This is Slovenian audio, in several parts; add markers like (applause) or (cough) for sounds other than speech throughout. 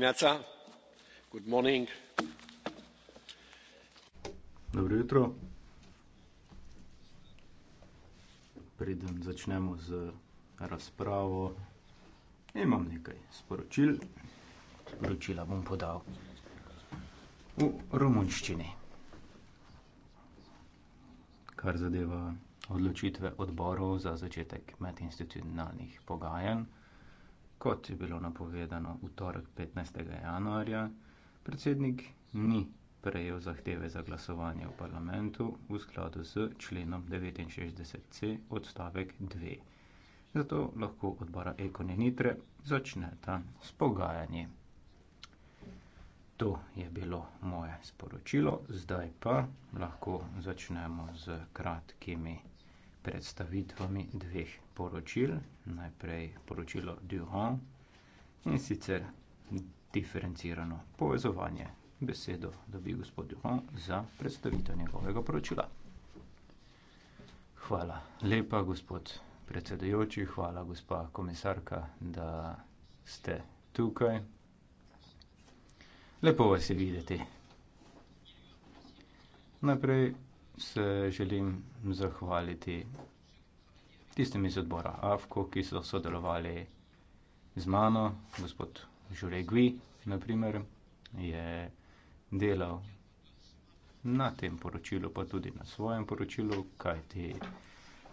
dopolnjena Dobro jutro. Preden začnemo z razpravo, imam nekaj sporočil. Sporočila bom podal v romunščini. Kar zadeva odločitve odborov za začetek medinstitucionalnih pogajanj, kot je bilo napovedano v torek 15. januarja, predsednik ni prejel zahteve za glasovanje v parlamentu v skladu z členom 69c odstavek 2. Zato lahko odbora Ekone Nitre začneta s pogajanji. To je bilo moje sporočilo, zdaj pa lahko začnemo z kratkimi predstavitvami dveh poročil. Najprej poročilo Duhon in sicer diferencirano povezovanje. Besedo dobi gospod Duhon za predstavitev njegovega poročila. Hvala lepa, gospod predsedujoči, hvala, gospa komisarka, da ste tukaj. Lepo vas je videti. Najprej se želim zahvaliti tistim iz odbora AFKO, ki so sodelovali z mano. Gospod Žurej Gvi, naprimer, je delal na tem poročilu, pa tudi na svojem poročilu, kajti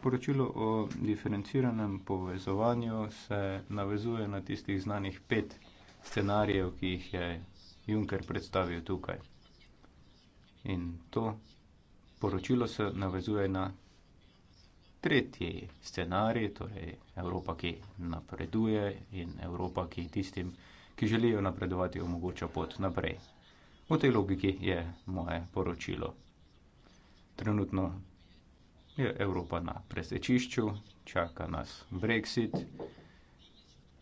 poročilo o diferenciranem povezovanju se navezuje na tistih znanih pet scenarijev, ki jih je Juncker predstavil tukaj. In to poročilo se navezuje na tretji scenarij, torej Evropa, ki napreduje in Evropa, ki tistim, ki želijo napredovati, omogoča pot naprej. V tej logiki je moje poročilo. Trenutno je Evropa na presečišču, čaka nas Brexit.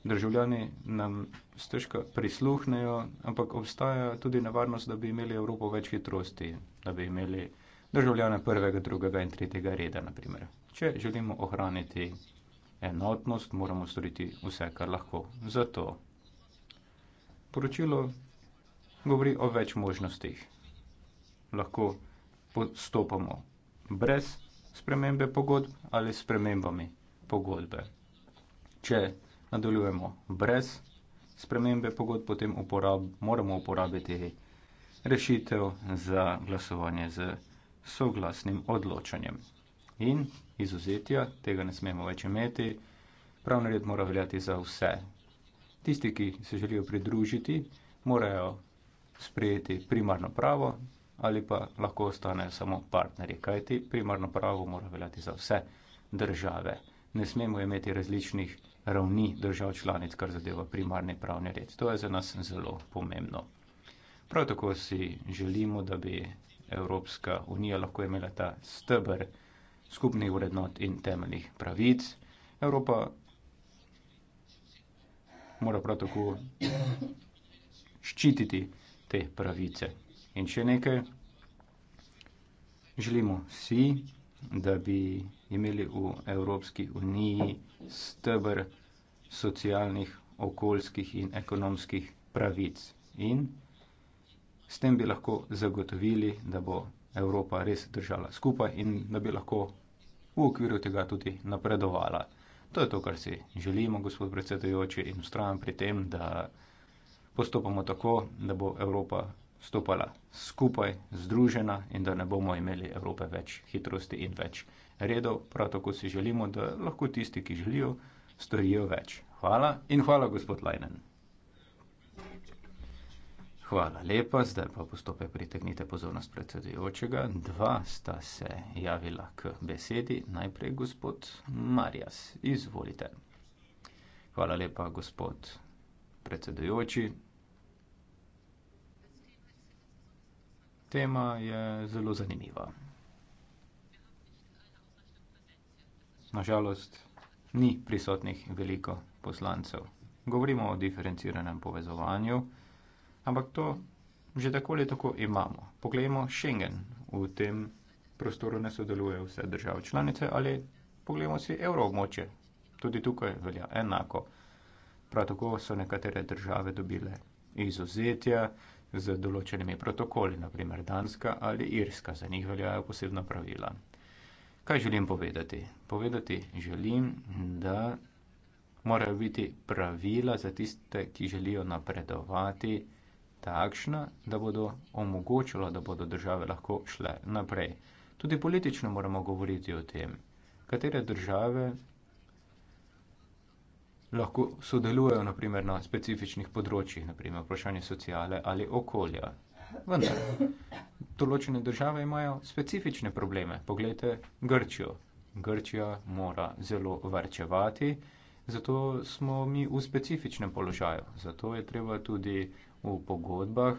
Državljani nam stežka prisluhnejo, ampak obstaja tudi nevarnost, da bi imeli Evropo več hitrosti, da bi imeli državljane prvega, drugega in tretjega reda. Naprimer. Če želimo ohraniti enotnost, moramo storiti vse, kar lahko. Zato poročilo govori o več možnostih. Lahko postopamo brez spremembe pogodb ali spremembami pogodbe. Če nadaljujemo brez spremembe pogodb, potem uporab, moramo uporabiti rešitev za glasovanje z soglasnim odločanjem. In izuzetja tega ne smemo več imeti, pravni red mora veljati za vse. Tisti, ki se želijo pridružiti, morajo sprejeti primarno pravo ali pa lahko ostanejo samo partnerji, kajti primarno pravo mora veljati za vse države. Ne smemo imeti različnih ravni držav članic, kar zadeva primarni pravni red. To je za nas zelo pomembno. Prav tako si želimo, da bi Evropska unija lahko imela ta stebr skupnih vrednot in temeljih pravic. Evropa mora prav tako ščititi te pravice. In še nekaj, želimo si, da bi imeli v Evropski uniji stebr socialnih, okoljskih in ekonomskih pravic. In S tem bi lahko zagotovili, da bo Evropa res držala skupaj in da bi lahko v okviru tega tudi napredovala. To je to, kar si želimo, gospod predsedujoči, in ustrajam pri tem, da postopamo tako, da bo Evropa stopala skupaj, združena in da ne bomo imeli Evrope več hitrosti in več redov. Prav tako si želimo, da lahko tisti, ki želijo, storijo več. Hvala in hvala, gospod Lajnen. Hvala lepa, zdaj pa postopek pritegnite pozornost predsedujočega. Dva sta se javila k besedi, najprej gospod Marjas, izvolite. Hvala lepa, gospod predsedujoči. Tema je zelo zanimiva. Nažalost, ni prisotnih veliko poslancev. Govorimo o diferenciranem povezovanju. Ampak to že tako ali tako imamo. Poglejmo Schengen. V tem prostoru ne sodeluje vse države članice ali poglejmo si evroobmoče. Tudi tukaj velja enako. Prav tako so nekatere države dobile izuzetja z določenimi protokoli, naprimer Danska ali Irska, za njih veljajo posebna pravila. Kaj želim povedati? Povedati želim, da morajo biti pravila za tiste, ki želijo napredovati takšna, da bodo omogočila, da bodo države lahko šle naprej. Tudi politično moramo govoriti o tem, katere države lahko sodelujejo naprimer, na specifičnih področjih, naprimer vprašanje sociale ali okolja. Vendar, določene države imajo specifične probleme. Poglejte Grčijo. Grčija mora zelo varčevati, zato smo mi v specifičnem položaju. Zato je treba tudi v pogodbah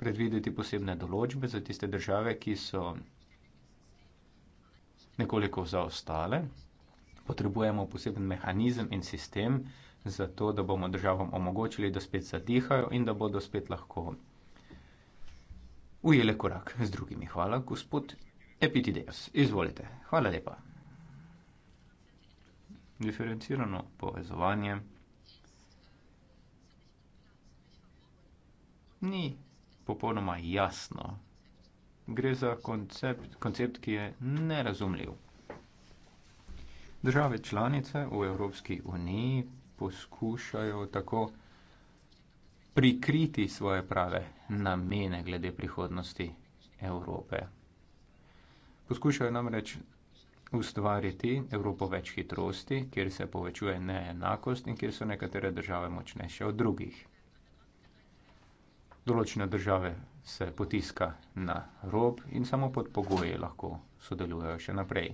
predvideti posebne določbe za tiste države, ki so nekoliko zaostale. Potrebujemo poseben mehanizem in sistem za to, da bomo državam omogočili, da spet zadihajo in da bodo spet lahko ujele korak z drugimi. Hvala, gospod Epitideus. Izvolite. Hvala lepa. Diferencirano povezovanje. ni popolnoma jasno. Gre za koncept, koncept, ki je nerazumljiv. Države članice v Evropski uniji poskušajo tako prikriti svoje prave namene glede prihodnosti Evrope. Poskušajo namreč ustvariti Evropo več hitrosti, kjer se povečuje neenakost in kjer so nekatere države močnejše od drugih določene države se potiska na rob in samo pod pogoji lahko sodelujejo še naprej.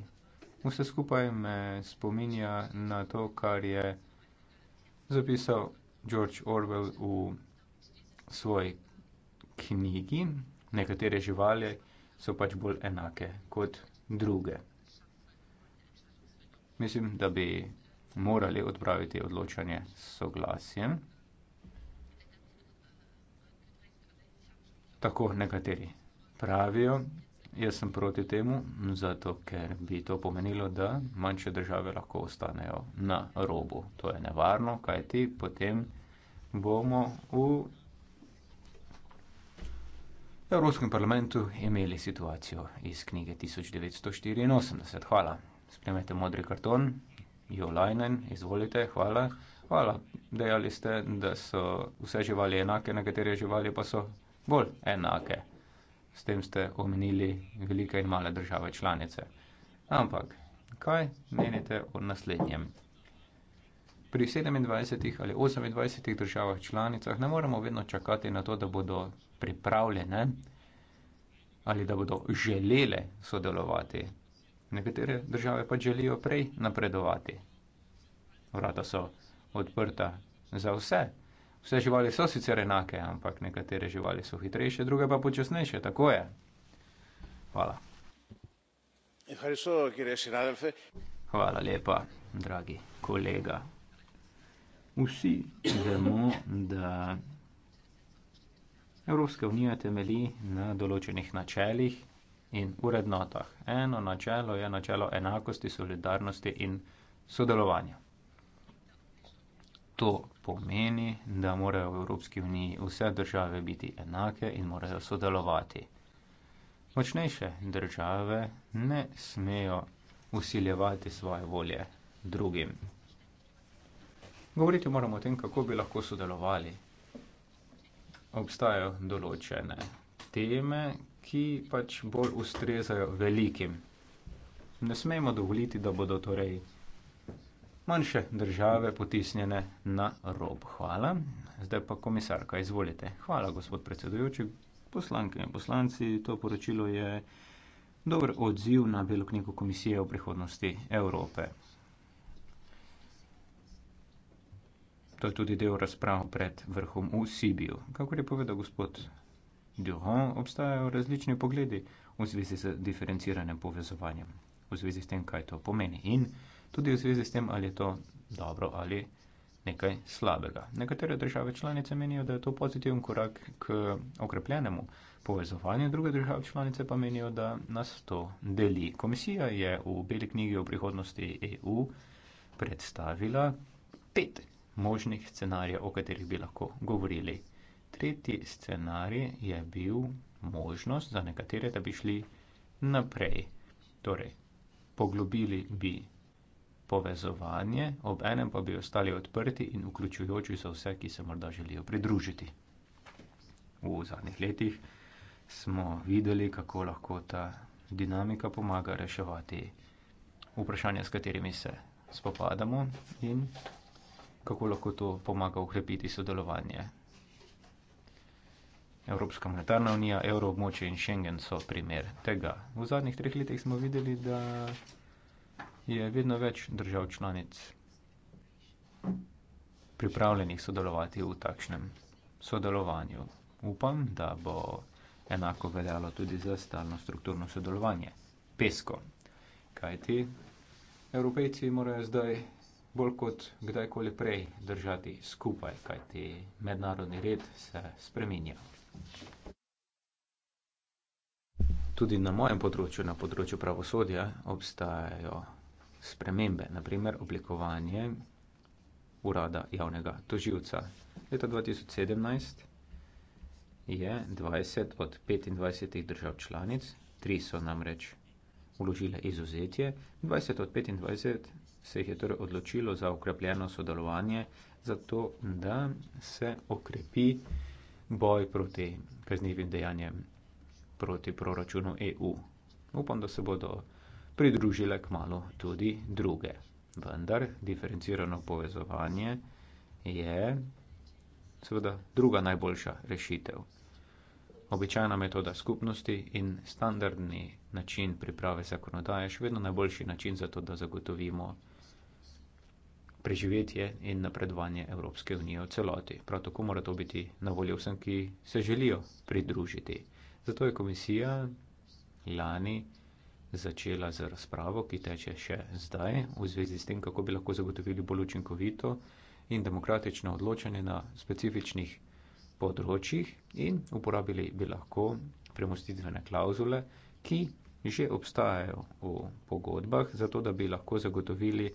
Vse skupaj me spominja na to, kar je zapisal George Orwell v svoji knjigi. Nekatere živali so pač bolj enake kot druge. Mislim, da bi morali odpraviti odločanje s soglasjem. tako nekateri pravijo. Jaz sem proti temu, zato ker bi to pomenilo, da manjše države lahko ostanejo na robu. To je nevarno, kajti potem bomo v Evropskem parlamentu imeli situacijo iz knjige 1984. Hvala. Spremete modri karton, jo lajnen, izvolite, hvala. Hvala. Dejali ste, da so vse živali enake, nekatere živali pa so bolj enake. S tem ste omenili velike in male države članice. Ampak, kaj menite o naslednjem? Pri 27 ali 28 državah članicah ne moremo vedno čakati na to, da bodo pripravljene ali da bodo želele sodelovati. Nekatere države pa želijo prej napredovati. Vrata so odprta za vse Vse živali so sicer enake, ampak nekatere živali so hitrejše, druge pa počasnejše. Tako je. Hvala. Hvala lepa, dragi kolega. Vsi vemo, da Evropska unija temeli na določenih načelih in urednotah. Eno načelo je načelo enakosti, solidarnosti in sodelovanja. To pomeni, da morajo v Evropski uniji vse države biti enake in morajo sodelovati. Močnejše države ne smejo usiljevati svoje volje drugim. Govoriti moramo o tem, kako bi lahko sodelovali. Obstajajo določene teme, ki pač bolj ustrezajo velikim. Ne smemo dovoliti, da bodo torej manjše države potisnjene na rob. Hvala. Zdaj pa komisarka, izvolite. Hvala, gospod predsedujoči. Poslanke in poslanci, to poročilo je dober odziv na Belo knjigo komisije o prihodnosti Evrope. To je tudi del razprav pred vrhom v Sibiju. Kako je povedal gospod Duhon, obstajajo različni pogledi v zvezi z diferenciranim povezovanjem, v zvezi s tem, kaj to pomeni. In tudi v zvezi s tem, ali je to dobro ali nekaj slabega. Nekatere države članice menijo, da je to pozitiven korak k okrepljenemu povezovanju, druge države članice pa menijo, da nas to deli. Komisija je v Beli knjigi o prihodnosti EU predstavila pet možnih scenarijev, o katerih bi lahko govorili. Tretji scenarij je bil možnost za nekatere, da bi šli naprej. Torej, poglobili bi povezovanje, ob enem pa bi ostali odprti in vključujoči za vse, ki se morda želijo pridružiti. V zadnjih letih smo videli, kako lahko ta dinamika pomaga reševati vprašanja, s katerimi se spopadamo in kako lahko to pomaga ukrepiti sodelovanje. Evropska monetarna unija, evroobmoče in Schengen so primer tega. V zadnjih treh letih smo videli, da je vedno več držav članic pripravljenih sodelovati v takšnem sodelovanju. Upam, da bo enako veljalo tudi za stalno strukturno sodelovanje. Pesko. Kaj ti? Evropejci morajo zdaj bolj kot kdajkoli prej držati skupaj, kaj ti mednarodni red se spreminja. Tudi na mojem področju, na področju pravosodja, obstajajo spremembe, naprimer oblikovanje urada javnega toživca. Leta 2017 je 20 od 25 držav članic, tri so namreč uložile izuzetje, 20 od 25 se jih je torej odločilo za okrepljeno sodelovanje, zato da se okrepi boj proti kaznivim dejanjem proti proračunu EU. Upam, da se bodo pridružile k malu tudi druge. Vendar diferencirano povezovanje je seveda druga najboljša rešitev. Običajna metoda skupnosti in standardni način priprave zakonodaje je še vedno najboljši način za to, da zagotovimo preživetje in napredovanje Evropske unije v celoti. Prav tako mora to biti na voljo vsem, ki se želijo pridružiti. Zato je komisija lani začela z razpravo, ki teče še zdaj, v zvezi s tem, kako bi lahko zagotovili bolj učinkovito in demokratično odločanje na specifičnih področjih in uporabili bi lahko premostitvene klauzule, ki že obstajajo v pogodbah, zato da bi lahko zagotovili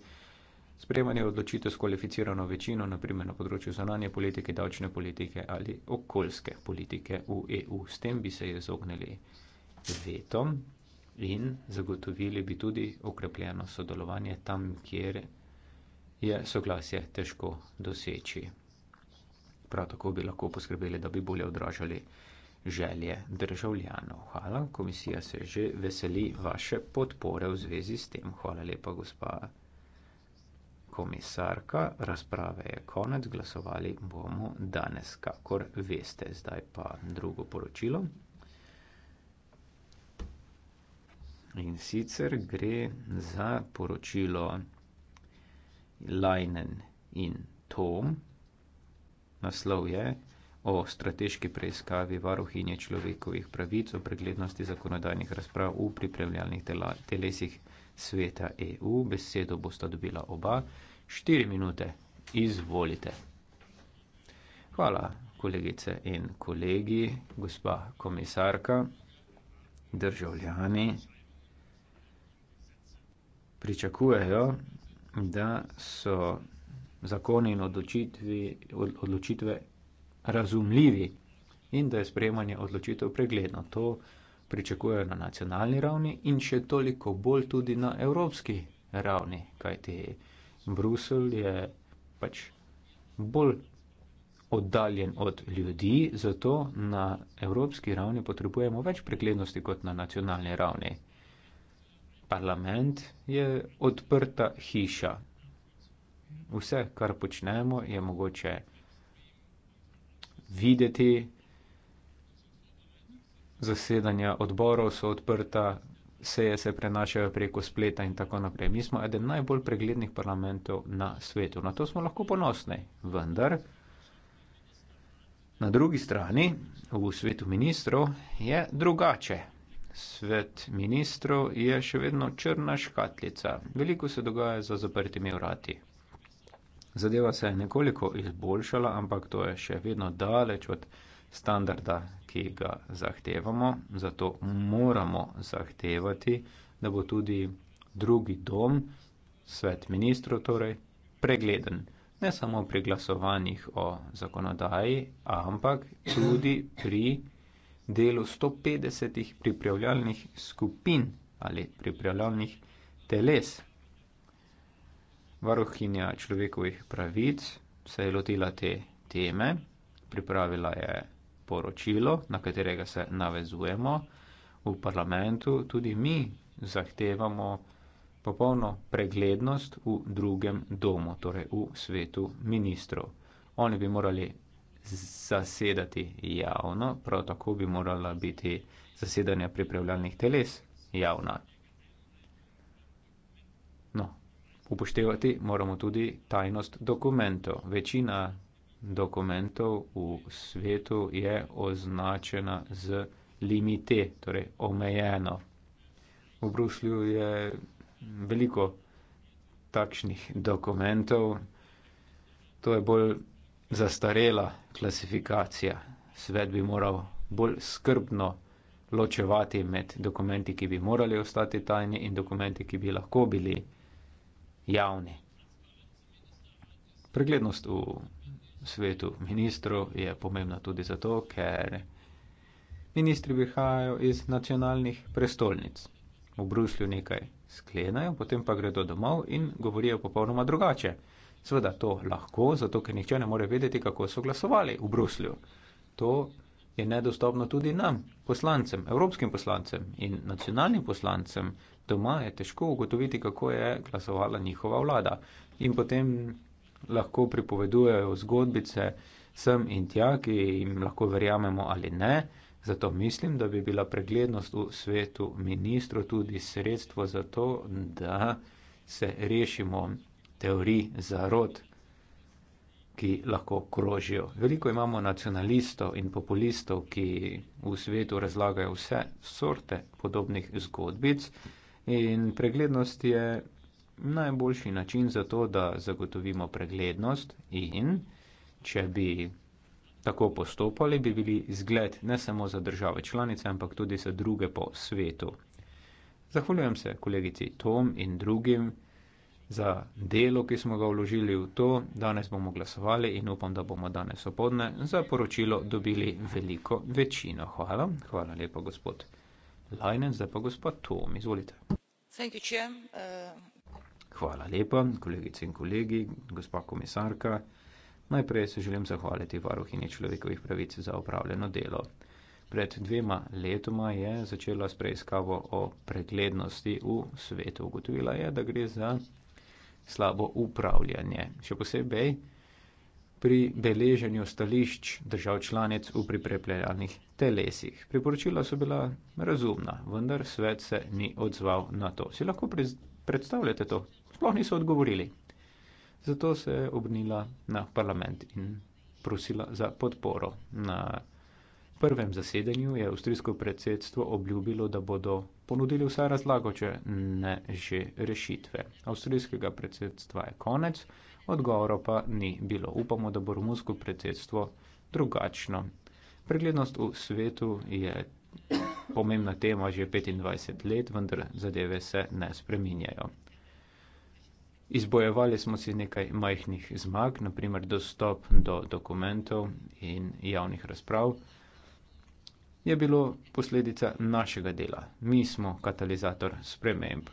sprejemanje odločitev s kvalificirano večino, naprimer na področju zananje politike, davčne politike ali okoljske politike v EU. S tem bi se izognili vetom, in zagotovili bi tudi okrepljeno sodelovanje tam, kjer je soglasje težko doseči. Prav tako bi lahko poskrbeli, da bi bolje odražali želje državljanov. Hvala, komisija se že veseli vaše podpore v zvezi s tem. Hvala lepa, gospa komisarka. Razprave je konec, glasovali bomo danes, kakor veste. Zdaj pa drugo poročilo. In sicer gre za poročilo Leinen in Tom, naslov je o strateški preiskavi varuhinje človekovih pravic o preglednosti zakonodajnih razprav v pripravljalnih telesih sveta EU. Besedo bosta dobila oba. Štiri minute, izvolite. Hvala, kolegice in kolegi, gospa komisarka, državljani pričakujejo, da so zakoni in odločitve razumljivi in da je sprejemanje odločitev pregledno. To pričakujejo na nacionalni ravni in še toliko bolj tudi na evropski ravni, kajti Bruselj je pač bolj oddaljen od ljudi, zato na evropski ravni potrebujemo več preglednosti kot na nacionalni ravni parlament je odprta hiša. Vse, kar počnemo, je mogoče videti, zasedanja odborov so odprta, seje se prenašajo preko spleta in tako naprej. Mi smo eden najbolj preglednih parlamentov na svetu. Na to smo lahko ponosni, vendar na drugi strani v svetu ministrov je drugače. Svet ministrov je še vedno črna škatlica. Veliko se dogaja za zaprtimi vrati. Zadeva se je nekoliko izboljšala, ampak to je še vedno daleč od standarda, ki ga zahtevamo. Zato moramo zahtevati, da bo tudi drugi dom, svet ministrov, torej pregleden. Ne samo pri glasovanjih o zakonodaji, ampak tudi pri delu 150 pripravljalnih skupin ali pripravljalnih teles. Varuhinja človekovih pravic se je lotila te teme, pripravila je poročilo, na katerega se navezujemo. V parlamentu tudi mi zahtevamo popolno preglednost v drugem domu, torej v svetu ministrov. Oni bi morali zasedati javno, prav tako bi morala biti zasedanja pripravljalnih teles javna. No, upoštevati moramo tudi tajnost dokumentov. Večina dokumentov v svetu je označena z limite, torej omejeno. V Bruslju je veliko takšnih dokumentov, to je bolj zastarela klasifikacija. Svet bi moral bolj skrbno ločevati med dokumenti, ki bi morali ostati tajni in dokumenti, ki bi lahko bili javni. Preglednost v svetu ministrov je pomembna tudi zato, ker ministri prihajajo iz nacionalnih prestolnic. V Bruslju nekaj sklenajo, potem pa gredo domov in govorijo popolnoma drugače. Seveda to lahko, zato ker nihče ne more vedeti, kako so glasovali v Bruslju. To je nedostopno tudi nam, poslancem, evropskim poslancem in nacionalnim poslancem. Doma je težko ugotoviti, kako je glasovala njihova vlada. In potem lahko pripovedujejo zgodbice sem in tja, ki jim lahko verjamemo ali ne. Zato mislim, da bi bila preglednost v svetu ministro tudi sredstvo za to, da se rešimo teorij zarod, ki lahko krožijo. Veliko imamo nacionalistov in populistov, ki v svetu razlagajo vse sorte podobnih zgodbic in preglednost je najboljši način za to, da zagotovimo preglednost in če bi tako postopali, bi bili zgled ne samo za države članice, ampak tudi za druge po svetu. Zahvaljujem se kolegici Tom in drugim za delo, ki smo ga vložili v to. Danes bomo glasovali in upam, da bomo danes opodne za poročilo dobili veliko večino. Hvala. Hvala lepa, gospod Lajnen. Zdaj pa gospod Tom, izvolite. You, uh... Hvala lepa, kolegice in kolegi, gospa komisarka. Najprej se želim zahvaliti varuhini človekovih pravic za upravljeno delo. Pred dvema letoma je začela s preiskavo o preglednosti v svetu. Ugotovila je, da gre za slabo upravljanje. Še posebej pri beleženju stališč držav članic v pripravljalnih telesih. Priporočila so bila razumna, vendar svet se ni odzval na to. Si lahko predstavljate to? Sploh niso odgovorili. Zato se je obnila na parlament in prosila za podporo. Na prvem zasedanju je avstrijsko predsedstvo obljubilo, da bodo ponudili vse razlago, če ne že rešitve. Avstrijskega predsedstva je konec, odgovora pa ni bilo. Upamo, da bo rumunsko predsedstvo drugačno. Preglednost v svetu je pomembna tema že 25 let, vendar zadeve se ne spreminjajo. Izbojevali smo si nekaj majhnih zmag, naprimer dostop do dokumentov in javnih razprav je bilo posledica našega dela. Mi smo katalizator sprememb.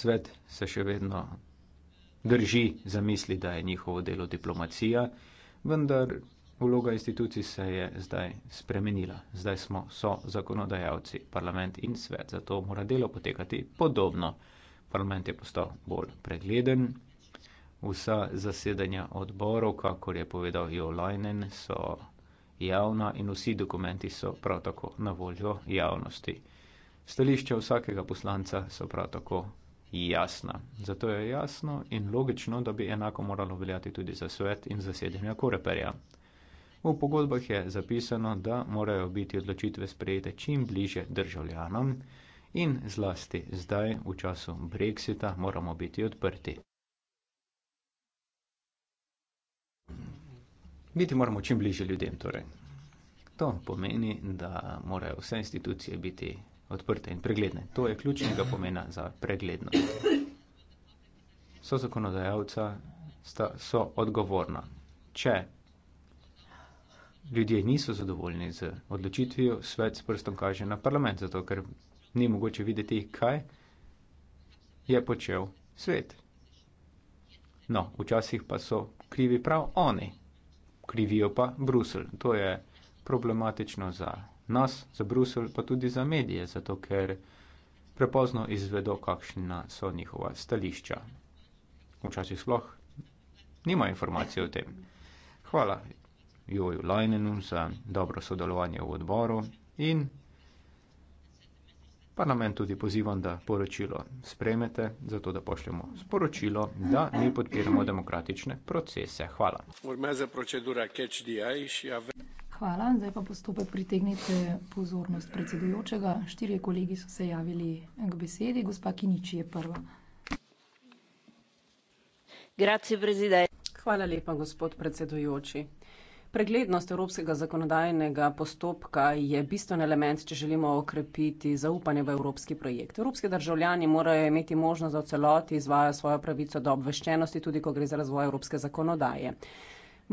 Svet se še vedno drži za misli, da je njihovo delo diplomacija, vendar vloga institucij se je zdaj spremenila. Zdaj smo so zakonodajalci, parlament in svet, zato mora delo potekati podobno. Parlament je postal bolj pregleden. Vsa zasedanja odborov, kakor je povedal Jo Lajnen, so javna in vsi dokumenti so prav tako na voljo javnosti. Stališča vsakega poslanca so prav tako jasna. Zato je jasno in logično, da bi enako moralo veljati tudi za svet in zasedenja koreperja. V pogodbah je zapisano, da morajo biti odločitve sprejete čim bliže državljanom in zlasti zdaj, v času Brexita, moramo biti odprti. Biti moramo čim bližje ljudem. Torej. To pomeni, da morajo vse institucije biti odprte in pregledne. To je ključnega pomena za preglednost. So zakonodajalca, sta, so odgovorna. Če ljudje niso zadovoljni z odločitvijo, svet s prstom kaže na parlament, zato ker ni mogoče videti, kaj je počel svet. No, včasih pa so krivi prav oni krivijo pa Bruselj. To je problematično za nas, za Bruselj, pa tudi za medije, zato ker prepozno izvedo, kakšna so njihova stališča. Včasih sploh nima informacije o tem. Hvala Joju Lajnenu za dobro sodelovanje v odboru in Parlament tudi pozivam, da poročilo spremete, zato da pošljemo sporočilo, da mi podpiramo demokratične procese. Hvala. Hvala, zdaj pa postopek pritegnite pozornost predsedujočega. Štirje kolegi so se javili k besedi, gospa Kiniči je prva. Hvala lepa, gospod predsedujoči. Preglednost evropskega zakonodajnega postopka je bistven element, če želimo okrepiti zaupanje v evropski projekt. Evropski državljani morajo imeti možnost, da v celoti izvajo svojo pravico do obveščenosti, tudi ko gre za razvoj evropske zakonodaje.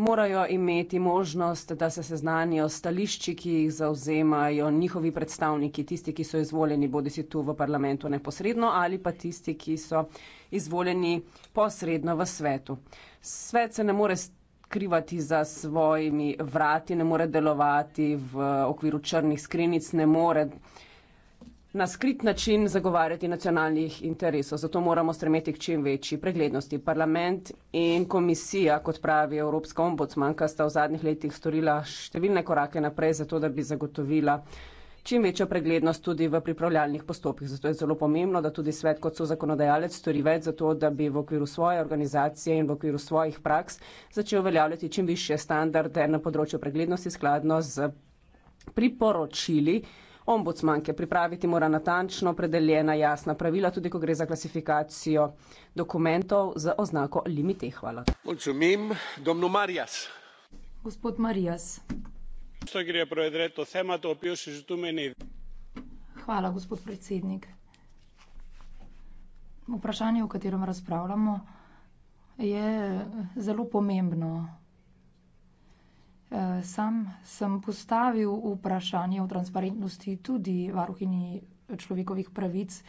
Morajo imeti možnost, da se seznanijo stališči, ki jih zauzemajo njihovi predstavniki, tisti, ki so izvoljeni, bodi si tu v parlamentu neposredno ali pa tisti, ki so izvoljeni posredno v svetu. Svet se ne more strinjati skrivati za svojimi vrati, ne more delovati v okviru črnih skrinic, ne more na skrit način zagovarjati nacionalnih interesov. Zato moramo stremeti k čim večji preglednosti. Parlament in komisija, kot pravi Evropska ombudsmanka, sta v zadnjih letih storila številne korake naprej, zato da bi zagotovila čim večjo preglednost tudi v pripravljalnih postopkih. Zato je zelo pomembno, da tudi svet kot so zakonodajalec stori več za to, da bi v okviru svoje organizacije in v okviru svojih praks začel uveljavljati čim više standarde na področju preglednosti skladno z priporočili. Ombudsmanke pripraviti mora natančno predeljena jasna pravila, tudi ko gre za klasifikacijo dokumentov z oznako limite. Hvala. Gospod Marijas. Hvala, gospod predsednik. Vprašanje, o katerem razpravljamo, je zelo pomembno. Eh, sam sem postavil vprašanje o transparentnosti tudi varuhinji človekovih pravic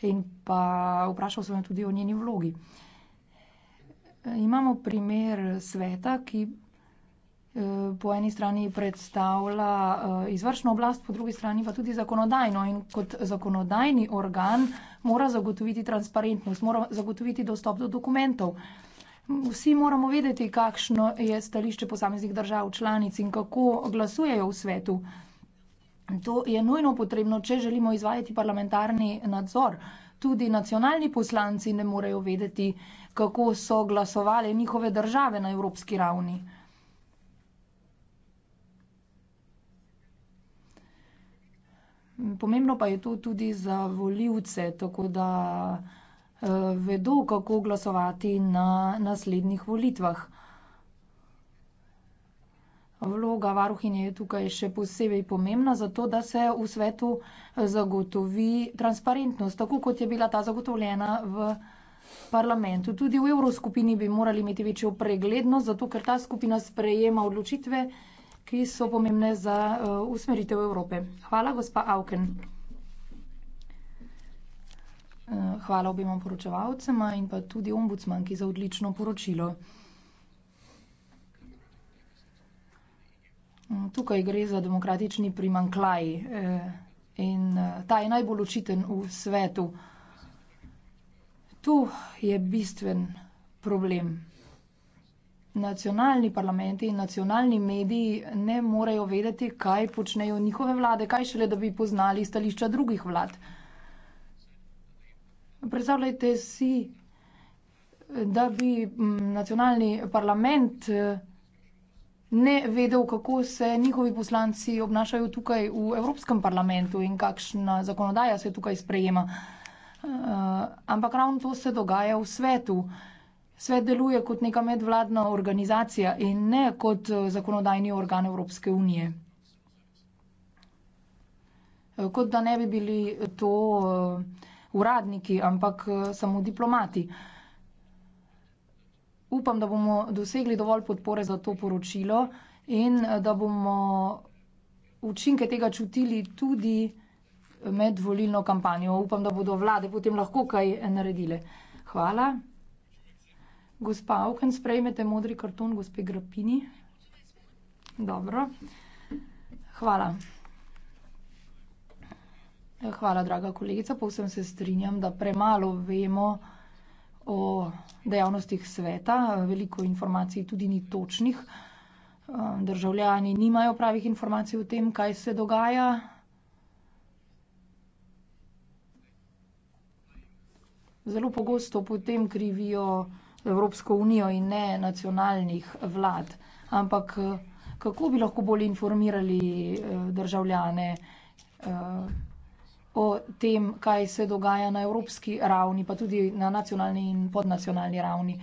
in pa vprašal sem jo tudi o njeni vlogi. Eh, imamo primer sveta, ki Eh, po eni strani predstavlja eh, izvršno oblast, po drugi strani pa tudi zakonodajno in kot zakonodajni organ mora zagotoviti transparentnost, mora zagotoviti dostop do dokumentov. Vsi moramo vedeti, kakšno je stališče posameznih držav članic in kako glasujejo v svetu. To je nujno potrebno, če želimo izvajati parlamentarni nadzor. Tudi nacionalni poslanci ne morejo vedeti, kako so glasovali njihove države na evropski ravni. Pomembno pa je to tudi za voljivce, tako da eh, vedo, kako glasovati na naslednjih volitvah. Vloga varuhinje je tukaj še posebej pomembna, zato da se v svetu eh, zagotovi transparentnost, tako kot je bila ta zagotovljena v parlamentu. Tudi v evroskupini bi morali imeti večjo preglednost, zato ker ta skupina sprejema odločitve, ki so pomembne za eh, usmeritev Evrope. Hvala, gospa Auken. Eh, hvala obema poročevalcema in pa tudi ombudsmanki za odlično poročilo. Mm, tukaj gre za demokratični primankljaj eh, in ta je najbolj očiten v svetu. Tu je bistven problem nacionalni parlamenti in nacionalni mediji ne morejo vedeti, kaj počnejo njihove vlade, kaj šele, da bi poznali stališča drugih vlad. Predstavljajte si, da bi mm, nacionalni parlament eh, ne vedel, kako se njihovi poslanci obnašajo tukaj v Evropskem parlamentu in kakšna zakonodaja se tukaj sprejema. Uh, ampak ravno to se dogaja v svetu. Uh, Svet deluje kot neka medvladna organizacija in ne kot eh, zakonodajni organ Evropske unije. Eh, kot da ne bi bili to eh, uradniki, ampak samo diplomati. Upam, da bomo dosegli dovolj podpore za to poročilo in da bomo učinke tega čutili tudi med volilno kampanjo. Upam, da bodo vlade potem lahko kaj naredile. Hvala. Gospa Auken, sprejmete modri karton gospe Grapini. Dobro. Hvala. Hvala, draga kolegica. Povsem se strinjam, da premalo vemo o dejavnostih sveta. Veliko informacij tudi ni točnih. Ehm, državljani nimajo pravih informacij o tem, kaj se dogaja. Zelo pogosto potem krivijo. Evropsko unijo in ne nacionalnih vlad. Ampak eh, kako bi lahko bolj informirali eh, državljane eh, o tem, kaj se dogaja na evropski ravni, pa tudi na nacionalni in podnacionalni ravni?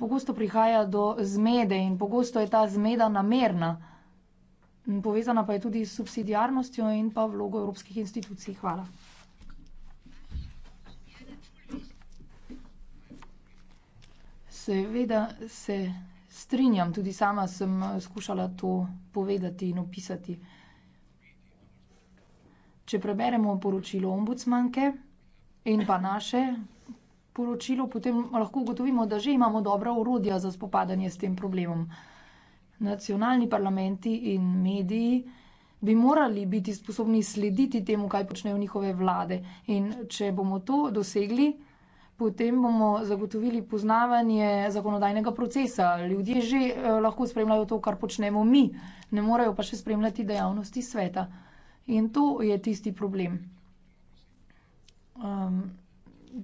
Pogosto prihaja do zmede in pogosto je ta zmeda namerna. Povezana pa je tudi s subsidijarnostjo in pa vlogo evropskih institucij. Hvala. Seveda se strinjam, tudi sama sem eh, skušala to povedati in opisati. Če preberemo poročilo ombudsmanke in pa naše poročilo, potem lahko ugotovimo, da že imamo dobra urodja za spopadanje s tem problemom. Nacionalni parlamenti in mediji bi morali biti sposobni slediti temu, kaj počnejo njihove vlade. In če bomo to dosegli, Potem bomo zagotovili poznavanje zakonodajnega procesa. Ljudje že eh, lahko spremljajo to, kar počnemo mi, ne morejo pa še spremljati dejavnosti sveta. In to je tisti problem. Um,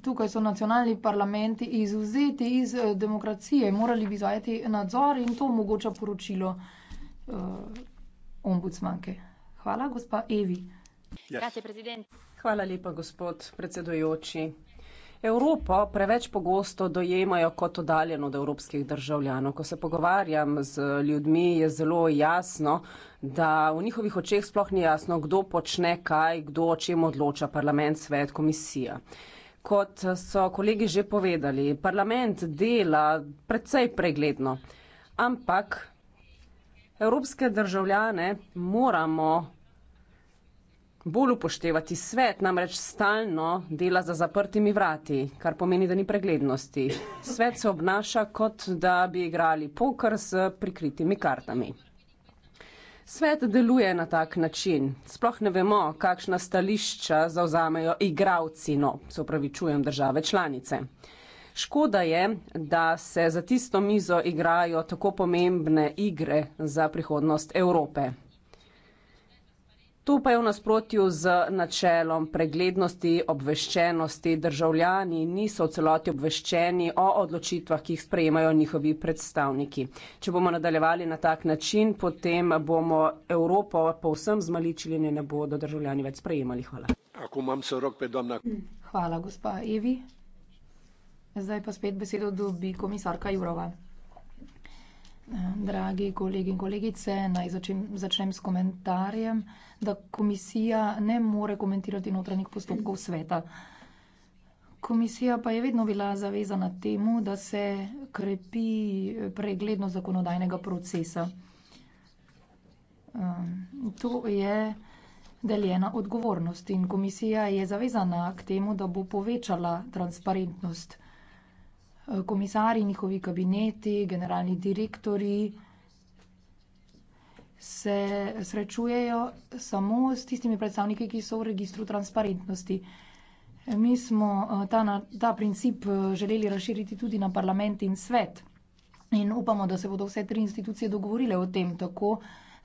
tukaj so nacionalni parlamenti izuzeti iz eh, demokracije, morali bi izvajati nadzor in to omogoča poročilo eh, ombudsmanke. Hvala, gospa Evi. Yes. Hvala lepa, gospod predsedujoči. Evropo preveč pogosto dojemajo kot oddaljeno od evropskih državljanov. Ko se pogovarjam z ljudmi, je zelo jasno, da v njihovih očeh sploh ni jasno, kdo počne kaj, kdo o čem odloča parlament, svet, komisija. Kot so kolegi že povedali, parlament dela predvsej pregledno, ampak evropske državljane moramo bolj upoštevati svet, namreč stalno dela za zaprtimi vrati, kar pomeni, da ni preglednosti. Svet se obnaša, kot da bi igrali poker s prikritimi kartami. Svet deluje na tak način. Sploh ne vemo, kakšna stališča zauzamejo igravci, no, se upravičujem, države članice. Škoda je, da se za tisto mizo igrajo tako pomembne igre za prihodnost Evrope. To pa je v nasprotju z načelom preglednosti, obveščenosti. Državljani niso v celoti obveščeni o odločitvah, ki jih sprejemajo njihovi predstavniki. Če bomo nadaljevali na tak način, potem bomo Evropo povsem zmaličili in ne bodo državljani več sprejemali. Hvala. Rok, na... Hvala, gospa Evi. Zdaj pa spet besedo dobi komisarka Jurova. Dragi kolegi in kolegice, naj začim, začnem s komentarjem, da komisija ne more komentirati notranjih postopkov sveta. Komisija pa je vedno bila zavezana temu, da se krepi pregledno zakonodajnega procesa. Ehm, to je deljena odgovornost in komisija je zavezana k temu, da bo povečala transparentnost. Eh, komisari, njihovi kabineti, generalni direktori se srečujejo samo s tistimi predstavniki, ki so v registru transparentnosti. Mi smo eh, ta, na, ta princip eh, želeli razširiti tudi na parlament in svet in upamo, da se bodo vse tri institucije dogovorile o tem tako,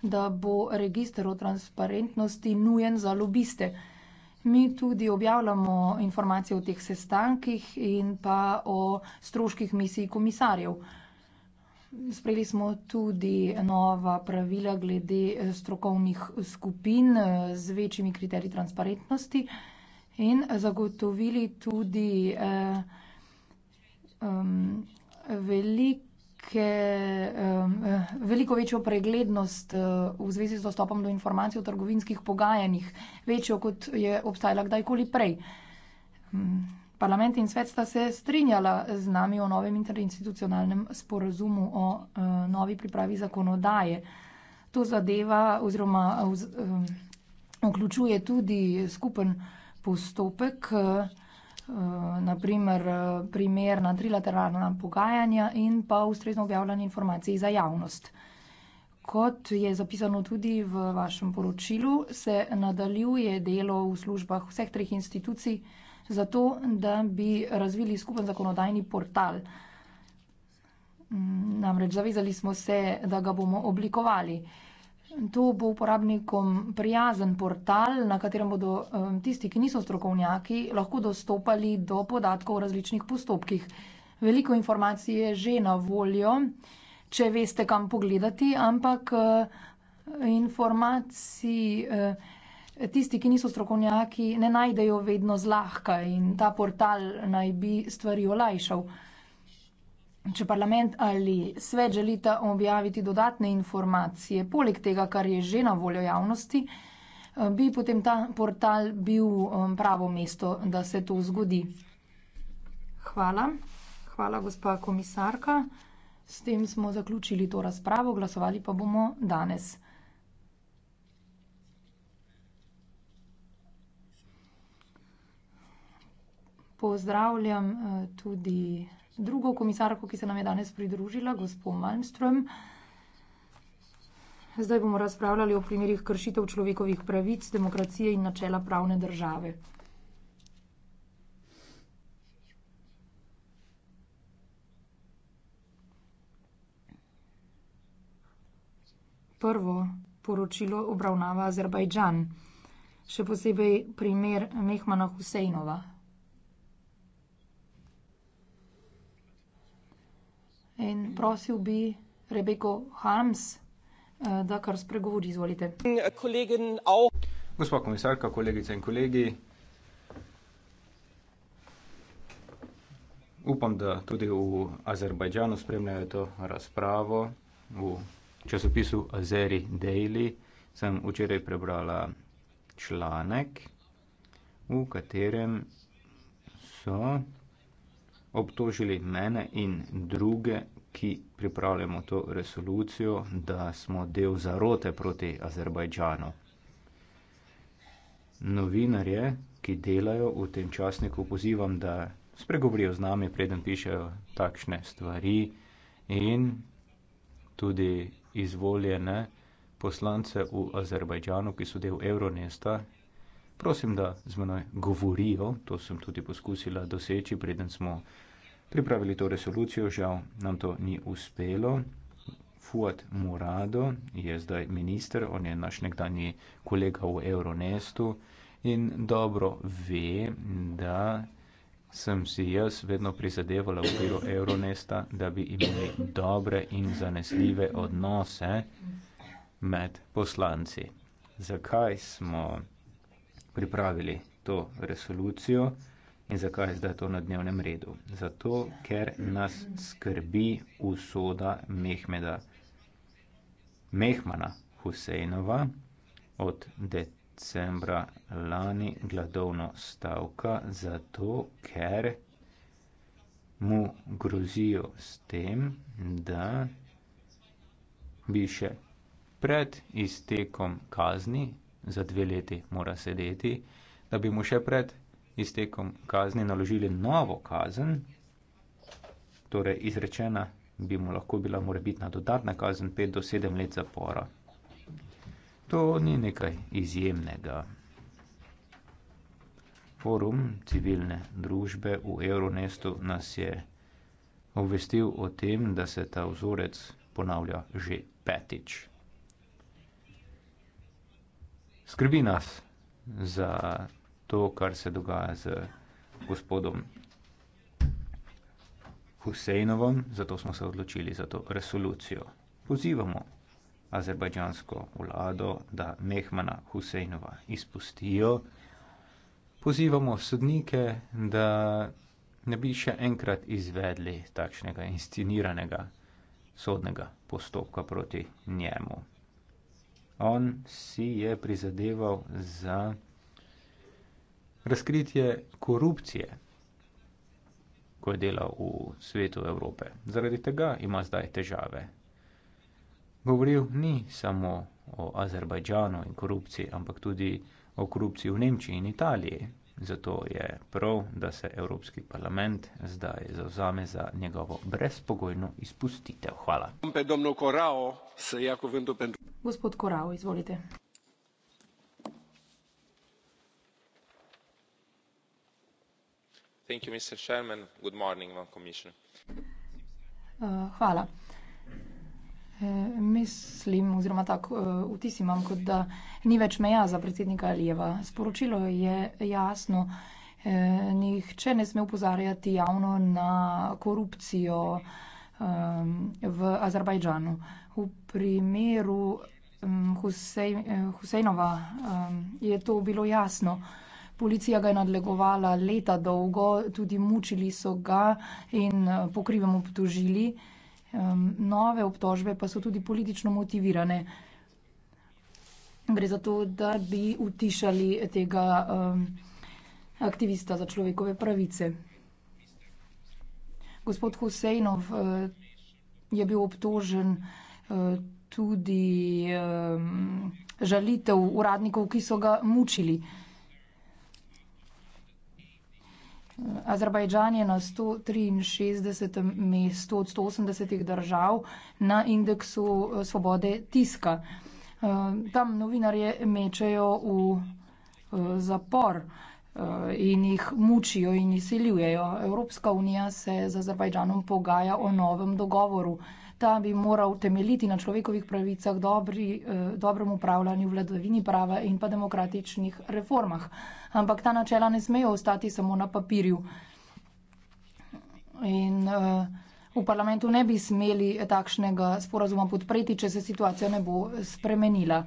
da bo registr o transparentnosti nujen za lobiste. Mi tudi objavljamo informacije o teh sestankih in pa o stroških misij komisarjev. Sprejeli smo tudi nova pravila glede eh, strokovnih skupin eh, z večjimi kriteriji transparentnosti in zagotovili tudi eh, um, velik velike, eh, veliko večjo preglednost eh, v zvezi z dostopom do informacij o trgovinskih pogajanjih, večjo kot je obstajala kdajkoli prej. Parlament in svet sta se strinjala z nami o novem interinstitucionalnem sporazumu o eh, novi pripravi zakonodaje. To zadeva oziroma vključuje tudi skupen postopek. Eh, naprimer eh, primer na trilateralna pogajanja in pa ustrezno objavljanje informacij za javnost. Kot je zapisano tudi v vašem poročilu, se nadaljuje delo v službah vseh treh institucij zato, da bi razvili skupen zakonodajni portal. Mm, namreč zavezali smo se, da ga bomo oblikovali. To bo uporabnikom prijazen portal, na katerem bodo um, tisti, ki niso strokovnjaki, lahko dostopali do podatkov o različnih postopkih. Veliko informacij je že na voljo, če veste, kam pogledati, ampak eh, informacij eh, tisti, ki niso strokovnjaki, ne najdejo vedno zlahka in ta portal naj bi stvari olajšal. Če parlament ali svet želita objaviti dodatne informacije, poleg tega, kar je že na voljo javnosti, eh, bi potem ta portal bil eh, pravo mesto, da se to zgodi. Hvala. Hvala, gospa komisarka. S tem smo zaključili to razpravo, glasovali pa bomo danes. Pozdravljam eh, tudi drugo komisarko, ki se nam je danes pridružila, gospod Malmström. Zdaj bomo razpravljali o primerih kršitev človekovih pravic, demokracije in načela pravne države. Prvo poročilo obravnava Azerbajdžan, še posebej primer Mehmana Huseinova. In prosil bi Rebeko Harms, eh, da kar spregovori, izvolite. Gospa komisarka, kolegice in kolegi, upam, da tudi v Azerbajdžanu spremljajo to razpravo. V časopisu Azeri Daily sem včeraj prebrala članek, v katerem so obtožili mene in druge, ki pripravljamo to resolucijo, da smo del zarote proti Azerbajdžanu. Novinarje, ki delajo v tem časniku, pozivam, da spregovorijo z nami, preden pišejo takšne stvari in tudi izvoljene poslance v Azerbajdžanu, ki so del Euronesta, prosim, da z menoj govorijo, to sem tudi poskusila doseči, preden smo pripravili to resolucijo, žal nam to ni uspelo. Fuad Murado je zdaj minister, on je naš nekdanji kolega v Euronestu in dobro ve, da sem si jaz vedno prizadevala v okviru Euronesta, da bi imeli dobre in zanesljive odnose med poslanci. Zakaj smo pripravili to resolucijo? In zakaj je zdaj to na dnevnem redu? Zato, ker nas skrbi usoda Mehmeda Mehmana Husejnova od decembra lani gladovno stavka, zato ker mu grozijo s tem, da bi še pred iztekom kazni, za dve leti mora sedeti, da bi mu še pred iztekom kazni naložili novo kazen, torej izrečena bi mu lahko bila morebitna dodatna kazen 5 do 7 let zapora. To ni nekaj izjemnega. Forum civilne družbe v Euronestu nas je obvestil o tem, da se ta vzorec ponavlja že petič. Skrbi nas za to, kar se dogaja z gospodom Husejnovom, zato smo se odločili za to resolucijo. Pozivamo azerbajdžansko vlado, da Mehmana Husejnova izpustijo. Pozivamo sodnike, da ne bi še enkrat izvedli takšnega insceniranega sodnega postopka proti njemu. On si je prizadeval za razkritje korupcije, ko je delal v svetu Evrope. Zaradi tega ima zdaj težave. Govoril ni samo o Azerbajdžanu in korupciji, ampak tudi o korupciji v Nemčiji in Italiji. Zato je prav, da se Evropski parlament zdaj zauzame za njegovo brezpogojno izpustitev. Hvala. Gospod Korao, izvolite. Uh, hvala. Uh, mislim oziroma tako, uh, vtis imam, kot da ni več meja za predsednika Alijeva. Sporočilo je jasno. Nihče ne sme opozarjati javno na korupcijo um, v Azerbajdžanu. V primeru um, Husej, Husejnova um, je to bilo jasno. Policija ga je nadlegovala leta dolgo, tudi mučili so ga in eh, pokrivamo obtožili. Nove obtožbe pa so tudi politično motivirane. Gre za to, da bi utišali tega um, aktivista za človekove pravice. Gospod Husejnov uh, eh, je bil obtožen uh, tudi um, žalitev uradnikov, ki so ga mučili. Uh, Azerbajdžan je na 163. mestu od 180 držav na indeksu eh, svobode tiska. Eh, tam novinarje mečejo v eh, zapor in jih mučijo in izseljujejo. Evropska unija se z Azerbajdžanom pogaja o novem dogovoru. Ta bi moral temeljiti na človekovih pravicah, dobri, eh, dobrem upravljanju vladavini prava in pa demokratičnih reformah. Ampak ta načela ne smejo ostati samo na papirju. In eh, v parlamentu ne bi smeli takšnega sporazuma podpreti, če se situacija ne bo spremenila.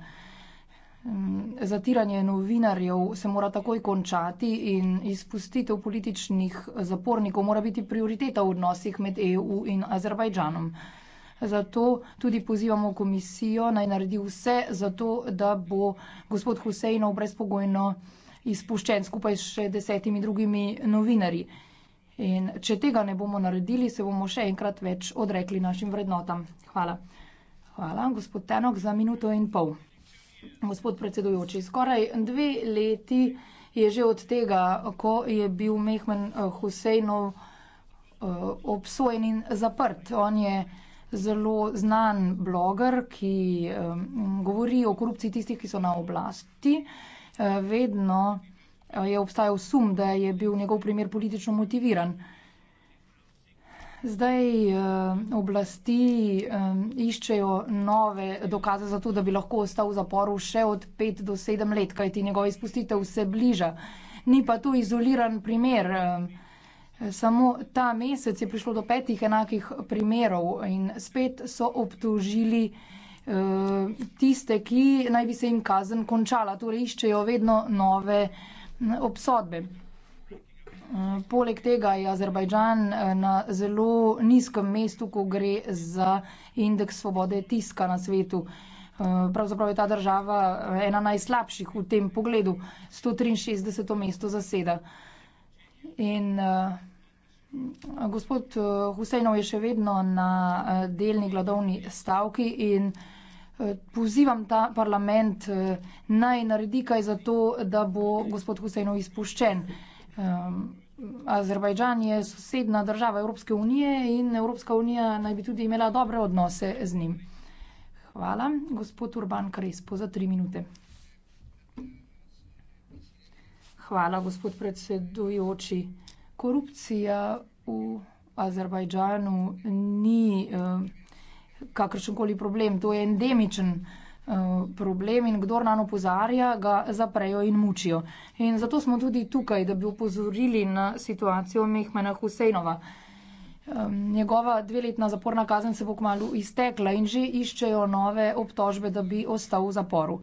Mm, zatiranje novinarjev se mora takoj končati in izpustitev političnih zapornikov mora biti prioriteta v odnosih med EU in Azerbajdžanom. Zato tudi pozivamo komisijo naj naredi vse za to, da bo gospod Husejnov brezpogojno izpuščen skupaj s še desetimi drugimi novinarji. In če tega ne bomo naredili, se bomo še enkrat več odrekli našim vrednotam. Hvala. Hvala, gospod Tenok, za minuto in pol. Gospod predsedujoči, skoraj dve leti je že od tega, ko je bil Mehmen eh, Husejnov eh, obsojen in zaprt. On je zelo znan bloger, ki govori o korupciji tistih, ki so na oblasti. Eh, vedno eh, je obstajal sum, da je bil njegov primer politično motiviran. Zdaj eh, oblasti iščejo nove dokaze za to, da bi lahko ostal v zaporu še od pet do sedem let, kajti njegova izpustitev se bliža. Ni pa to izoliran primer. Samo ta mesec je prišlo do petih enakih primerov in spet so obtožili eh, tiste, ki naj bi se jim kazen končala. Torej iščejo vedno nove obsodbe. Eh, poleg tega je Azerbajdžan eh, na zelo nizkem mestu, ko gre za indeks svobode tiska na svetu. Pravzaprav je ta država ena najslabših v tem pogledu. 163. mesto zaseda. In, uh, Gospod eh, Husejnov je še vedno na eh, delni gladovni stavki in eh, pozivam ta parlament naj naredi kaj za to, da bo gospod Husejnov izpuščen. Ehm, Azerbajdžan je sosedna država Evropske unije in Evropska unija naj bi tudi imela dobre odnose z njim. Hvala, gospod Urban Krespo, za tri minute. Hvala, gospod predsedujoči korupcija v Azerbajdžanu ni eh, kakršen koli problem, to je endemičen eh, problem in kdor nano pozarja, ga zaprejo in mučijo. In zato smo tudi tukaj, da bi upozorili na situacijo Mehmena Husejnova. Njegova dveletna zaporna kazen se bo kmalo iztekla in že iščejo nove obtožbe, da bi ostal v zaporu.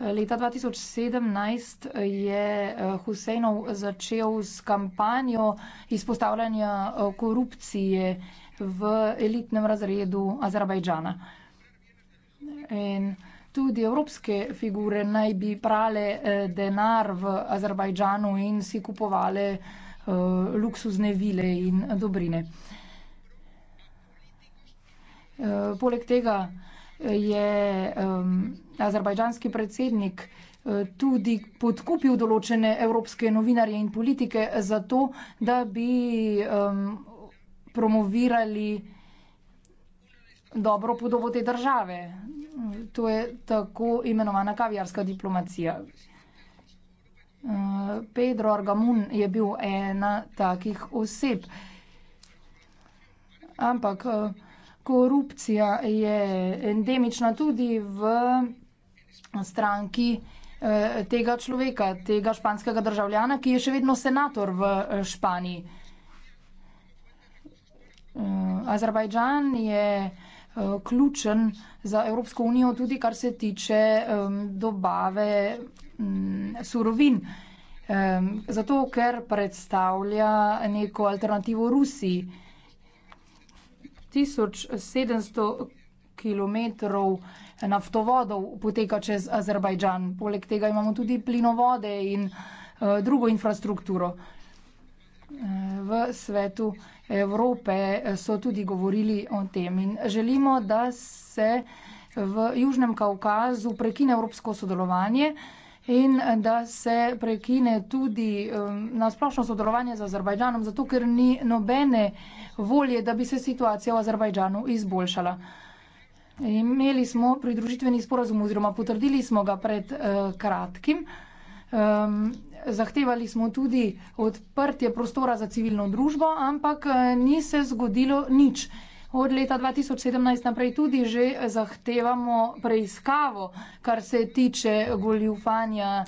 Leta 2017 je eh, Husejnov začel s kampanjo izpostavljanja eh, korupcije v elitnem razredu Azerbajdžana. In tudi evropske figure naj bi prale eh, denar v Azerbajdžanu in si kupovale luksuzne vile in dobrine. Poleg tega je um, azerbajdžanski predsednik eh, tudi podkupil določene evropske novinarje in politike za to, da bi um, promovirali dobro podobo te države. To je tako imenovana kavijarska diplomacija. Eh, Pedro Argamun je bil ena takih oseb. Ampak eh, korupcija je endemična tudi v stranki eh, tega človeka, tega španskega državljana, ki je še vedno senator v eh, Španiji. Eh, Azerbajdžan je ključen za Evropsko unijo tudi, kar se tiče dobave mm, surovin. Zato, ker predstavlja neko alternativo Rusiji. Tisoč sedemsto kilometrov naftovodov poteka čez Azerbajdžan. Poleg tega imamo tudi plinovode in eh, drugo infrastrukturo. Eh, v svetu Evrope eh, so tudi govorili o tem in želimo, da se v Južnem Kaukazu prekine evropsko sodelovanje in da se prekine tudi na splošno sodelovanje z Azerbajdžanom, zato ker ni nobene volje, da bi se situacija v Azerbajdžanu izboljšala. Imeli smo pridružitveni sporozum oziroma potrdili smo ga pred uh, kratkim. Um, zahtevali smo tudi odprtje prostora za civilno družbo, ampak eh, ni se zgodilo nič. Od leta 2017 naprej tudi že zahtevamo preiskavo, kar se tiče goljufanja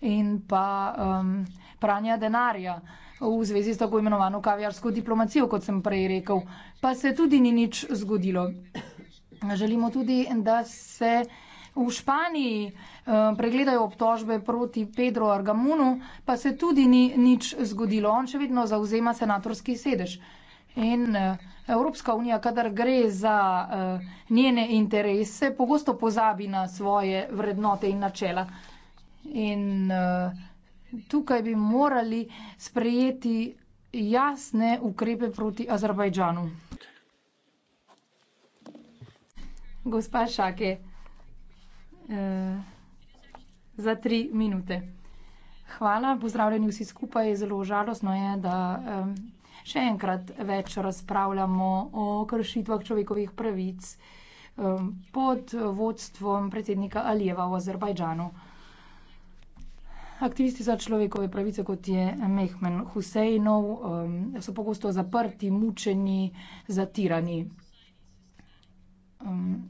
in pa um, pranja denarja v zvezi s tako imenovano kavjarsko diplomacijo, kot sem prej rekel. Pa se tudi ni nič zgodilo. Želimo tudi, da se v Španiji eh, pregledajo obtožbe proti Pedro Argamunu, pa se tudi ni nič zgodilo. On še vedno zauzema senatorski sedež. In eh, Evropska unija, kadar gre za eh, njene interese, pogosto pozabi na svoje vrednote in načela. In tukaj bi morali sprejeti jasne ukrepe proti Azerbajdžanu. Gospa Šake, eh, za tri minute. Hvala, pozdravljeni vsi skupaj. Zelo žalostno je, da eh, še enkrat več razpravljamo o kršitvah človekovih pravic eh, pod vodstvom predsednika Alijeva v Azerbajdžanu. Aktivisti za človekove pravice, kot je Mehmen Huseinov, eh, so pogosto zaprti, mučeni, zatirani. Um,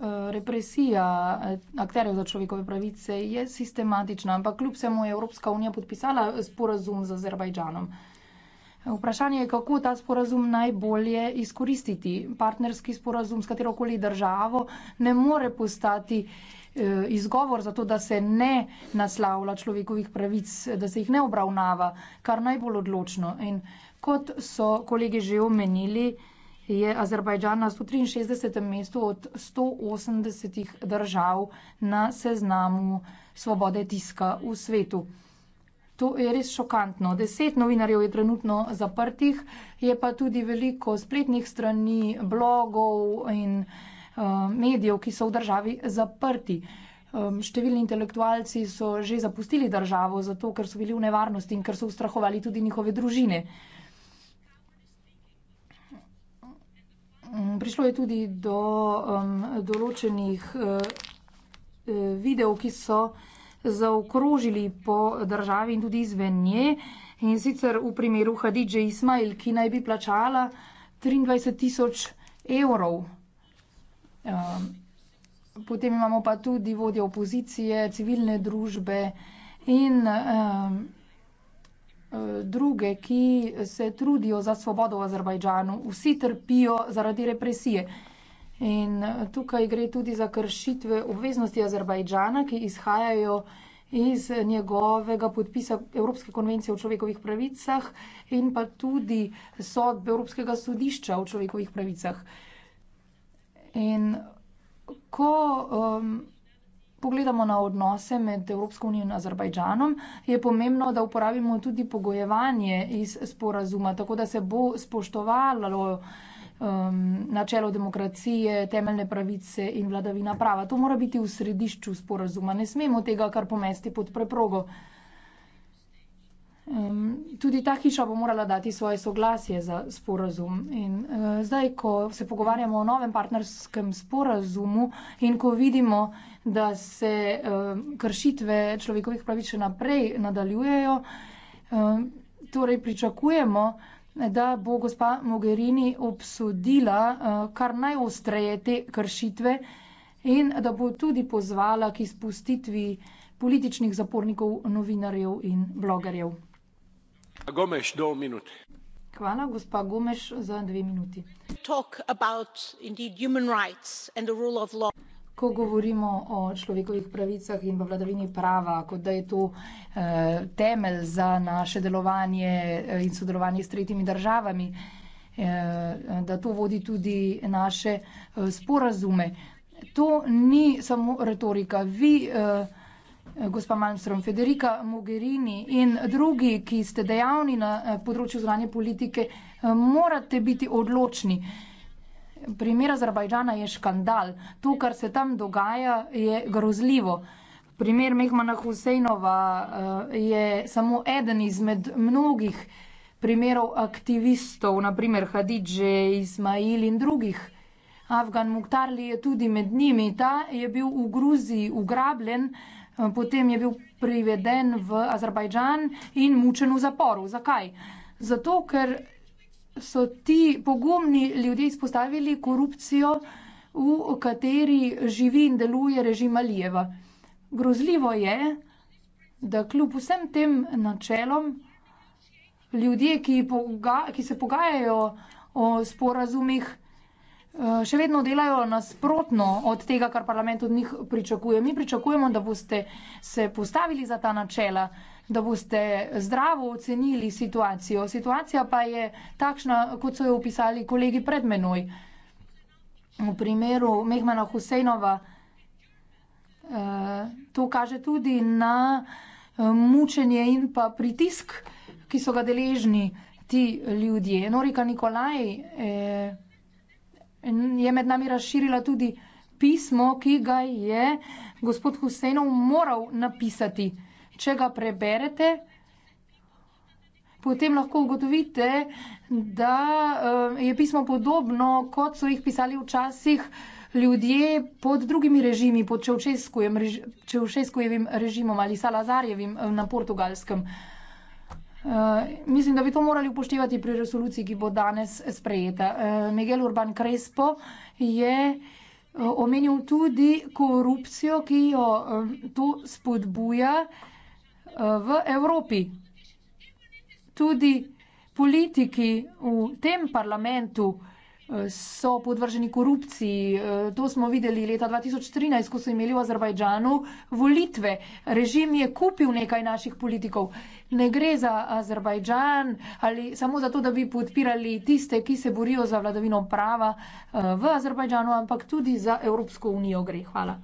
eh, represija eh, akterjev za človekove pravice je sistematična, ampak kljub vsemu je Evropska unija podpisala sporazum z Azerbajdžanom. Vprašanje je, kako ta sporazum najbolje izkoristiti. Partnerski sporazum s katerokoli državo ne more postati eh, izgovor za to, da se ne naslavlja človekovih pravic, da se jih ne obravnava, kar najbolj odločno. In kot so kolege že omenili, je Azerbajdžan na 163. mestu od 180 držav na seznamu svobode tiska v svetu. To je res šokantno. Deset novinarjev je trenutno zaprtih, je pa tudi veliko spletnih strani, blogov in uh, medijev, ki so v državi zaprti. Um, številni intelektualci so že zapustili državo, zato ker so bili v nevarnosti in ker so ustrahovali tudi njihove družine. Uh, Mm, prišlo je tudi do um, določenih uh, videov, ki so zaokrožili po državi in tudi izven nje. In sicer v primeru Hadidže Ismail, ki naj bi plačala 23 tisoč evrov. Um, potem imamo pa tudi vodje opozicije, civilne družbe in um, druge, ki se trudijo za svobodo v Azerbajdžanu. Vsi trpijo zaradi represije. In tukaj gre tudi za kršitve obveznosti Azerbajdžana, ki izhajajo iz njegovega podpisa Evropske konvencije o človekovih pravicah in pa tudi sodb Evropskega sodišča o človekovih pravicah. In ko um, pogledamo na odnose med Evropsko unijo in Azerbajdžanom, je pomembno, da uporabimo tudi pogojevanje iz sporazuma, tako da se bo spoštovalo um, načelo demokracije, temeljne pravice in vladavina prava. To mora biti v središču sporazuma. Ne smemo tega kar pomesti pod preprogo. Um, tudi ta hiša bo morala dati svoje soglasje za sporazum. In, uh, zdaj, ko se pogovarjamo o novem partnerskem sporazumu in ko vidimo, da se eh, kršitve človekovih pravic še naprej nadaljujejo. Eh, torej pričakujemo, da bo gospa Mogherini obsodila eh, kar najostreje te kršitve in da bo tudi pozvala k izpustitvi političnih zapornikov, novinarjev in blogerjev. Gomeš, dve minuti. Hvala, gospa Gomeš, za dve minuti ko govorimo o človekovih pravicah in vladavini prava, kot da je to eh, temelj za naše delovanje eh, in sodelovanje s tretjimi državami, eh, da to vodi tudi naše eh, sporazume. To ni samo retorika. Vi, eh, gospa Malmström, Federika Mogherini in drugi, ki ste dejavni na eh, področju zranje politike, eh, morate biti odločni. Eh, Primer Azerbajdžana je škandal. To, kar se tam dogaja, je grozljivo. Primer Mehmana Huseinova eh, je samo eden izmed mnogih primerov aktivistov, naprimer Hadidže, Ismail in drugih. Afgan Muktarli je tudi med njimi. Ta je bil v Gruziji ugrabljen, eh, potem je bil priveden v Azerbajdžan in mučen v zaporu. Zakaj? Zato, ker so ti pogumni ljudje izpostavili korupcijo, v kateri živi in deluje režim Alijeva. Grozljivo je, da kljub vsem tem načelom ljudje, ki, poga, ki se pogajajo o sporazumih, eh, še vedno delajo nasprotno od tega, kar parlament od njih pričakuje. Mi pričakujemo, da boste se postavili za ta načela da boste zdravo ocenili situacijo. Situacija pa je takšna, kot so jo opisali kolegi pred menoj. V primeru Mehmana Husejnova eh, to kaže tudi na eh, mučenje in pa pritisk, ki so ga deležni ti ljudje. Norika Nikolaj eh, je med nami razširila tudi pismo, ki ga je gospod Husejnov moral napisati. Če ga preberete, potem lahko ugotovite, da eh, je pismo podobno, kot so jih pisali včasih ljudje pod drugimi režimi, pod Čevšeskujevim režimom ali Salazarjevim eh, na portugalskem. Uh, mislim, da bi to morali upoštevati pri resoluciji, ki bo danes sprejeta. Uh, Miguel Urban Crespo je uh, omenil tudi korupcijo, ki jo uh, to spodbuja. Uh, Eh, v Evropi. Tudi politiki v tem parlamentu eh, so podvrženi korupciji. Eh, to smo videli leta 2013, ko so imeli v Azerbajdžanu volitve. Režim je kupil nekaj naših politikov. Ne gre za Azerbajdžan ali samo zato, da bi podpirali tiste, ki se borijo za vladavino prava v Azerbajdžanu, ampak tudi za Evropsko unijo gre. Hvala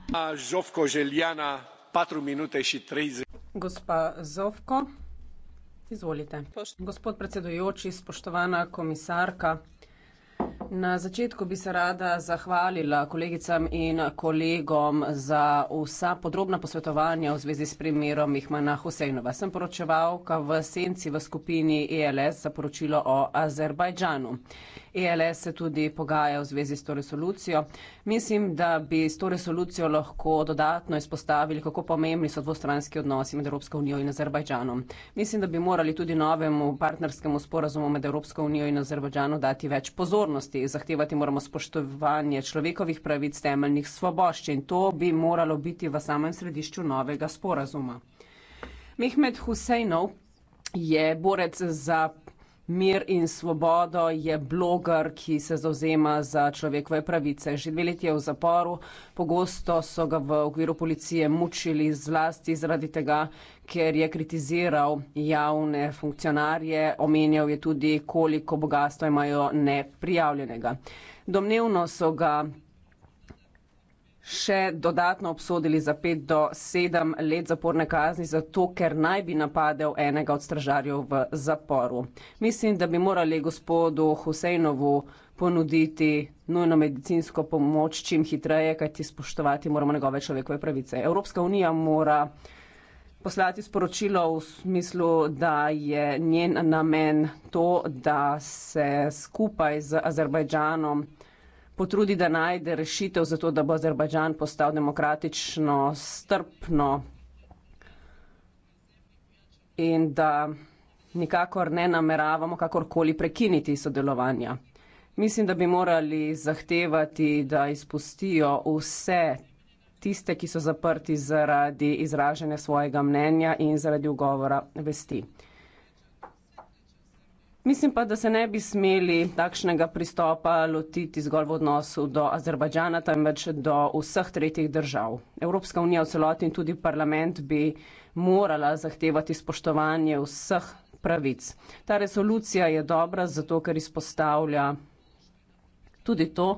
gospa zofko izvolite gospod predsedujoči spoštovana komisarka na začetku bi se rada zahvalila kolegicam in kolegom za vsa podrobna posvetovanja v zvezi s primerom Mihmana Husejnova. Sem poročevalka v senci v skupini ELS za poročilo o Azerbajdžanu. ELS se tudi pogaja v zvezi s to resolucijo. Mislim, da bi s to resolucijo lahko dodatno izpostavili, kako pomembni so dvostranski odnosi med Evropsko unijo in Azerbajdžanom. Mislim, da bi morali tudi novemu partnerskemu sporazumu med Evropsko unijo in Azerbajdžanom dati več pozornosti. Zahtevati moramo spoštovanje človekovih pravic, temeljnih svoboščin. To bi moralo biti v samem središču novega sporazuma. Mehmet Husejnov je borec za Mir in Svobodo je bloger, ki se zauzema za človekove pravice. Že dve leti je v zaporu, pogosto so ga v okviru policije mučili zlasti zaradi tega, ker je kritiziral javne funkcionarje, omenjal je tudi, koliko bogatstva imajo neprijavljenega. Domnevno so ga še dodatno obsodili za pet do sedem let zaporne kazni, zato ker naj bi napadel enega od stražarjev v zaporu. Mislim, da bi morali gospodu Husejnovu ponuditi nujno medicinsko pomoč čim hitreje, kajti spoštovati moramo njegove človekove pravice. Evropska unija mora poslati sporočilo v smislu, da je njen namen to, da se skupaj z Azerbajdžanom potrudi, da najde rešitev za to, da bo Azerbajdžan postal demokratično, strpno in da nikakor ne nameravamo kakorkoli prekiniti sodelovanja. Mislim, da bi morali zahtevati, da izpustijo vse tiste, ki so zaprti zaradi izražanja svojega mnenja in zaradi ugovora vesti. Mislim pa, da se ne bi smeli takšnega pristopa lotiti zgolj v odnosu do Azerbajdžana, temveč do vseh tretjih držav. Evropska unija v celoti in tudi parlament bi morala zahtevati spoštovanje vseh pravic. Ta resolucija je dobra zato, ker izpostavlja tudi to,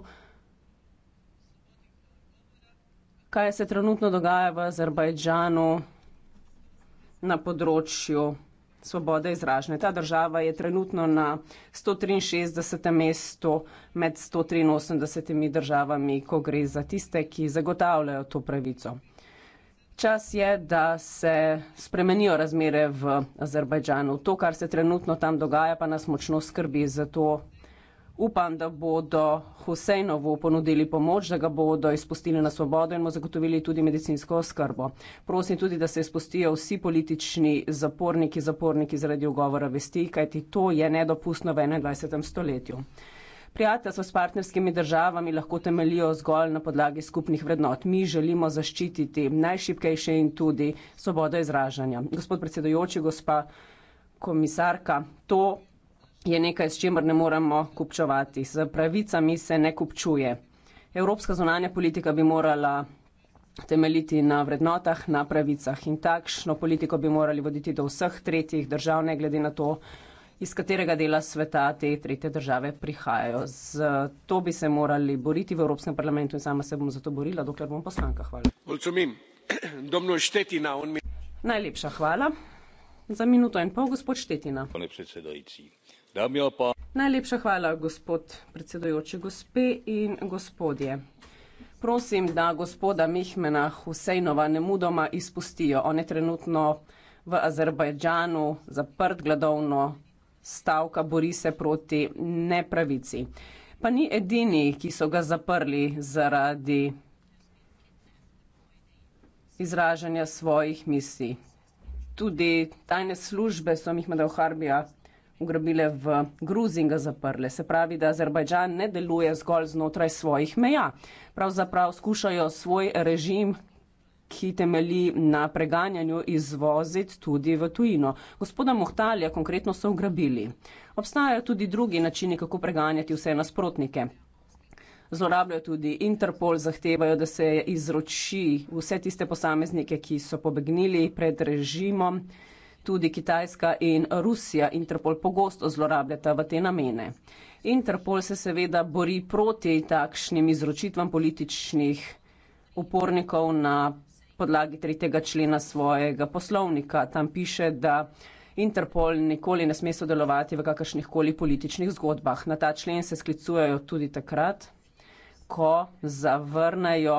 kaj se trenutno dogaja v Azerbajdžanu na področju svobode izražanja. Ta država je trenutno na 163. mestu med 183 državami, ko gre za tiste, ki zagotavljajo to pravico. Čas je, da se spremenijo razmere v Azerbajdžanu. To, kar se trenutno tam dogaja, pa nas močno skrbi, zato Upam, da bodo Husejnovu ponudili pomoč, da ga bodo izpustili na svobodo in mu zagotovili tudi medicinsko oskrbo. Prosim tudi, da se izpustijo vsi politični zaporniki, zaporniki zaradi ugovora vesti, kajti to je nedopustno v 21. stoletju. Prijateljstvo s partnerskimi državami lahko temeljijo zgolj na podlagi skupnih vrednot. Mi želimo zaščititi najšipkejše in tudi svobodo izražanja. Gospod predsedujoči, gospa komisarka, to je nekaj, s čimer ne moremo kupčovati. Z pravicami se ne kupčuje. Evropska zunanja politika bi morala temeljiti na vrednotah, na pravicah in takšno politiko bi morali voditi do vseh tretjih držav, ne glede na to, iz katerega dela sveta te tretje države prihajajo. Z to bi se morali boriti v Evropskem parlamentu in sama se bom za to borila, dokler bom poslanka. Hvala. (clears throat) Najlepša hvala. Za minuto in pol, gospod Štetina. Hvala, predsedujoči. Najlepša hvala, gospod predsedujoči. Gospe in gospodje. Prosim, da gospoda Mihmena Husejnova nemudoma izpustijo. On je trenutno v Azerbajdžanu zaprt gladovno stavka, bori se proti nepravici. Pa ni edini, ki so ga zaprli zaradi izražanja svojih misli. Tudi tajne službe so Mihmeda Oharbija ugrabile v Gruzi in ga zaprle. Se pravi, da Azerbajdžan ne deluje zgolj znotraj svojih meja. Pravzaprav skušajo svoj režim, ki temeli na preganjanju, izvoziti tudi v tujino. Gospoda Mohtalja konkretno so ugrabili. Obstajajo tudi drugi načini, kako preganjati vse nasprotnike. Zlorabljajo tudi Interpol, zahtevajo, da se izroči vse tiste posameznike, ki so pobegnili pred režimom. Tudi Kitajska in Rusija Interpol pogosto zlorabljata v te namene. Interpol se seveda bori proti takšnim izročitvam političnih upornikov na podlagi tretjega člena svojega poslovnika. Tam piše, da Interpol nikoli ne sme sodelovati v kakršnih koli političnih zgodbah. Na ta člen se sklicujejo tudi takrat, ko zavrnejo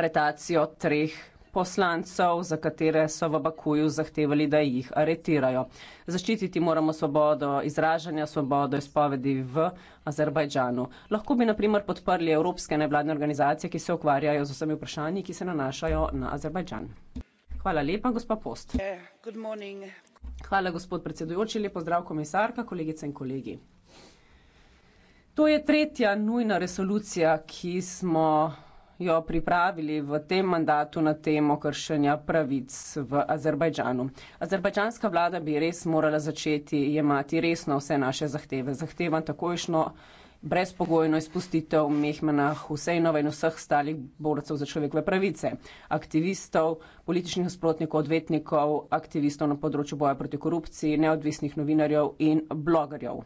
aretacijo treh poslancev, za katere so v Bakuju zahtevali, da jih aretirajo. Zaščititi moramo svobodo izražanja, svobodo izpovedi v Azerbajdžanu. Lahko bi naprimer podprli evropske nevladne organizacije, ki se ukvarjajo z vsemi vprašanji, ki se nanašajo na Azerbajdžan. Hvala lepa, gospa Post. Eh, Hvala, gospod predsedujoči. Lep pozdrav, komisarka, kolegice in kolegi. To je tretja nujna resolucija, ki smo jo pripravili v tem mandatu na temo kršenja pravic v Azerbajdžanu. Azerbajdžanska vlada bi res morala začeti jemati resno vse naše zahteve. Zahtevam takojšno brezpogojno izpustitev Mehmana Huseinova in vseh stalih borcev za človekove pravice, aktivistov, političnih nasprotnikov, odvetnikov, aktivistov na področju boja proti korupciji, neodvisnih novinarjev in blogerjev.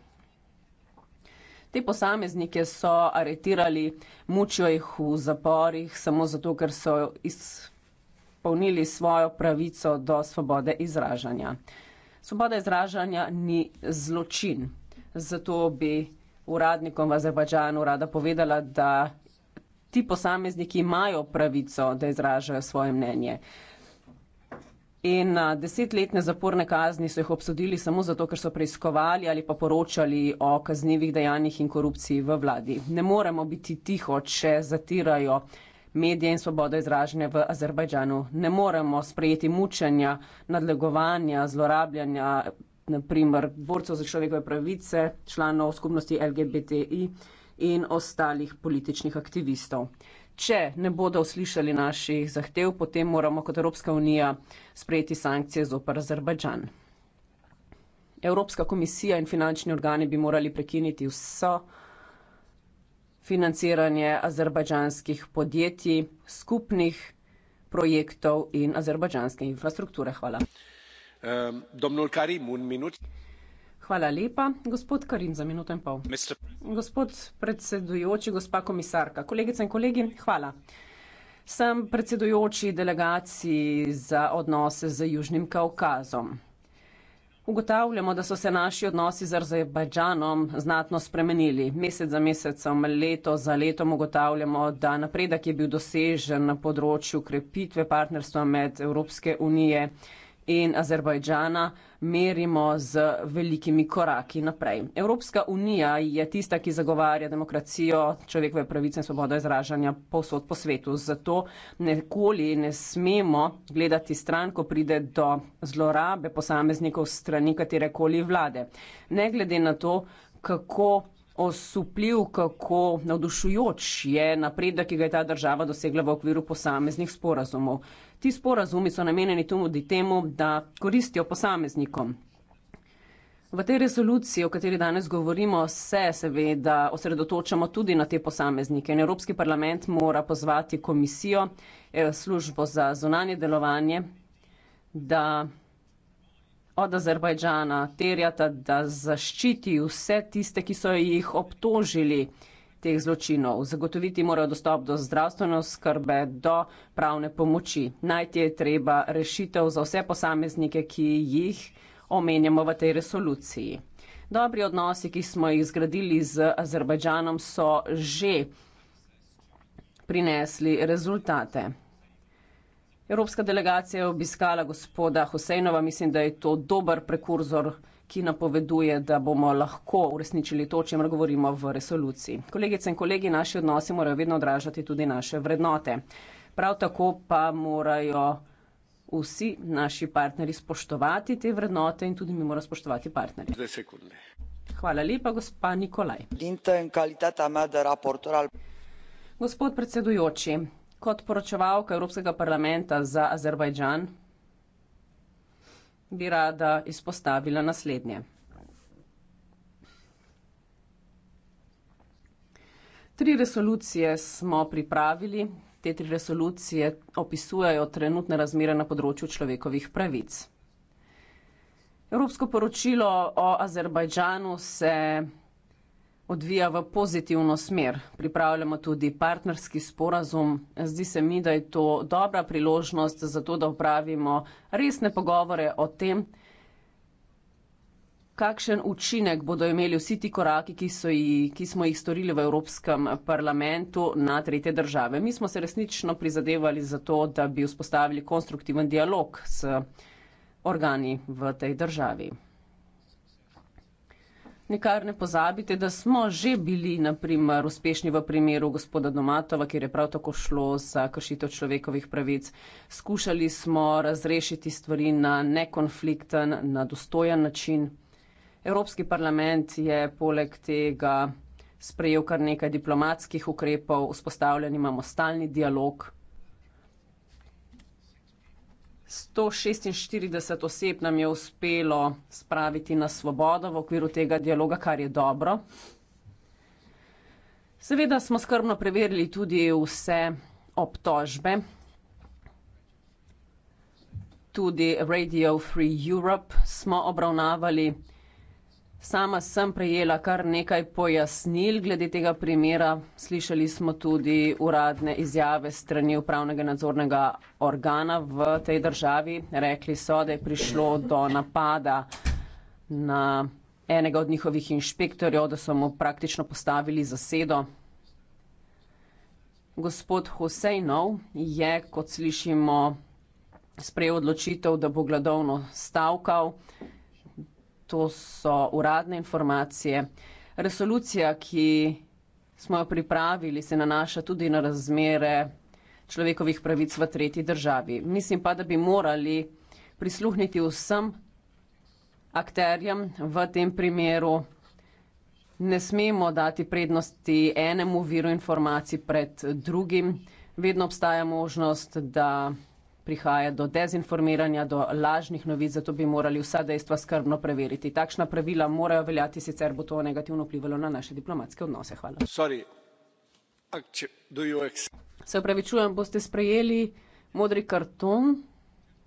Te posameznike so aretirali, mučijo jih v zaporih, samo zato, ker so izpolnili svojo pravico do svobode izražanja. Svoboda izražanja ni zločin. Zato bi uradnikom v Azerbajdžanu rada povedala, da ti posamezniki imajo pravico, da izražajo svoje mnenje. Uh, In desetletne zaporne kazni so jih obsodili samo zato, ker so preiskovali ali pa poročali o kaznjivih dejanjih in korupciji v vladi. Ne moremo biti tiho, če zatirajo medije in svobodo izražene v Azerbajdžanu. Ne moremo sprejeti mučenja, nadlegovanja, zlorabljanja, naprimer, borcev za človekove pravice, članov skupnosti LGBTI in ostalih političnih aktivistov če ne bodo uslišali naših zahtev, potem moramo kot Evropska unija sprejeti sankcije zopr Azerbajdžan. Evropska komisija in finančni organi bi morali prekiniti vso financiranje azerbajdžanskih podjetij, skupnih projektov in azerbajdžanske infrastrukture. Hvala. Um, Hvala lepa. Gospod Karim, za minuto in pol. Mr. Gospod predsedujoči, gospa komisarka, kolegice in kolegi, hvala. Sem predsedujoči delegaciji za odnose z Južnim Kaukazom. Ugotavljamo, da so se naši odnosi z Azerbajdžanom znatno spremenili. Mesec za mesecem, leto za letom ugotavljamo, da napredek je bil dosežen na področju krepitve partnerstva med Evropske unije in in Azerbajdžana merimo z velikimi koraki naprej. Evropska unija je tista, ki zagovarja demokracijo, človekove pravice in svobodo izražanja povsod po svetu. Zato nekoli ne smemo gledati stran, ko pride do zlorabe posameznikov strani katerekoli vlade. Ne glede na to, kako osupljiv, kako navdušujoč je napredek, ki ga je ta država dosegla v okviru posameznih sporazumov. Ti sporazumi so namenjeni tudi temu, da koristijo posameznikom. V tej resoluciji, o kateri danes govorimo, se seveda osredotočamo tudi na te posameznike. In Evropski parlament mora pozvati komisijo, eh, službo za zunanje delovanje, da od Azerbajdžana terjata, da zaščiti vse tiste, ki so jih obtožili teh zločinov. Zagotoviti morajo dostop do zdravstvene skrbe, do pravne pomoči. Najti je treba rešitev za vse posameznike, ki jih omenjamo v tej resoluciji. Dobri odnosi, ki smo jih zgradili z Azerbajdžanom, so že prinesli rezultate. Evropska delegacija je obiskala gospoda Husejnova, mislim, da je to dober prekurzor, ki napoveduje, da bomo lahko uresničili to, o čem govorimo v resoluciji. Kolegice in kolegi, naši odnosi morajo vedno odražati tudi naše vrednote. Prav tako pa morajo vsi naši partnerji spoštovati te vrednote in tudi mi moramo spoštovati partnerje. Hvala lepa, gospa Nikolaj. Gospod predsedujoči, kot poročevalka Evropskega parlamenta za Azerbajdžan bi rada izpostavila naslednje. Tri resolucije smo pripravili. Te tri resolucije opisujejo trenutne razmere na področju človekovih pravic. Evropsko poročilo o Azerbajdžanu se odvija v pozitivno smer. Pripravljamo tudi partnerski sporazum. Zdi se mi, da je to dobra priložnost za to, da upravimo resne pogovore o tem, kakšen učinek bodo imeli vsi ti koraki, ki, ji, ki smo jih storili v Evropskem parlamentu na tretje države. Mi smo se resnično prizadevali za to, da bi vzpostavili konstruktiven dialog s organi v tej državi. Nikar ne pozabite, da smo že bili naprimer, uspešni v primeru gospoda Domatova, kjer je prav tako šlo za kršitev človekovih pravic. Skušali smo razrešiti stvari na nekonflikten, na dostojen način. Evropski parlament je poleg tega sprejel kar nekaj diplomatskih ukrepov, vzpostavljen imamo stalni dialog. 146 oseb nam je uspelo spraviti na svobodo v okviru tega dialoga, kar je dobro. Seveda smo skrbno preverili tudi vse obtožbe. Tudi Radio Free Europe smo obravnavali. Sama sem prejela kar nekaj pojasnil glede tega primera. Slišali smo tudi uradne izjave strani upravnega nadzornega organa v tej državi. Rekli so, da je prišlo do napada na enega od njihovih inšpektorjev, da so mu praktično postavili zasedo. Gospod Husejnov je, kot slišimo, sprejel odločitev, da bo gladovno stavkal to so uradne informacije. Resolucija, ki smo jo pripravili, se nanaša tudi na razmere človekovih pravic v tretji državi. Mislim pa, da bi morali prisluhniti vsem akterjem v tem primeru. Ne smemo dati prednosti enemu viru informacij pred drugim. Vedno obstaja možnost, da prihaja do dezinformiranja, do lažnih novic, zato bi morali vsa dejstva skrbno preveriti. Takšna pravila morajo veljati, sicer bo to negativno vplivalo na naše diplomatske odnose. Hvala. Se upravičujem, boste sprejeli modri karton?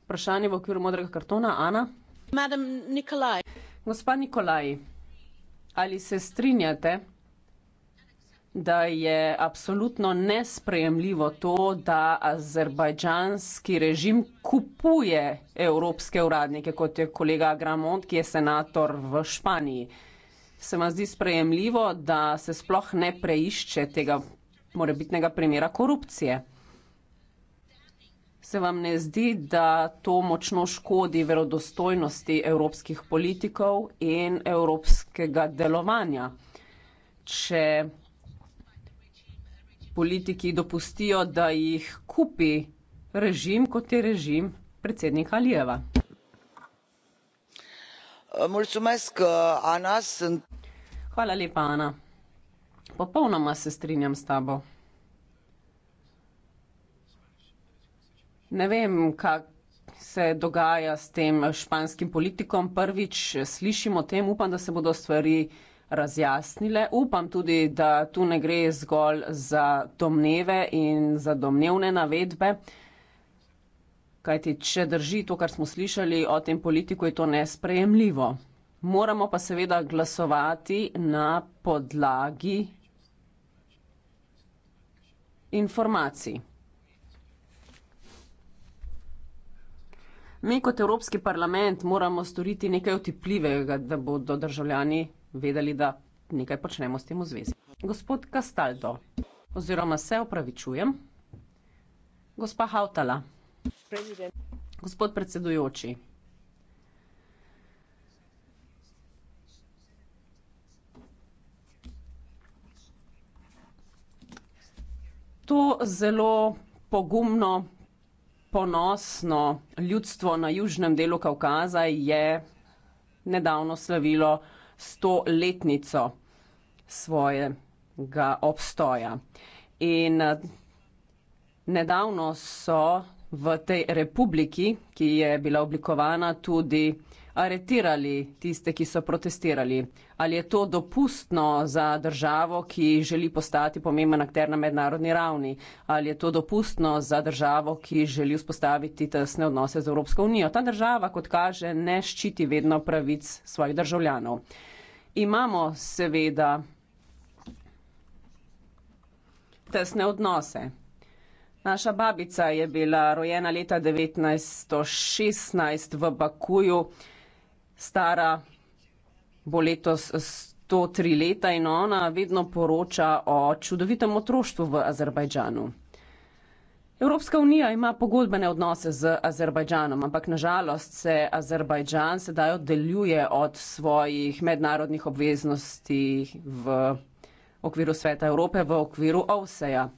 Vprašanje v okviru modrega kartona. Ana? Gospa Nikolaj, ali se strinjate? da je absolutno nesprejemljivo to, da azerbajdžanski režim kupuje evropske uradnike, kot je kolega Gramont, ki je senator v Španiji. Se vam zdi sprejemljivo, da se sploh ne preišče tega morebitnega primera korupcije? Se vam ne zdi, da to močno škodi verodostojnosti evropskih politikov in evropskega delovanja? Če politiki dopustijo, da jih kupi režim, kot je režim predsednika Alijeva. Mulțumesc, Ana, sunt... Hvala lepa, Ana. Popolnoma se strinjam s tabo. Ne vem, kak se dogaja s tem španskim politikom. Prvič slišim o tem, upam, da se bodo stvari razjasnile. Upam tudi, da tu ne gre zgolj za domneve in za domnevne navedbe. Kajti, če drži to, kar smo slišali o tem politiku, je to nesprejemljivo. Moramo pa seveda glasovati na podlagi informacij. Mi kot Evropski parlament moramo storiti nekaj otipljivega, da bodo državljani vedeli, da nekaj počnemo s tem v zvezi. Gospod Castaldo, oziroma se opravičujem, gospa Hautala, President. gospod predsedujoči. To zelo pogumno, ponosno ljudstvo na južnem delu Kaukaza je nedavno slavilo stoletnico svojega obstoja. In nedavno so v tej republiki, ki je bila oblikovana tudi aretirali tiste, ki so protestirali. Ali je to dopustno za državo, ki želi postati pomemben akter na mednarodni ravni? Ali je to dopustno za državo, ki želi vzpostaviti tesne odnose z Evropsko unijo? Ta država, kot kaže, ne ščiti vedno pravic svojih državljanov. Imamo seveda tesne odnose. Naša babica je bila rojena leta 1916 v Bakuju stara bo letos 103 leta in ona vedno poroča o čudovitem otroštvu v Azerbajdžanu. Evropska unija ima pogodbene odnose z Azerbajdžanom, ampak nažalost se Azerbajdžan sedaj oddeljuje od svojih mednarodnih obveznosti v okviru Sveta Evrope, v okviru OVSE-ja.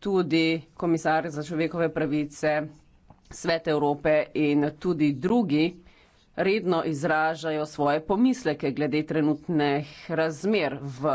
Tudi komisar za človekove pravice Sveta Evrope in tudi drugi redno izražajo svoje pomisleke glede trenutnih razmer. V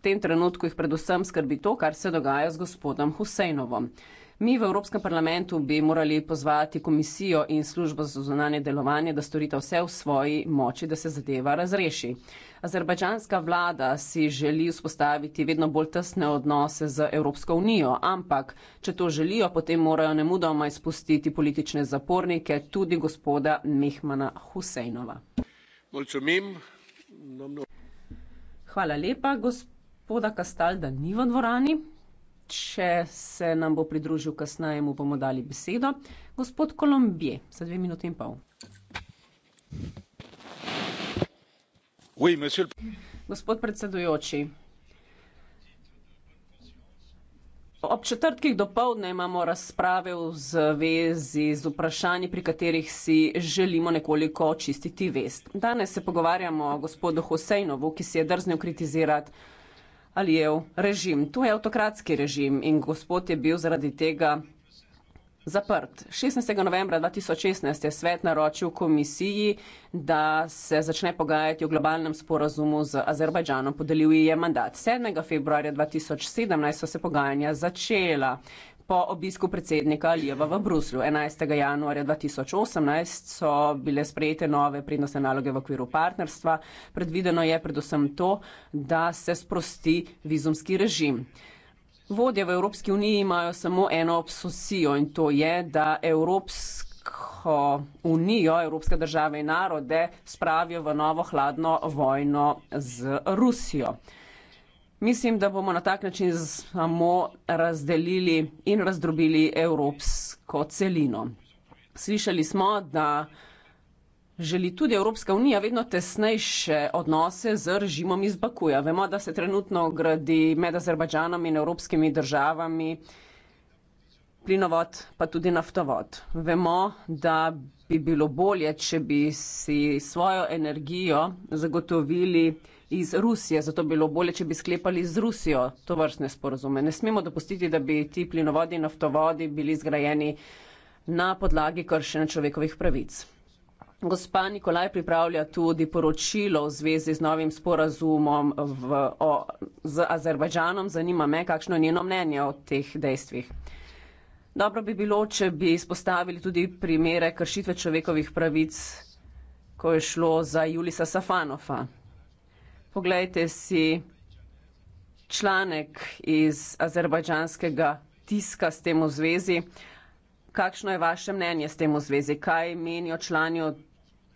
tem trenutku jih predvsem skrbi to, kar se dogaja z gospodom Husejnovom. Mi v Evropskem parlamentu bi morali pozvati komisijo in službo za zunanje delovanje, da storita vse v svoji moči, da se zadeva razreši. Azerbajdžanska vlada si želi vzpostaviti vedno bolj tesne odnose z Evropsko unijo, ampak če to želijo, potem morajo nemudoma izpustiti politične zapornike, tudi gospoda Mehmana Huseinova. Hvala lepa, gospoda Kastalda ni v dvorani. Če se nam bo pridružil kasneje, mu bomo dali besedo. Gospod Kolombije, za dve minuti in pol. Gospod predsedujoči, ob četrtkih do povdne imamo razprave v zvezi z vprašanji, pri katerih si želimo nekoliko očistiti vest. Danes se pogovarjamo o gospodu Hosejnovu, ki si je drznil kritizirati Alijev režim. To je avtokratski režim in gospod je bil zaradi tega zaprt. 16. novembra 2016 je svet naročil komisiji, da se začne pogajati o globalnem sporazumu z Azerbajdžanom. Podelil ji je mandat. 7. februarja 2017 so se pogajanja začela. Po obisku predsednika Aljeva v Bruslju 11. januarja 2018 so bile sprejete nove prednostne naloge v okviru partnerstva. Predvideno je predvsem to, da se sprosti vizumski režim. Vodje v Evropski uniji imajo samo eno obsosijo in to je, da Evropsko unijo, Evropske države in narode spravijo v novo hladno vojno z Rusijo mislim, da bomo na tak način samo razdelili in razdrobili evropsko celino. Slišali smo, da želi tudi Evropska unija vedno tesnejše odnose z režimom iz Bakuja. Vemo, da se trenutno gradi med Azerbajdžanom in evropskimi državami plinovod, pa tudi naftovod. Vemo, da bi bilo bolje, če bi si svojo energijo zagotovili iz Rusije. Zato bi bilo bolje, če bi sklepali z Rusijo to vrstne sporozume. Ne smemo dopustiti, da bi ti plinovodi in naftovodi bili zgrajeni na podlagi kršene človekovih pravic. Gospa Nikolaj pripravlja tudi poročilo v zvezi z novim sporazumom v, o, z Azerbajdžanom. Zanima me, kakšno je njeno mnenje o teh dejstvih. Dobro bi bilo, če bi izpostavili tudi primere kršitve človekovih pravic, ko je šlo za Julisa Safanova. Poglejte si članek iz azerbajdžanskega tiska s tem v zvezi. Kakšno je vaše mnenje s tem v zvezi? Kaj menijo člani od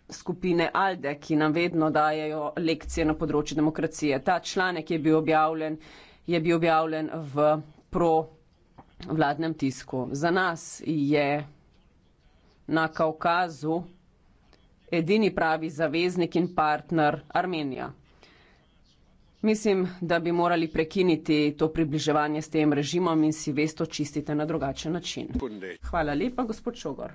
skupine Alde, ki nam vedno dajejo lekcije na področju demokracije? Ta članek je bil objavljen, je bil objavljen v provladnem tisku. Za nas je na Kaukazu edini pravi zaveznik in partner Armenija. Mislim, da bi morali prekiniti to približevanje s tem režimom in si vest očistiti na drugačen način. Hvala lepa, gospod Šogor.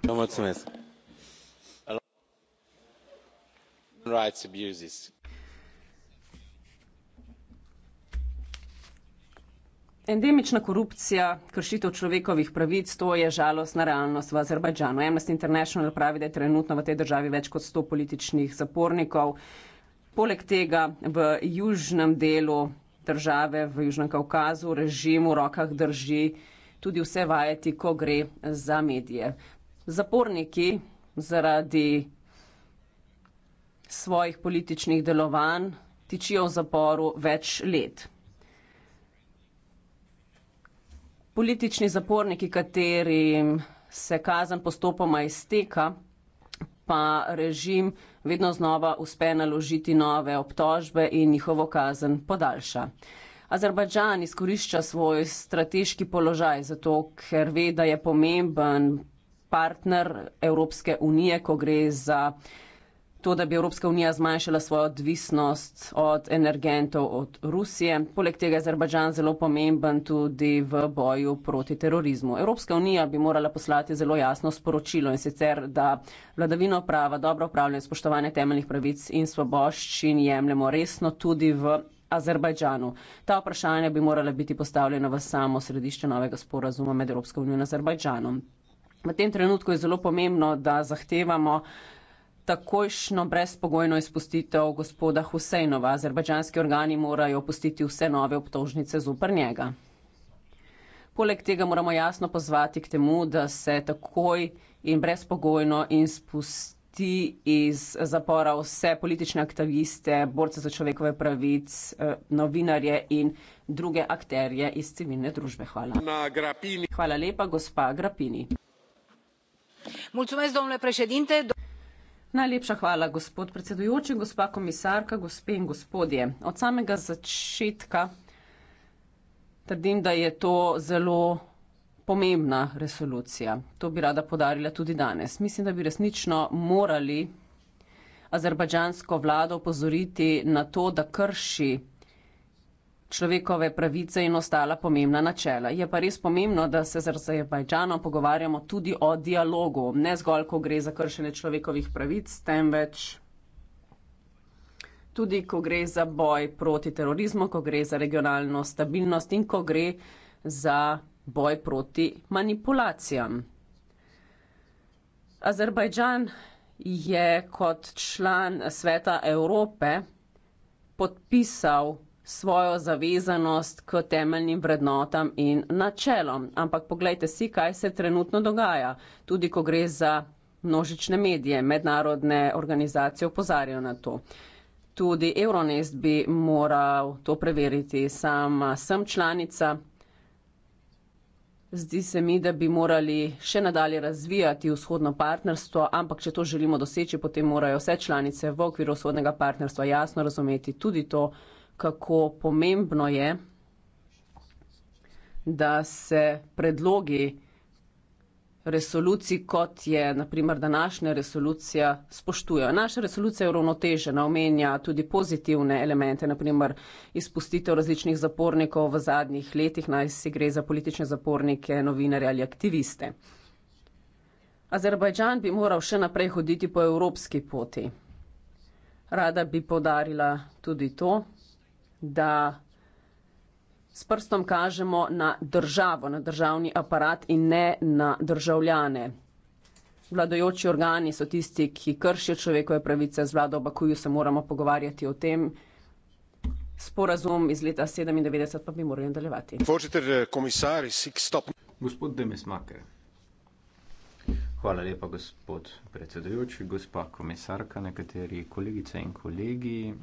Endemična korupcija, kršitev človekovih pravic, to je žalostna realnost v Azerbajdžanu. Amnesty International pravi, da je trenutno v tej državi več kot sto političnih zapornikov. Poleg tega v južnem delu države, v Južnem Kaukazu, režim v rokah drži tudi vse vajeti, ko gre za medije. Zaporniki zaradi svojih političnih delovanj tičijo v zaporu več let. Politični zaporniki, katerim se kazen postopoma izteka, pa režim vedno znova uspe naložiti nove obtožbe in njihovo kazen podaljša. Azerbajdžan izkorišča svoj strateški položaj zato, ker ve, da je pomemben partner Evropske unije, ko gre za to, da bi Evropska unija zmanjšala svojo odvisnost od energentov od Rusije. Poleg tega je Azerbajdžan zelo pomemben tudi v boju proti terorizmu. Evropska unija bi morala poslati zelo jasno sporočilo in sicer, da vladavino prava, dobro upravljanje, spoštovanje temeljnih pravic in svoboščin jemljemo resno tudi v. Azerbajdžanu. Ta vprašanja bi morala biti postavljena v samo središče novega sporazuma med Evropsko unijo in Azerbajdžanom. V tem trenutku je zelo pomembno, da zahtevamo takojšno brezpogojno izpustitev gospoda Husejnova. Azerbajdžanski organi morajo opustiti vse nove obtožnice zupr njega. Poleg tega moramo jasno pozvati k temu, da se takoj in brezpogojno izpusti iz zapora vse politične aktiviste, borce za človekove pravic, eh, novinarje in druge akterje iz civilne družbe. Hvala. Hvala lepa, gospa Grapini. Mulțumesc, domnule președinte. Do Najlepša hvala, gospod predsedujoči, gospa komisarka, gospe in gospodje. Od samega začetka trdim, da je to zelo pomembna resolucija. To bi rada podarila tudi danes. Mislim, da bi resnično morali azerbajdžansko vlado opozoriti na to, da krši človekove pravice in ostala pomembna načela. Je pa res pomembno, da se z Azerbajdžanom pogovarjamo tudi o dialogu, ne zgolj, ko gre za kršene človekovih pravic, temveč tudi, ko gre za boj proti terorizmu, ko gre za regionalno stabilnost in ko gre za boj proti manipulacijam. Azerbajdžan je kot član sveta Evrope podpisal svojo zavezanost k temeljnim vrednotam in načelom. Ampak poglejte si, kaj se trenutno dogaja, tudi ko gre za množične medije, mednarodne organizacije opozarjajo na to. Tudi Euronest bi moral to preveriti. Sama sem članica. Zdi se mi, da bi morali še nadalje razvijati vzhodno partnerstvo, ampak če to želimo doseči, potem morajo vse članice v okviru vzhodnega partnerstva jasno razumeti tudi to, kako pomembno je, da se predlogi resoluciji, kot je naprimer današnja resolucija, spoštujejo. Naša resolucija je uravnotežena, omenja tudi pozitivne elemente, naprimer izpustitev različnih zapornikov v zadnjih letih, naj si gre za politične zapornike, novinarje ali aktiviste. Azerbajdžan bi moral še naprej hoditi po evropski poti. Rada bi podarila tudi to, da s prstom kažemo na državo, na državni aparat in ne na državljane. Vladojoči organi so tisti, ki kršijo človekove pravice, z vlado Bakuju se moramo pogovarjati o tem. Sporazum iz leta 97 pa bi morali nadaljevati. Eh, gospod Demesmaker. Hvala lepa, gospod predsedujoči, gospa komisarka, nekateri kolegice in kolegi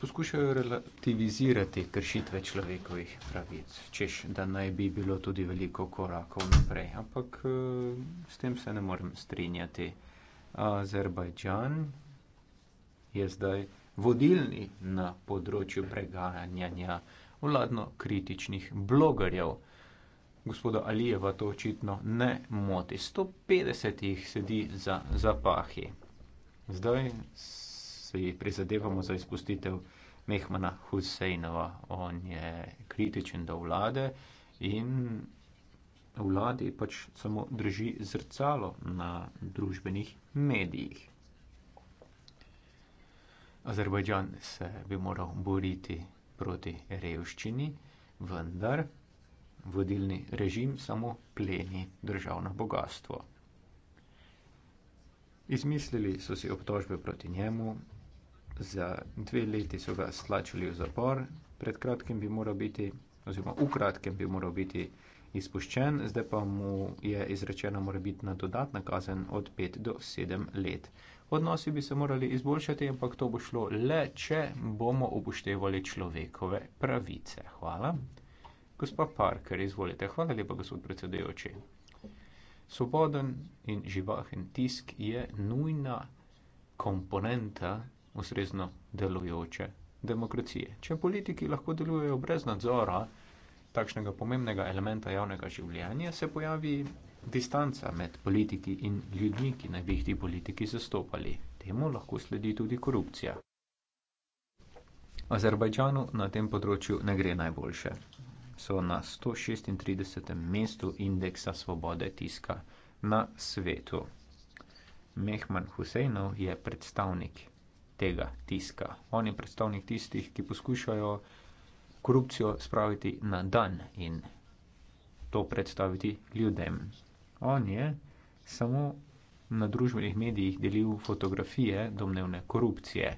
poskušajo relativizirati kršitve človekovih pravic, češ, da naj bi bilo tudi veliko korakov naprej. Ampak eh, s tem se ne morem strinjati. Azerbajdžan je zdaj vodilni na področju preganjanja vladno kritičnih blogerjev. Gospoda Alijeva to očitno ne moti. 150 jih sedi za zapahi. Zdaj si prizadevamo za izpustitev Mehmana Huseinova. On je kritičen do vlade in vladi pač samo drži zrcalo na družbenih medijih. Azerbajdžan se bi moral boriti proti revščini, vendar vodilni režim samo pleni državno bogatstvo. Izmislili so si obtožbe proti njemu, za dve leti so ga slačili v zapor, pred kratkim bi moral biti, oziroma v kratkem bi moral biti izpuščen, zdaj pa mu je izrečena mora biti na dodatna kazen od 5 do 7 let. Odnosi bi se morali izboljšati, ampak to bo šlo le, če bomo upoštevali človekove pravice. Hvala. Gospa Parker, izvolite. Hvala lepa, gospod predsedujoči. Svoboden in živahen tisk je nujna komponenta ustrezno delujoče demokracije. Če politiki lahko delujejo brez nadzora takšnega pomembnega elementa javnega življenja, se pojavi distanca med politiki in ljudmi, ki naj bi jih ti politiki zastopali. Temu lahko sledi tudi korupcija. Azerbajdžanu na tem področju ne gre najboljše. So na 136. mestu indeksa svobode tiska na svetu. Mehman Husejnov je predstavnik tega tiska. On je predstavnik tistih, ki poskušajo korupcijo spraviti na dan in to predstaviti ljudem. On je samo na družbenih medijih delil fotografije domnevne korupcije.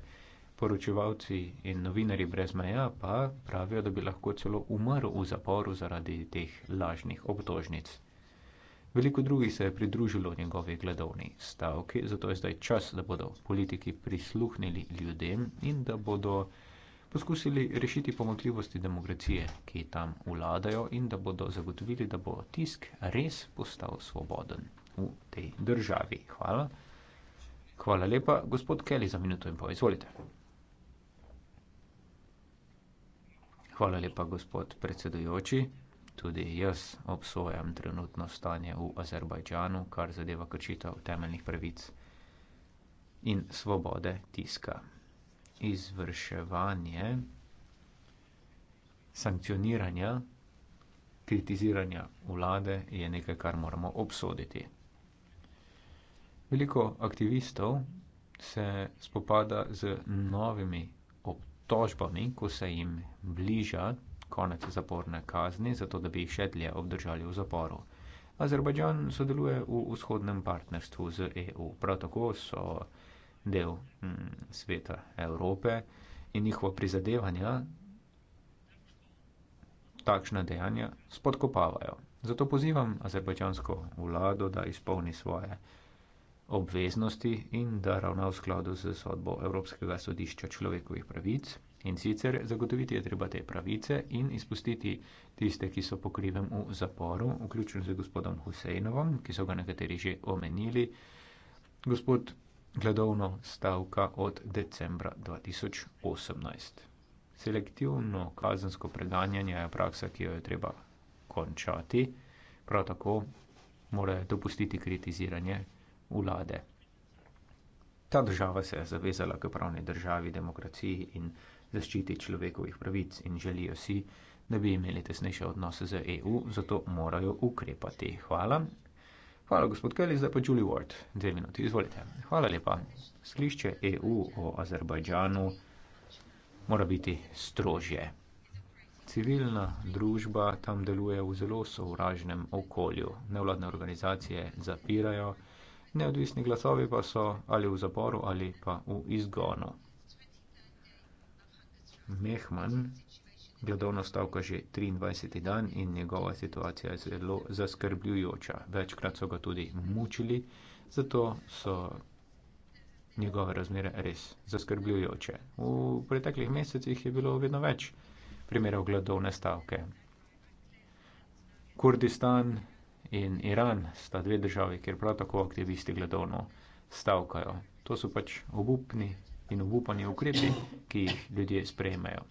Poročevalci in novinari brez meja pa pravijo, da bi lahko celo umrl v zaporu zaradi teh lažnih obtožnic. Veliko drugih se je pridružilo njegovi gledovni stavki, zato je zdaj čas, da bodo politiki prisluhnili ljudem in da bodo poskusili rešiti pomotljivosti demokracije, ki tam vladajo in da bodo zagotovili, da bo tisk res postal svoboden v tej državi. Hvala. Hvala lepa, gospod Kelly, za minuto in pol. Izvolite. Hvala lepa, gospod predsedujoči tudi jaz obsojam trenutno stanje v Azerbajdžanu, kar zadeva kršitev temeljnih pravic in svobode tiska. Izvrševanje sankcioniranja, kritiziranja vlade je nekaj, kar moramo obsoditi. Veliko aktivistov se spopada z novimi obtožbami, ko se jim bliža konec zaporne kazni, zato da bi jih še dlje obdržali v zaporu. Azerbajdžan sodeluje v vzhodnem partnerstvu z EU. Prav tako so del m, mm, sveta Evrope in njihova prizadevanja takšna dejanja spodkopavajo. Zato pozivam azerbajdžansko vlado, da izpolni svoje obveznosti in da ravna v skladu z sodbo Evropskega sodišča človekovih pravic. In sicer zagotoviti je treba te pravice in izpustiti tiste, ki so pokriven v zaporu, vključno z gospodom Husejnovom, ki so ga nekateri že omenili. Gospod gledovno stavka od decembra 2018. Selektivno kazensko preganjanje je praksa, ki jo je treba končati, prav tako mora dopustiti kritiziranje vlade. Ta država se je zavezala k pravni državi, demokraciji in demokraciji zaščiti človekovih pravic in želijo si, da bi imeli tesnejše odnose z EU, zato morajo ukrepati. Hvala. Hvala, gospod Kelly, zdaj pa Julie Ward. Dve minuti, izvolite. Hvala lepa. Slišče EU o Azerbajdžanu mora biti strožje. Civilna družba tam deluje v zelo sovražnem okolju. Nevladne organizacije zapirajo, neodvisni glasovi pa so ali v zaporu ali pa v izgonu. Mehman, gledovna stavka že 23. dan in njegova situacija je zelo zaskrbljujoča. Večkrat so ga tudi mučili, zato so njegove razmere res zaskrbljujoče. V preteklih mesecih je bilo vedno več primerov gledovne stavke. Kurdistan in Iran sta dve državi, kjer prav tako aktivisti gledovno stavkajo. To so pač obupni in obupanje ukrepi, ki jih ljudje sprejmejo.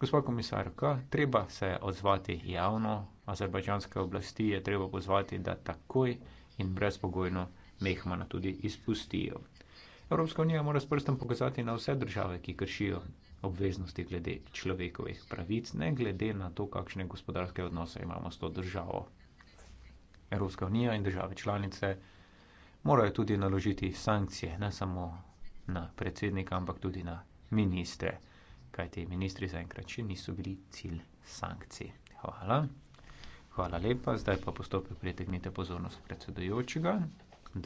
Gospod komisarka, treba se odzvati javno, azerbajdžanske oblasti je treba pozvati, da takoj in brezpogojno Mehmana tudi izpustijo. Evropska unija mora s prstom pokazati na vse države, ki kršijo obveznosti glede človekovih pravic, ne glede na to, kakšne gospodarske odnose imamo s to državo. Evropska unija in države članice morajo tudi naložiti sankcije, ne samo na predsednika, ampak tudi na ministre, kajti ministri zaenkrat še niso bili cilj sankcij. Hvala. Hvala lepa. Zdaj pa postopek pritegnite pozornost predsedujočega.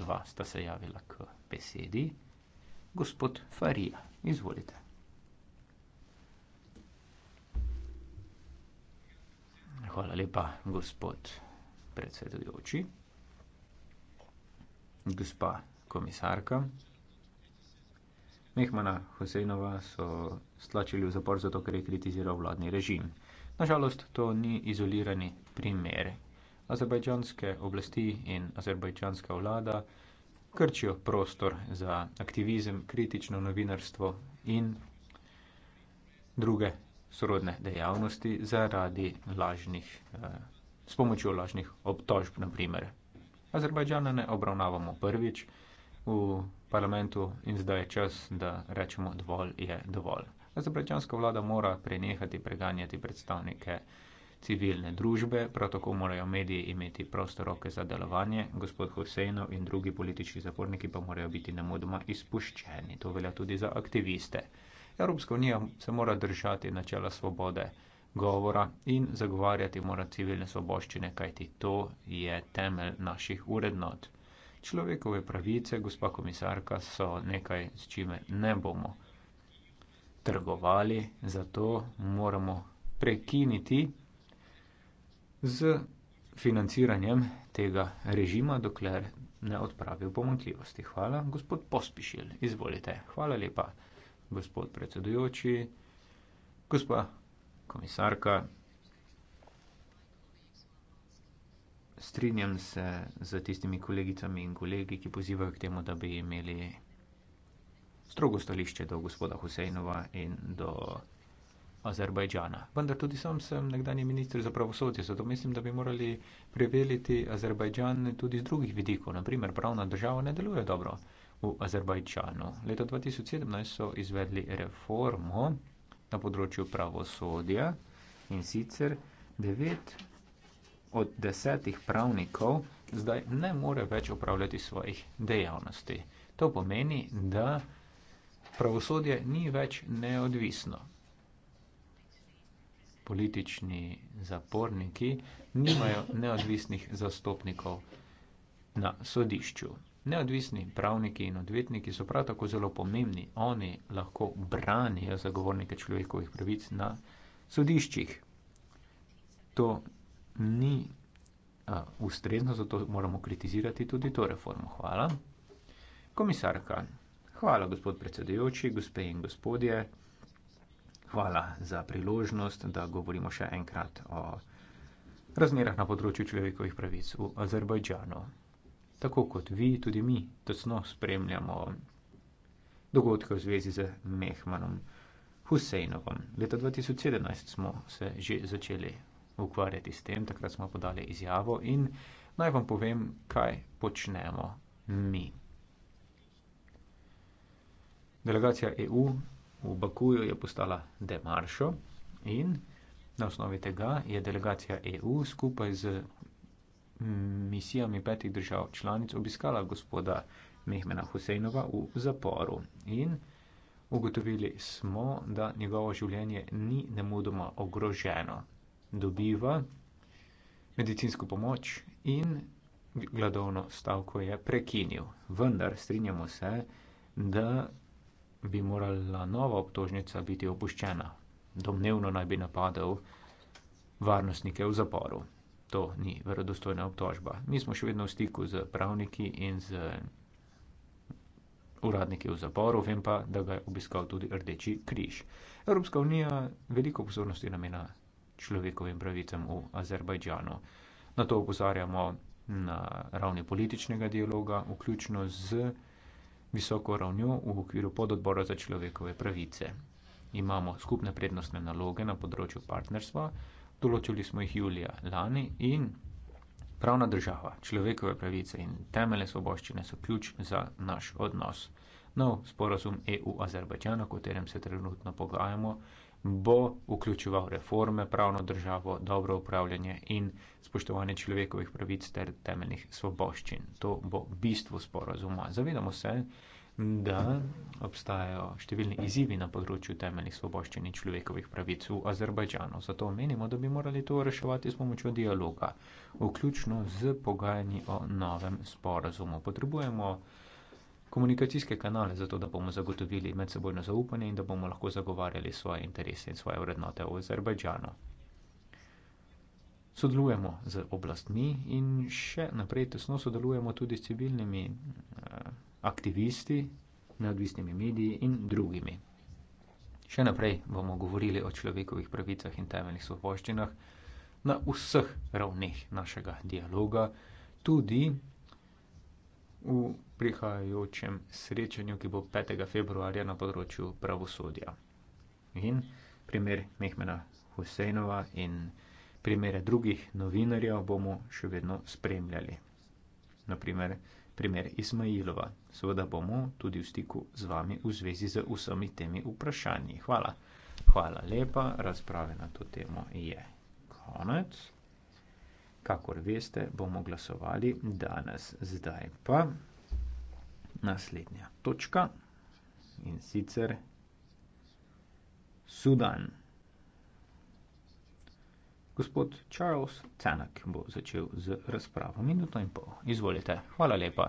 Dva sta se javila k besedi. Gospod Farija, izvolite. Hvala lepa, gospod predsedujoči. Gospa komisarka. Mehmana Hoseinova so stlačili v zapor zato, ker je kritiziral vladni režim. Nažalost, to ni izolirani primer. Azerbajdžanske oblasti in azerbajdžanska vlada krčijo prostor za aktivizem, kritično novinarstvo in druge sorodne dejavnosti zaradi lažnih, eh, s pomočjo lažnih obtožb, naprimer. Azerbajdžana ne obravnavamo prvič, v parlamentu in zdaj je čas, da rečemo dovolj je dovolj. Azerbajdžanska vlada mora prenehati preganjati predstavnike civilne družbe, prav tako morajo mediji imeti prosto roke za delovanje, gospod Hosejnov in drugi politični zaporniki pa morajo biti namudoma izpuščeni. To velja tudi za aktiviste. Evropska unija se mora držati načela svobode govora in zagovarjati mora civilne svoboščine, kajti to je temelj naših urednot. Človekove pravice, gospa komisarka, so nekaj, s čime ne bomo trgovali, zato moramo prekiniti z financiranjem tega režima, dokler ne odpravijo pomankljivosti. Hvala, gospod Pospišil. Izvolite. Hvala lepa, gospod predsedujoči, gospa komisarka. strinjam se z tistimi kolegicami in kolegi, ki pozivajo k temu, da bi imeli strogo stališče do gospoda Husejnova in do Azerbajdžana. Vendar tudi sam sem nekdanji ministr za pravosodje, zato mislim, da bi morali preveliti Azerbajdžan tudi z drugih vidikov. Naprimer, pravna država ne deluje dobro v Azerbajdžanu. Leta 2017 so izvedli reformo na področju pravosodja in sicer devet od desetih pravnikov zdaj ne more več upravljati svojih dejavnosti. To pomeni, da pravosodje ni več neodvisno. Politični zaporniki nimajo neodvisnih zastopnikov na sodišču. Neodvisni pravniki in odvetniki so prav tako zelo pomembni. Oni lahko branijo zagovornike človekovih pravic na sodiščih. To ni uh, ustrezno, zato moramo kritizirati tudi to reformo. Hvala. Komisarka, hvala gospod predsedujoči, gospe in gospodje. Hvala za priložnost, da govorimo še enkrat o razmerah na področju človekovih pravic v Azerbajdžanu. Tako kot vi, tudi mi tesno spremljamo dogodke v zvezi z Mehmanom Huseinovom. Leta 2017 smo se že začeli ukvarjati s tem, takrat smo podali izjavo in naj vam povem, kaj počnemo mi. Delegacija EU v Bakuju je postala demaršo in na osnovi tega je delegacija EU skupaj z misijami petih držav članic obiskala gospoda Mehmena Husejnova v zaporu in ugotovili smo, da njegovo življenje ni nemudoma ogroženo dobiva medicinsko pomoč in gladovno stavko je prekinil. Vendar strinjamo se, da bi morala nova obtožnica biti opuščena. Domnevno naj bi napadal varnostnike v zaporu. To ni verodostojna obtožba. Mi smo še vedno v stiku z pravniki in z uradniki v zaporu, vem pa, da ga je obiskal tudi Rdeči križ. Evropska unija veliko pozornosti namenja človekovim pravicam v Azerbajdžanu. Na to upozarjamo na ravni političnega dialoga, vključno z visoko ravnjo v okviru pododbora za človekove pravice. Imamo skupne prednostne naloge na področju partnerstva, določili smo jih julija lani in pravna država, človekove pravice in temele svoboščine so ključ za naš odnos. Nov sporazum EU-Azerbajdžana, o katerem se trenutno pogajamo, bo vključeval reforme, pravno državo, dobro upravljanje in spoštovanje človekovih pravic ter temeljnih svoboščin. To bo bistvo sporazuma. Zavedamo se, da obstajajo številni izzivi na področju temeljnih svoboščin in človekovih pravic v Azerbajdžanu. Zato menimo, da bi morali to reševati s pomočjo dialoga, vključno z pogajanji o novem sporazumu. Potrebujemo komunikacijske kanale, zato da bomo zagotovili medsebojno zaupanje in da bomo lahko zagovarjali svoje interese in svoje vrednote v Azerbajdžanu. Sodelujemo z oblastmi in še naprej tesno sodelujemo tudi s civilnimi eh, aktivisti, neodvisnimi mediji in drugimi. Še naprej bomo govorili o človekovih pravicah in temeljnih svoboščinah na vseh ravneh našega dialoga, tudi v prihajajočem srečanju, ki bo 5. februarja na področju pravosodja. In primer Mehmena Husejnova in primere drugih novinarjev bomo še vedno spremljali. Naprimer, primer Ismailova. Seveda bomo tudi v stiku z vami v zvezi z vsemi temi vprašanji. Hvala. Hvala lepa, razprave na to temo je konec kakor veste, bomo glasovali danes. Zdaj pa naslednja točka in sicer Sudan. Gospod Charles Tanak bo začel z razpravo. Minuto in pol. Izvolite. Hvala lepa.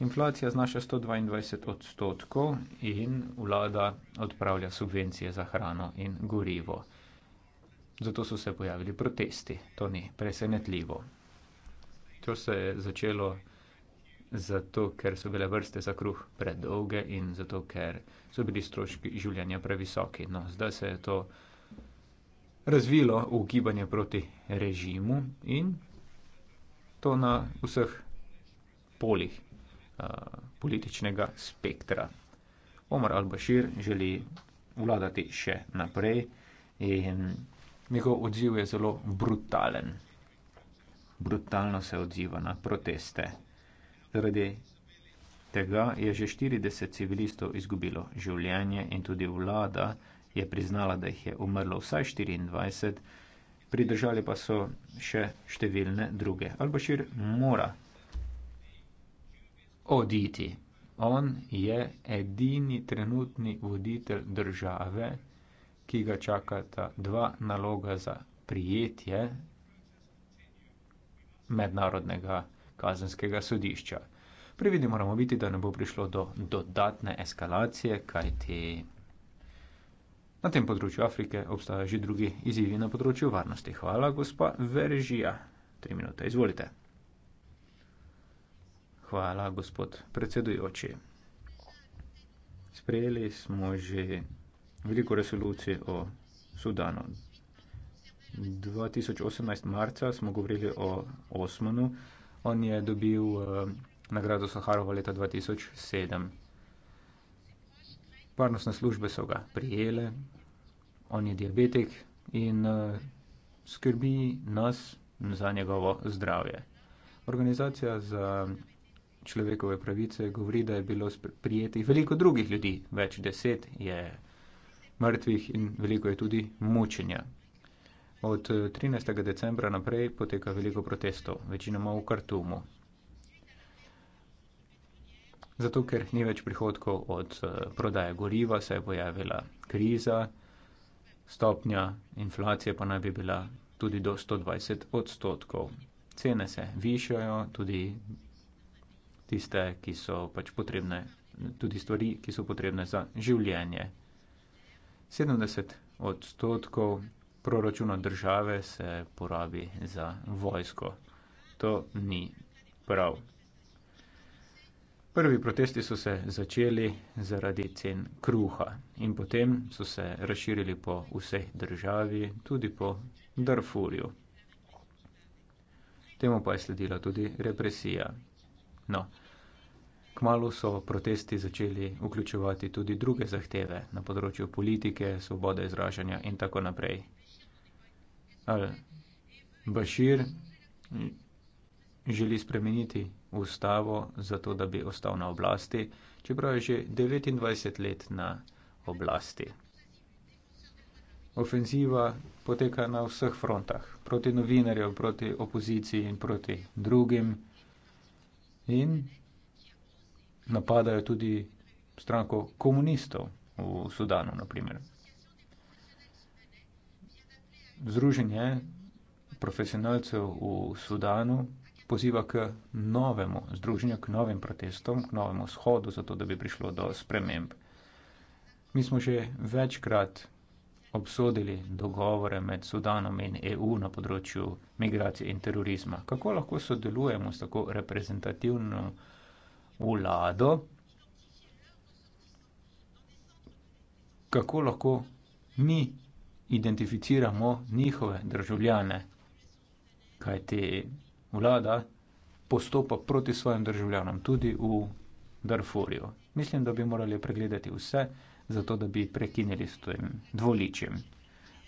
Inflacija znaša 122 odstotkov in vlada odpravlja subvencije za hrano in gorivo. Zato so se pojavili protesti. To ni presenetljivo. To se je začelo zato, ker so bile vrste za kruh predolge in zato, ker so bili stroški življenja previsoki. No, zdaj se je to razvilo v gibanje proti režimu in to na vseh polih uh, političnega spektra. Omar al-Bashir želi vladati še naprej in njegov odziv je zelo brutalen. Brutalno se odziva na proteste. Zaradi tega je že 40 civilistov izgubilo življenje in tudi vlada je priznala, da jih je umrlo vsaj 24, pridržali pa so še številne druge. Albašir mora oditi. On je edini trenutni voditelj države ki ga čakata dva naloga za prijetje mednarodnega kazenskega sodišča. Previdni moramo biti, da ne bo prišlo do dodatne eskalacije, kajti na tem področju Afrike obstajajo že drugi izzivi na področju varnosti. Hvala, gospa Veržija. Tri minute, izvolite. Hvala, gospod predsedujoči. Sprejeli smo že veliko resolucij o Sudanu. 2018 marca smo govorili o Osmanu. On je dobil uh, nagrado Saharova leta 2007. Varnostne službe so ga prijele, on je diabetik in uh, skrbi nas za njegovo zdravje. Organizacija za človekove pravice govori, da je bilo prijetih veliko drugih ljudi, več deset je mrtvih in veliko je tudi mučenja. Od 13. Eh, decembra naprej poteka veliko protestov, večinoma v Kartumu. Zato, ker ni več prihodkov od eh, prodaje goriva, se je pojavila kriza, stopnja inflacije pa naj bi bila tudi do 120 odstotkov. Cene se višajo, tudi tiste, ki so pač potrebne, tudi stvari, ki so potrebne za življenje. 70 odstotkov proračuna države se porabi za vojsko. To ni prav. Prvi protesti so se začeli zaradi cen kruha in potem so se razširili po vsej državi, tudi po Darfurju. Temu pa je sledila tudi represija. No, Kmalo so protesti začeli vključevati tudi druge zahteve na področju politike, svobode izražanja in tako naprej. Bašir želi spremeniti ustavo zato, da bi ostal na oblasti, čeprav je že 29 let na oblasti. Ofenziva poteka na vseh frontah, proti novinarjev, proti opoziciji in proti drugim. In napadajo tudi stranko komunistov v Sudanu, naprimer. Združenje profesionalcev v Sudanu poziva k novemu združenju, k novim protestom, k novemu shodu, zato da bi prišlo do sprememb. Mi smo že večkrat obsodili dogovore med Sudanom in EU na področju migracije in terorizma. Kako lahko sodelujemo s tako reprezentativno vlado, kako lahko mi identificiramo njihove državljane, kaj te vlada postopa proti svojim državljanom, tudi v Darfurju. Mislim, da bi morali pregledati vse, zato da bi prekinili s tem dvoličjem.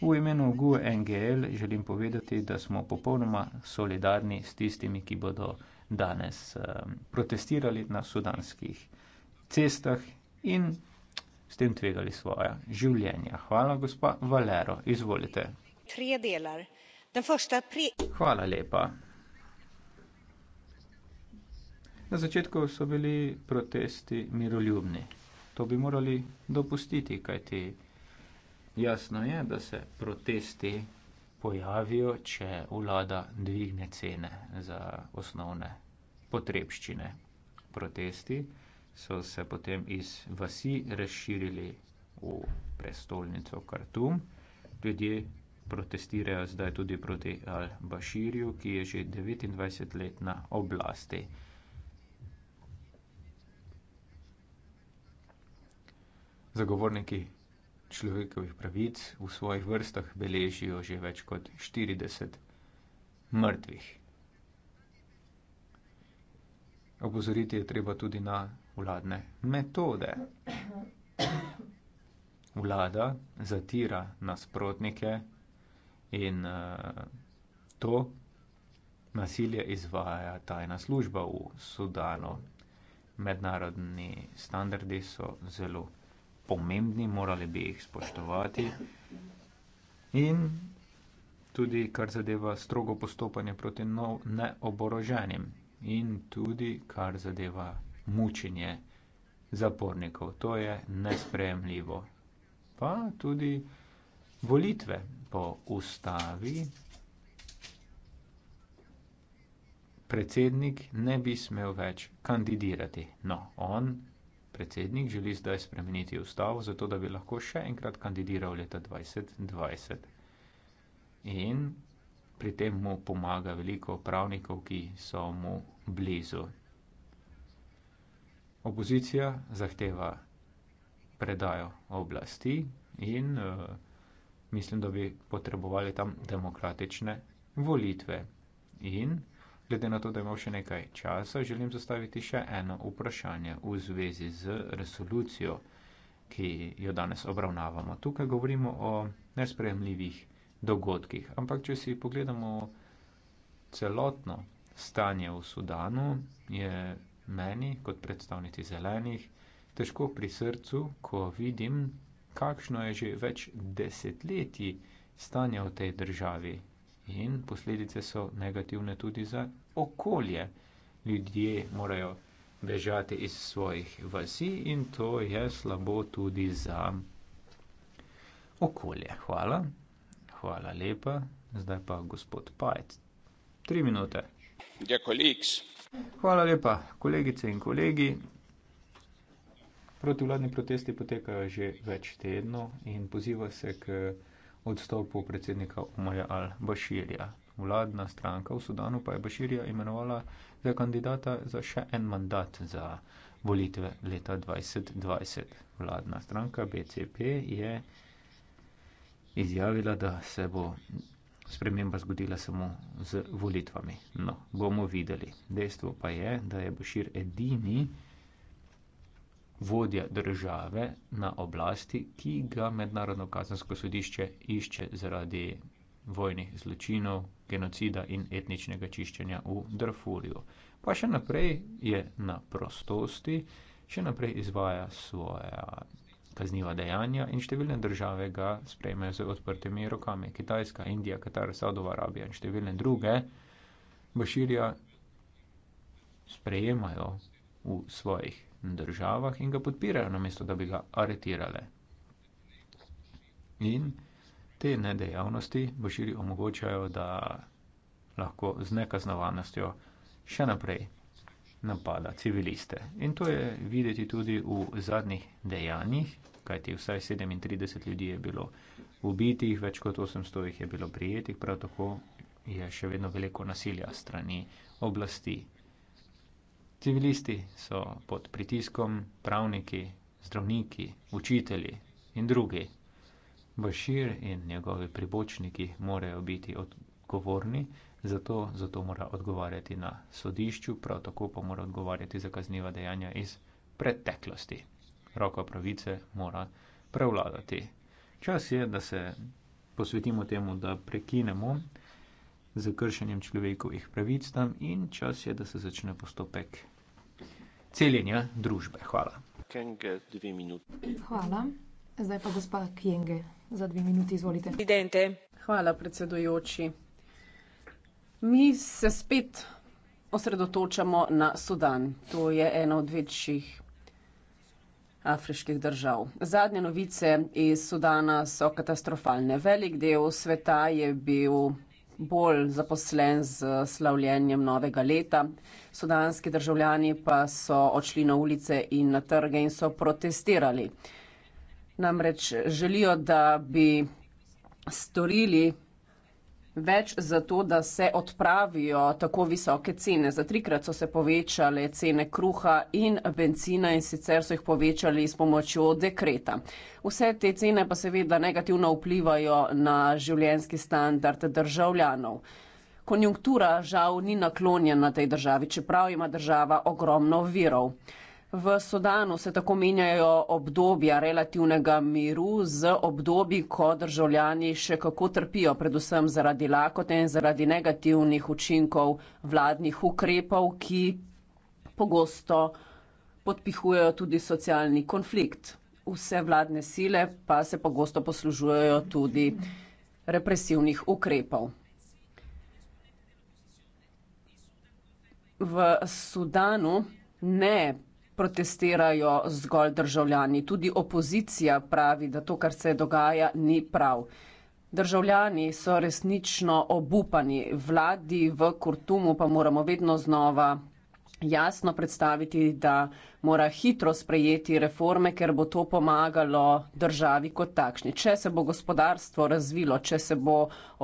V imenu GUE NGL želim povedati, da smo popolnoma solidarni s tistimi, ki bodo danes eh, protestirali na sudanskih cestah in s tem tvegali svoja življenja. Hvala, gospa Valero. Izvolite. Hvala lepa. Na začetku so bili protesti miroljubni. To bi morali dopustiti, kajti jasno je, da se protesti pojavijo, če vlada dvigne cene za osnovne potrebščine. Protesti so se potem iz vasi razširili v prestolnico Kartum. Ljudje protestirajo zdaj tudi proti Al-Bashirju, ki je že 29 let na oblasti. Zagovorniki človekovih pravic v svojih vrstah beležijo že več kot 40 mrtvih. Opozoriti je treba tudi na vladne metode. Vlada zatira nasprotnike in uh, to nasilje izvaja tajna služba v Sudanu. Mednarodni standardi so zelo pomembni, morali bi jih spoštovati. In tudi, kar zadeva strogo postopanje proti neoboroženim, in tudi, kar zadeva mučenje zapornikov. To je nespremljivo. Pa tudi volitve po ustavi. Predsednik ne bi smel več kandidirati. No, on Predsednik želi zdaj spremeniti ustavo, zato da bi lahko še enkrat kandidiral leta 2020. In pri tem mu pomaga veliko pravnikov, ki so mu blizu. Opozicija zahteva predajo oblasti in uh, mislim, da bi potrebovali tam demokratične volitve. In Glede na to, da imamo še nekaj časa, želim zastaviti še eno vprašanje v zvezi z resolucijo, ki jo danes obravnavamo. Tukaj govorimo o nespremljivih dogodkih, ampak če si pogledamo celotno stanje v Sudanu, je meni kot predstavnici zelenih težko pri srcu, ko vidim, kakšno je že več desetletji stanje v tej državi in posledice so negativne tudi za okolje. Ljudje morajo bežati iz svojih vasi in to je slabo tudi za okolje. Hvala, hvala lepa. Zdaj pa gospod Pajc. Tri minute. Ja, hvala lepa, kolegice in kolegi. Protivladni protesti potekajo že več tednov in poziva se k odstopu predsednika Umarja al-Bashirja. Vladna stranka v Sudanu pa je Bashirja imenovala za kandidata za še en mandat za volitve leta 2020. Vladna stranka BCP je izjavila, da se bo sprememba zgodila samo z volitvami. No, bomo videli. Dejstvo pa je, da je Bashir edini, vodja države na oblasti, ki ga mednarodno kazansko sodišče išče zaradi vojnih zločinov, genocida in etničnega čiščenja v Darfurju. Pa še naprej je na prostosti, še naprej izvaja svoja kazniva dejanja in številne države ga sprejmejo z odprtimi rokami. Kitajska, Indija, Katar, Saudova Arabija in številne druge Baširja sprejemajo v svojih državah in ga podpirajo, namesto da bi ga aretirale. In te nedejavnosti Baširi omogočajo, da lahko z nekaznovanostjo še naprej napada civiliste. In to je videti tudi v zadnjih dejanjih, kajti vsaj 37 ljudi je bilo ubitih, več kot 800 jih je bilo prijetih, prav tako je še vedno veliko nasilja strani oblasti civilisti so pod pritiskom, pravniki, zdravniki, učitelji in drugi. Bašir in njegovi pribočniki morajo biti odgovorni, zato, zato mora odgovarjati na sodišču, prav tako pa mora odgovarjati za kazniva dejanja iz preteklosti. Roko pravice mora prevladati. Čas je, da se posvetimo temu, da prekinemo z kršenjem človekovih pravic tam in čas je, da se začne postopek celjenja družbe. Hvala. Kenge, dve minuti. Hvala. Zdaj pa gospa Kenge, za dve minuti izvolite. Evidente. Hvala, predsedujoči. Mi se spet osredotočamo na Sudan. To je ena od večjih afriških držav. Zadnje novice iz Sudana so katastrofalne. Velik del sveta je bil bolj zaposlen z slavljenjem novega leta. Sudanski državljani pa so odšli na ulice in na trge in so protestirali. Namreč želijo, da bi storili več zato, da se odpravijo tako visoke cene. Za trikrat so se povečale cene kruha in benzina in sicer so jih povečali s pomočjo dekreta. Vse te cene pa seveda negativno vplivajo na življenski standard državljanov. Konjunktura žal ni naklonjena tej državi, čeprav ima država ogromno virov. V Sudanu se tako menjajo obdobja relativnega miru z obdobji, ko državljani še kako trpijo, predvsem zaradi lakote in zaradi negativnih učinkov vladnih ukrepov, ki pogosto podpihujejo tudi socialni konflikt. Vse vladne sile pa se pogosto poslužujejo tudi represivnih ukrepov. V Sudanu ne protestirajo zgolj državljani. Tudi opozicija pravi, da to, kar se dogaja, ni prav. Državljani so resnično obupani. Vladi v Kurtumu pa moramo vedno znova jasno predstaviti, da mora hitro sprejeti reforme, ker bo to pomagalo državi kot takšni. Če se bo gospodarstvo razvilo, če se bo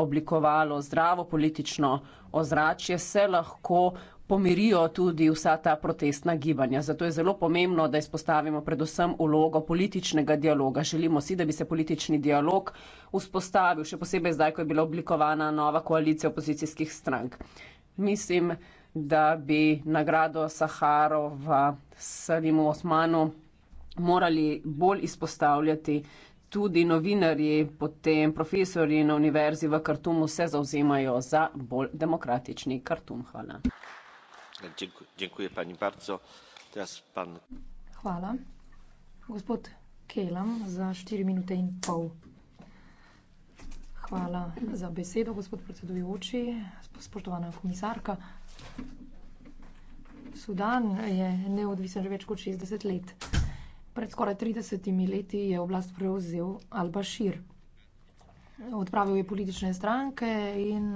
oblikovalo zdravo politično ozračje, se lahko pomirijo tudi vsa ta protestna gibanja. Zato je zelo pomembno, da izpostavimo predvsem ulogo političnega dialoga. Želimo si, da bi se politični dialog vzpostavil, še posebej zdaj, ko je bila oblikovana nova koalicija opozicijskih strank. Mislim, da bi nagrado Saharova Salimu Osmanu morali bolj izpostavljati. Tudi novinarji, potem profesori na univerzi v Kartumu se zauzemajo za bolj demokratični Kartum. Hvala. Hvala. Gospod Kelam za štiri minute in pol. Hvala za besedo, gospod predsedujoči. Spoštovana komisarka. Sudan je neodvisen že več kot šestdeset let. Pred skoraj tridesetimi leti je oblast prevzel al-Bašir. Odpravil je politične stranke in,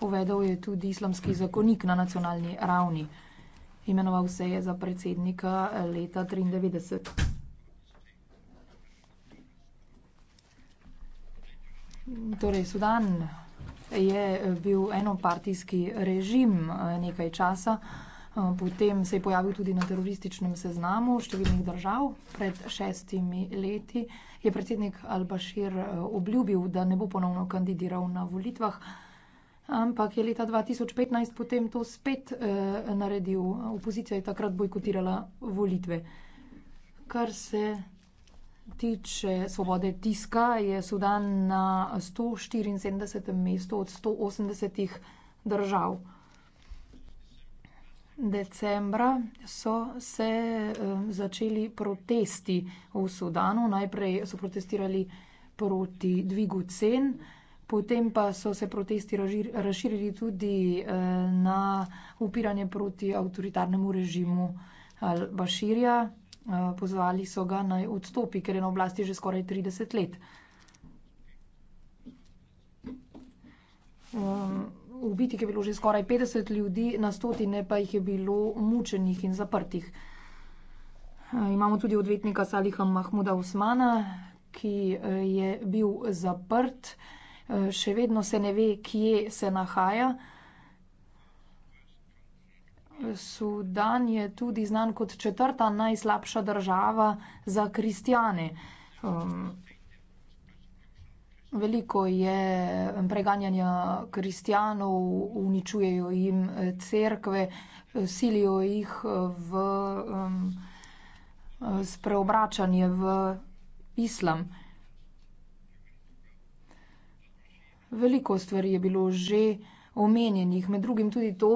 Uvedel je tudi islamski zakonik na nacionalni ravni. Imenoval se je za predsednika eh, leta 1993. Torej, Sudan je eh, bil enopartijski režim eh, nekaj časa, potem se je pojavil tudi na terorističnem seznamu številnih držav. Pred šestimi leti je predsednik Al-Bashir obljubil, da ne bo ponovno kandidiral na volitvah ampak je leta 2015 potem to spet eh, naredil. Opozicija je takrat bojkotirala volitve. Kar se tiče svobode tiska, je Sudan na 174. mestu od 180 držav. Decembra so se eh, začeli protesti v Sudanu. Najprej so protestirali proti dvigu cen. Potem pa so se protesti razširili tudi eh, na upiranje proti avtoritarnemu režimu Al-Bashirja. Eh, pozvali so ga naj odstopi, ker je na oblasti že skoraj 30 let. V eh, bitki je bilo že skoraj 50 ljudi, na stotine pa jih je bilo mučenih in zaprtih. Imamo tudi odvetnika Saliha Mahmuda Usmana, ki je bil zaprt še vedno se ne ve, kje se nahaja. Sudan je tudi znan kot četrta najslabša država za kristijane. Um, veliko je preganjanja kristijanov, uničujejo jim cerkve, silijo jih v um, spreobračanje v islam. veliko stvari je bilo že omenjenih, med drugim tudi to,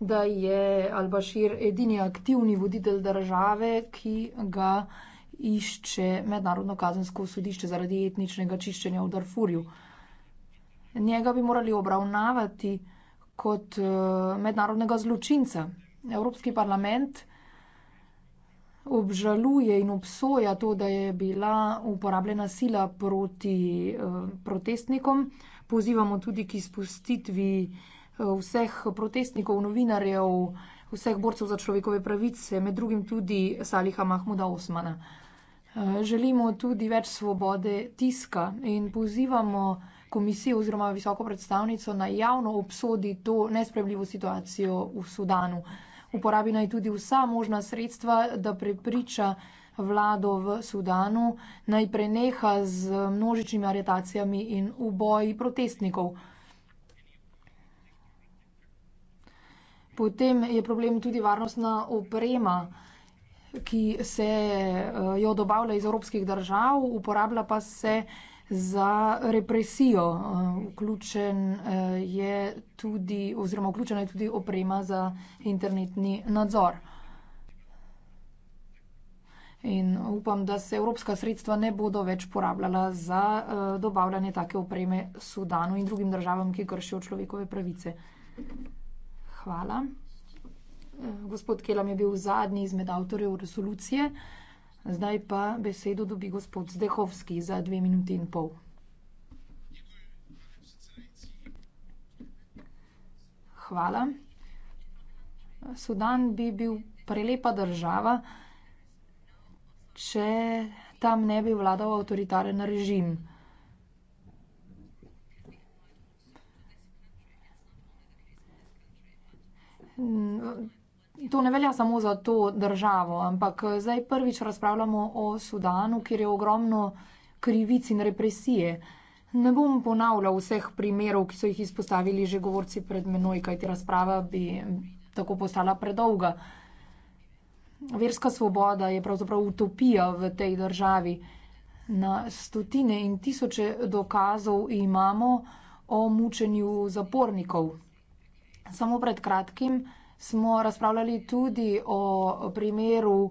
da je Albašir edini aktivni voditelj države, ki ga išče mednarodno kazensko sodišče zaradi etničnega čiščenja v Darfurju. Njega bi morali obravnavati kot eh, mednarodnega zločinca. Evropski parlament obžaluje in obsoja to, da je bila uporabljena sila proti eh, protestnikom pozivamo tudi k izpustitvi eh, vseh protestnikov, novinarjev, vseh borcev za človekove pravice, med drugim tudi Saliha Mahmuda Osmana. Eh, želimo tudi več svobode tiska in pozivamo komisijo oziroma visoko predstavnico na javno obsodi to nespremljivo situacijo v Sudanu. Uporabi naj tudi vsa možna sredstva, da prepriča vlado v Sudanu, naj preneha z množičnimi aretacijami in uboji protestnikov. Potem je problem tudi varnostna oprema, ki se eh, jo dobavlja iz evropskih držav, uporablja pa se za represijo. Eh, vključen eh, je tudi, oziroma vključena je tudi oprema za internetni nadzor. In upam, da se evropska sredstva ne bodo več porabljala za uh, dobavljanje take opreme Sudanu in drugim državam, ki kršijo človekove pravice. Hvala. Uh, gospod Kelam je bil zadnji izmed avtorjev resolucije. Zdaj pa besedo dobi gospod Zdehovski za dve minuti in pol. Hvala. Sudan bi bil prelepa država če tam ne bi vladal avtoritaren režim. To ne velja samo za to državo, ampak zdaj prvič razpravljamo o Sudanu, kjer je ogromno krivic in represije. Ne bom ponavljal vseh primerov, ki so jih izpostavili že govorci pred menoj, kajti razprava bi tako postala predolga verska svoboda je pravzaprav utopija v tej državi. Na stotine in tisoče dokazov imamo o mučenju zapornikov. Samo pred kratkim smo razpravljali tudi o primeru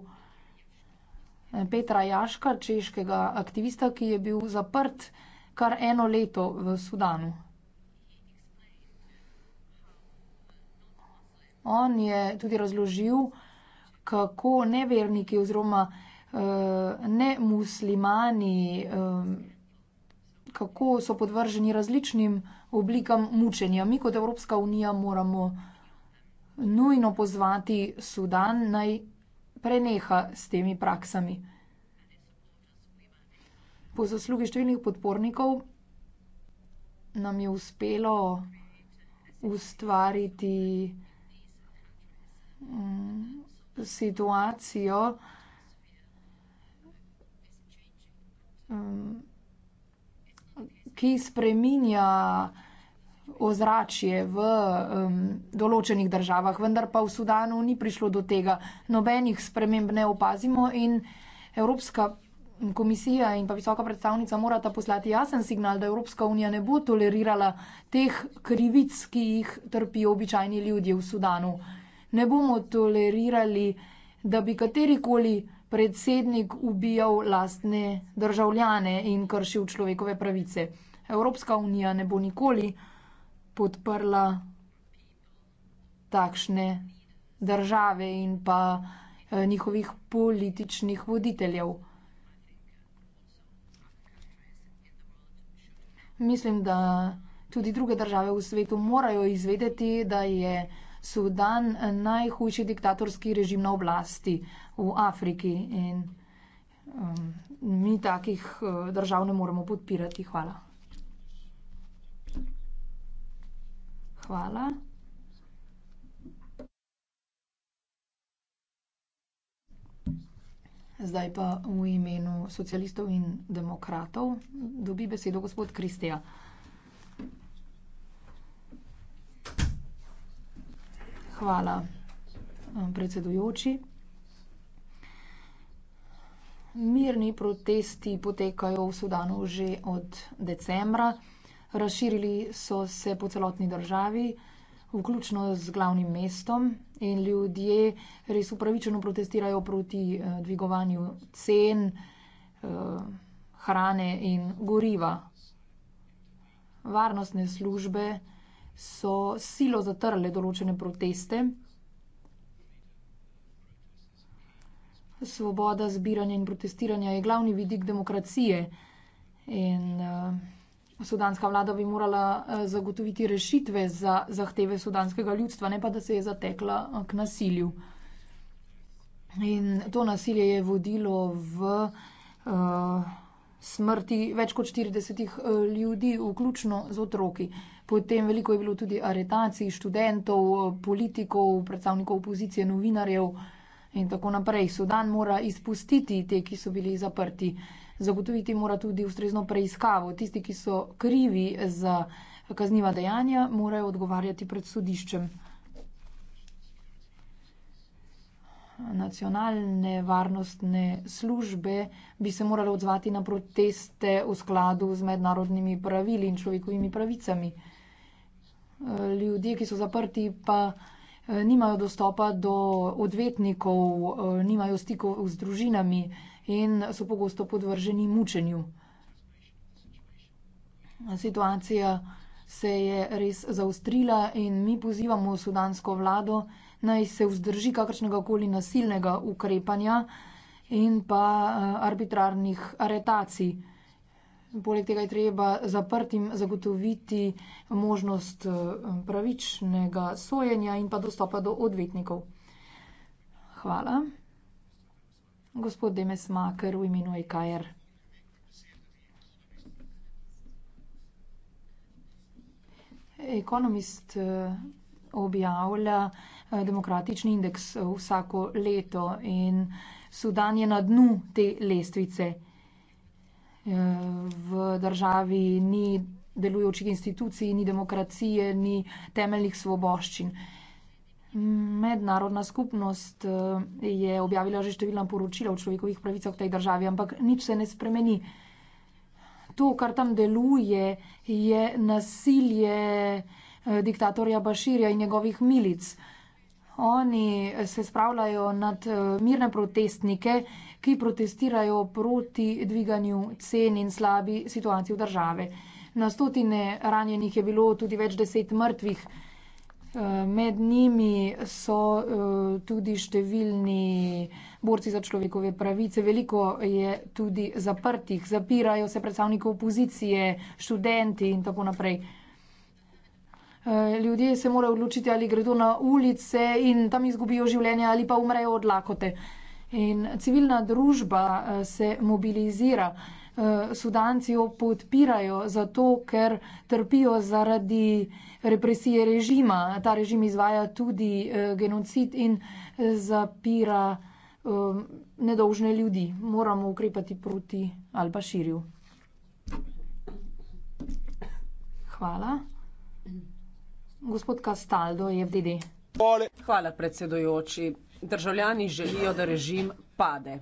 Petra Jaška, češkega aktivista, ki je bil zaprt kar eno leto v Sudanu. On je tudi razložil, kako neverniki oziroma eh, ne muslimani, eh, kako so podvrženi različnim oblikam mučenja. Mi kot Evropska unija moramo nujno pozvati Sudan naj preneha s temi praksami. Po zaslugi številnih podpornikov nam je uspelo ustvariti mm, situacijo, ki spreminja ozračje v um, določenih državah, vendar pa v Sudanu ni prišlo do tega. Nobenih sprememb ne opazimo in Evropska komisija in pa visoka predstavnica morata poslati jasen signal, da Evropska unija ne bo tolerirala teh krivic, ki jih trpijo običajni ljudje v Sudanu ne bomo tolerirali, da bi katerikoli predsednik ubijal lastne državljane in kršil človekove pravice. Evropska unija ne bo nikoli podprla takšne države in pa eh, njihovih političnih voditeljev. Mislim, da tudi druge države v svetu morajo izvedeti, da je Sudan, najhujši diktatorski režim na oblasti v Afriki. In, um, mi takih uh, držav ne moremo podpirati. Hvala. Hvala. Zdaj pa v imenu socialistov in demokratov dobi besedo gospod Kristija. hvala, eh, predsedujoči. Mirni protesti potekajo v Sudanu že od decembra. Razširili so se po celotni državi, vključno z glavnim mestom in ljudje res upravičeno protestirajo proti eh, dvigovanju cen eh, hrane in goriva. Varnostne službe so silo zatrle določene proteste. Svoboda zbiranja in protestiranja je glavni vidik demokracije in uh, sudanska vlada bi morala uh, zagotoviti rešitve za zahteve sudanskega ljudstva, ne pa da se je zatekla uh, k nasilju. In to nasilje je vodilo v uh, smrti več kot 40 eh, ljudi, vključno z otroki. Potem veliko je bilo tudi aretacij študentov, eh, politikov, predstavnikov opozicije, novinarjev in tako naprej. Sudan mora izpustiti te, ki so bili zaprti. Zagotoviti mora tudi ustrezno preiskavo. Tisti, ki so krivi za kazniva dejanja, morajo odgovarjati pred sodiščem. nacionalne varnostne službe bi se morale odzvati na proteste v skladu z mednarodnimi pravili in človekovimi pravicami. Ljudje, ki so zaprti, pa eh, nimajo dostopa do odvetnikov, eh, nimajo stikov z družinami in so pogosto podvrženi mučenju. Situacija se je res zaostrila in mi pozivamo sudansko vlado, naj se vzdrži kakršnega koli nasilnega ukrepanja in pa eh, arbitrarnih aretacij. Poleg tega je treba zaprtim zagotoviti možnost eh, pravičnega sojenja in pa dostopa do odvetnikov. Hvala. Gospod Demes Maker v imenu EKR. Economist eh, objavlja Eh, demokratični indeks eh, vsako leto in Sudan je na dnu te lestvice. Eh, v državi ni delujočih institucij, ni demokracije, ni temeljnih svoboščin. Mednarodna skupnost je objavila že številna poročila o človekovih pravicah v tej državi, ampak nič se ne spremeni. To, kar tam deluje, je nasilje diktatorja Baširja in njegovih milic oni se spravljajo nad eh, mirne protestnike, ki protestirajo proti dviganju cen in slabi situaciji v državi. Na stotine ranjenih je bilo tudi več deset mrtvih. Eh, med njimi so eh, tudi številni borci za človekove pravice. Veliko je tudi zaprtih, zapirajo se predstavniki opozicije, študenti in tako naprej. Eh, ljudje se morajo odločiti, ali gredo na ulice in tam izgubijo življenje ali pa umrejo od lakote. In civilna družba eh, se mobilizira. Eh, Sudanci jo podpirajo zato, ker trpijo zaradi represije režima. Ta režim izvaja tudi genocid in zapira nedolžne ljudi. Moramo ukrepati proti Al-Bashirju. Hvala. Gospod Kastaldo je v DD. Hvala, predsedojoči. Državljani želijo, da režim pade.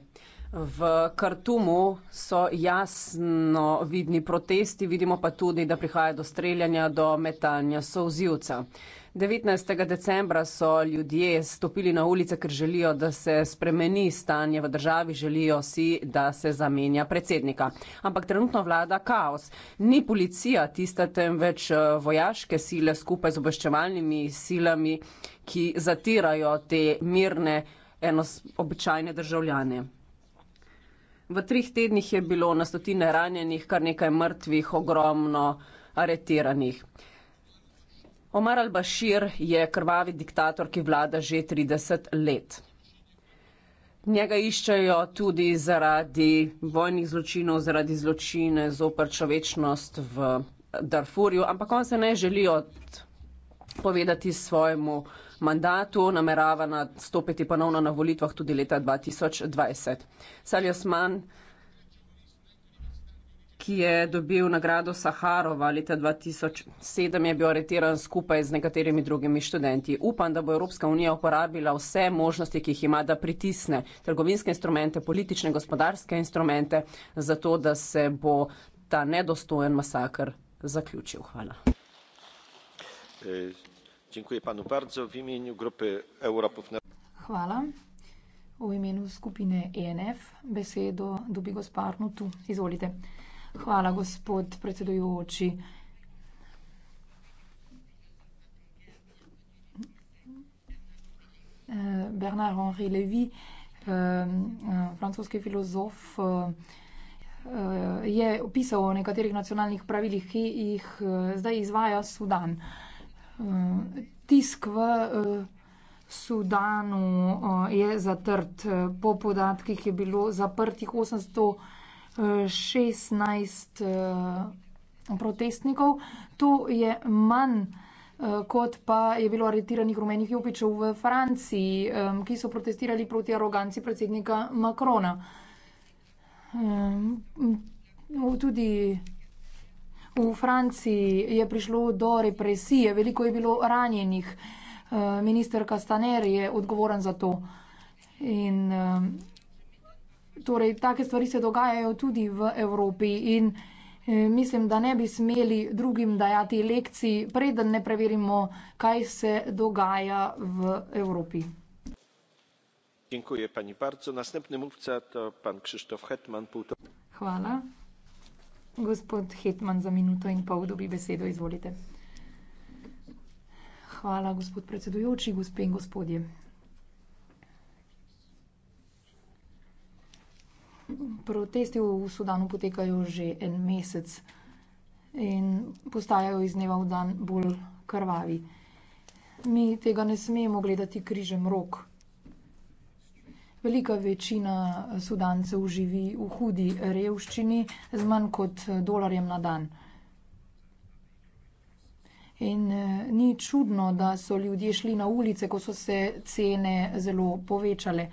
V Kartumu so jasno vidni protesti, vidimo pa tudi, da prihaja do streljanja, do metanja solzivca. 19. decembra so ljudje stopili na ulice, ker želijo, da se spremeni stanje v državi, želijo si, da se zamenja predsednika. Ampak trenutno vlada kaos. Ni policija tista, temveč eh, vojaške sile skupaj z obveščevalnimi silami, ki zatirajo te mirne, enos, običajne državljane. V trih tednih je bilo na stotine ranjenih, kar nekaj mrtvih, ogromno aretiranih. Omar al-Bashir je krvavi diktator, ki vlada že 30 let. Njega iščejo tudi zaradi vojnih zločinov, zaradi zločine zoper človečnost v Darfurju, ampak on se ne želi odpovedati svojemu mandatu, namerava nastopiti ponovno na volitvah tudi leta 2020. Salih Osman ki je dobil nagrado Saharova leta 2007, je bil aretiran skupaj z nekaterimi drugimi študenti. Upam, da bo Evropska unija uporabila vse možnosti, ki jih ima, da pritisne trgovinske instrumente, politične, gospodarske instrumente, zato da se bo ta nedostojen masakr zaključil. Hvala. Hvala. V imenu skupine ENF besedo dobi gospod Arnutu. Izvolite. Hvala, gospod predsedujoči. Eh, Bernard Henri Levi, eh, francoski filozof, eh, je pisal o nekaterih nacionalnih pravilih, ki jih zdaj izvaja Sudan. Tisk v Sudanu je zatrt. Po podatkih je bilo zaprtih osemsto šestnajst eh, protestnikov. To je manj, eh, kot pa je bilo aretiranih rumenih jopičev v Franciji, eh, ki so protestirali proti aroganci predsednika Macrona. Tudi v Franciji je prišlo do represije, veliko je bilo ranjenih. Minister Castaner je odgovoren za to. In, torej take stvari se dogajajo tudi v Evropi in e, mislim, da ne bi smeli drugim dajati lekcij, preden ne preverimo, kaj se dogaja v Evropi. Dziękuję pani bardzo. Następny mówca to pan Krzysztof Hetman. Półtora... Chwala. Gospod Hetman za minutę i pół dobi besedo, izwolite. Chwala, gospod przewodniczący, gospodzie i gospodzie. Protesti v Sudanu potekajo že en mesec in postajajo iz dneva v dan bolj krvavi. Mi tega ne smemo gledati križem rok. Velika večina sudancev živi v hudi revščini z manj kot dolarjem na dan. In eh, ni čudno, da so ljudje šli na ulice, ko so se cene zelo povečale.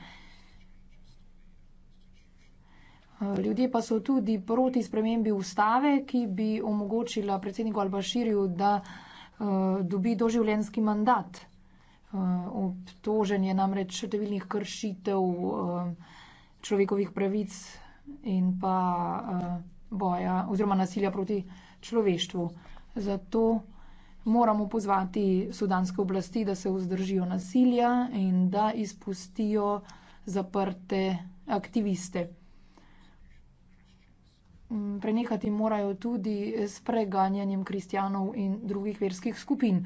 Ljudje pa so tudi proti spremembi ustave, ki bi omogočila predsedniku Albaširju, da eh, dobi doživljenski mandat. Eh, Obtožen je namreč številnih kršitev eh, človekovih pravic in pa boja oziroma nasilja proti človeštvu. Zato moramo pozvati sudanske oblasti, da se vzdržijo nasilja in da izpustijo zaprte aktiviste. Prenehati morajo tudi s preganjanjem kristjanov in drugih verskih skupin.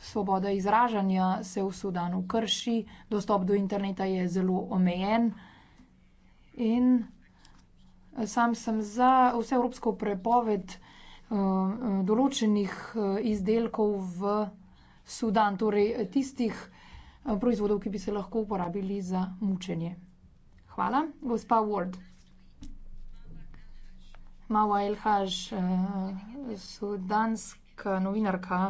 Svoboda izražanja se v Sudanu krši, dostop do interneta je zelo omejen in eh, sam sem za vse evropsko prepoved eh, eh, določenih izdelkov v Sudan, torej tistih proizvodov, ki bi se lahko uporabili za mučenje. Hvala, gospa Ward. Mawa Elhaž, eh, sudanska novinarka,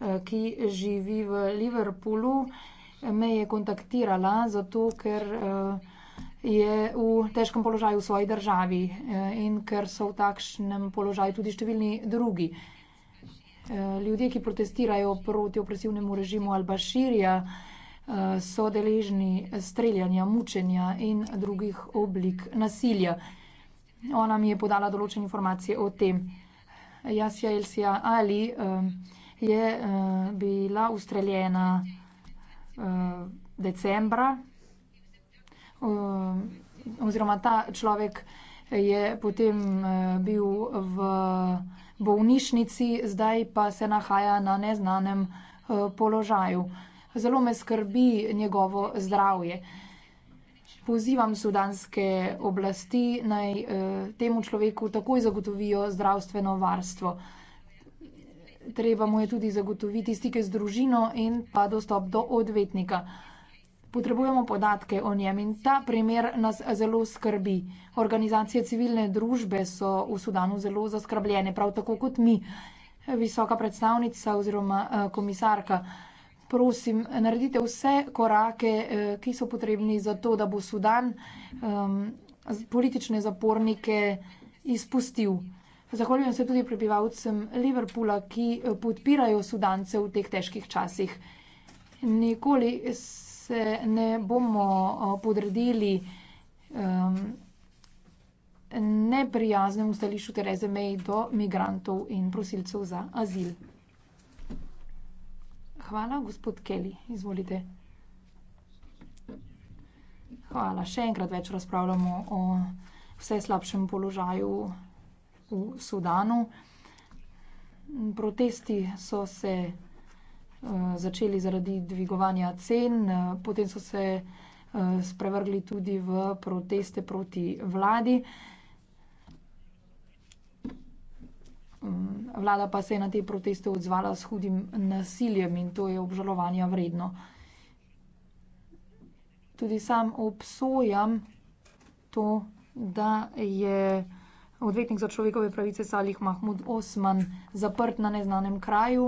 eh, ki živi v Liverpoolu, me je kontaktirala zato, ker eh, je v težkem položaju v svoji državi in ker so v takšnem položaju tudi številni drugi. Ljudje, ki protestirajo proti opresivnemu režimu Al-Bashirja, so deležni streljanja, mučenja in drugih oblik nasilja ona mi je podala določene informacije o tem. Jasja Elsija Ali eh, je eh, bila ustreljena eh, decembra oziroma ta človek je potem bil v bolnišnici, zdaj pa se nahaja na neznanem položaju. Zelo me skrbi njegovo zdravje pozivam sudanske oblasti naj eh, temu človeku takoj zagotovijo zdravstveno varstvo. Treba mu je tudi zagotoviti stike z družino in pa dostop do odvetnika. Potrebujemo podatke o njem in ta primer nas zelo skrbi. Organizacije civilne družbe so v Sudanu zelo zaskrbljene, prav tako kot mi. Visoka predstavnica oziroma eh, komisarka prosim, naredite vse korake, eh, ki so potrebni za to, da bo Sudan um, politične zapornike izpustil. Zahvaljujem se tudi prebivalcem Liverpoola, ki eh, podpirajo Sudance v teh težkih časih. Nikoli se ne bomo eh, podredili um, neprijaznemu stališču Tereze May do migrantov in prosilcev za azil. Hvala, gospod Kelly. Izvolite. Hvala. Še enkrat več razpravljamo o vse slabšem položaju v Sudanu. Protesti so se eh, začeli zaradi dvigovanja cen, eh, potem so se eh, sprevrgli tudi v proteste proti vladi. Mm, vlada pa se je na te proteste odzvala s hudim nasiljem in to je obžalovanja vredno. Tudi sam obsojam to, da je odvetnik za človekove pravice Salih Mahmud Osman zaprt na neznanem kraju,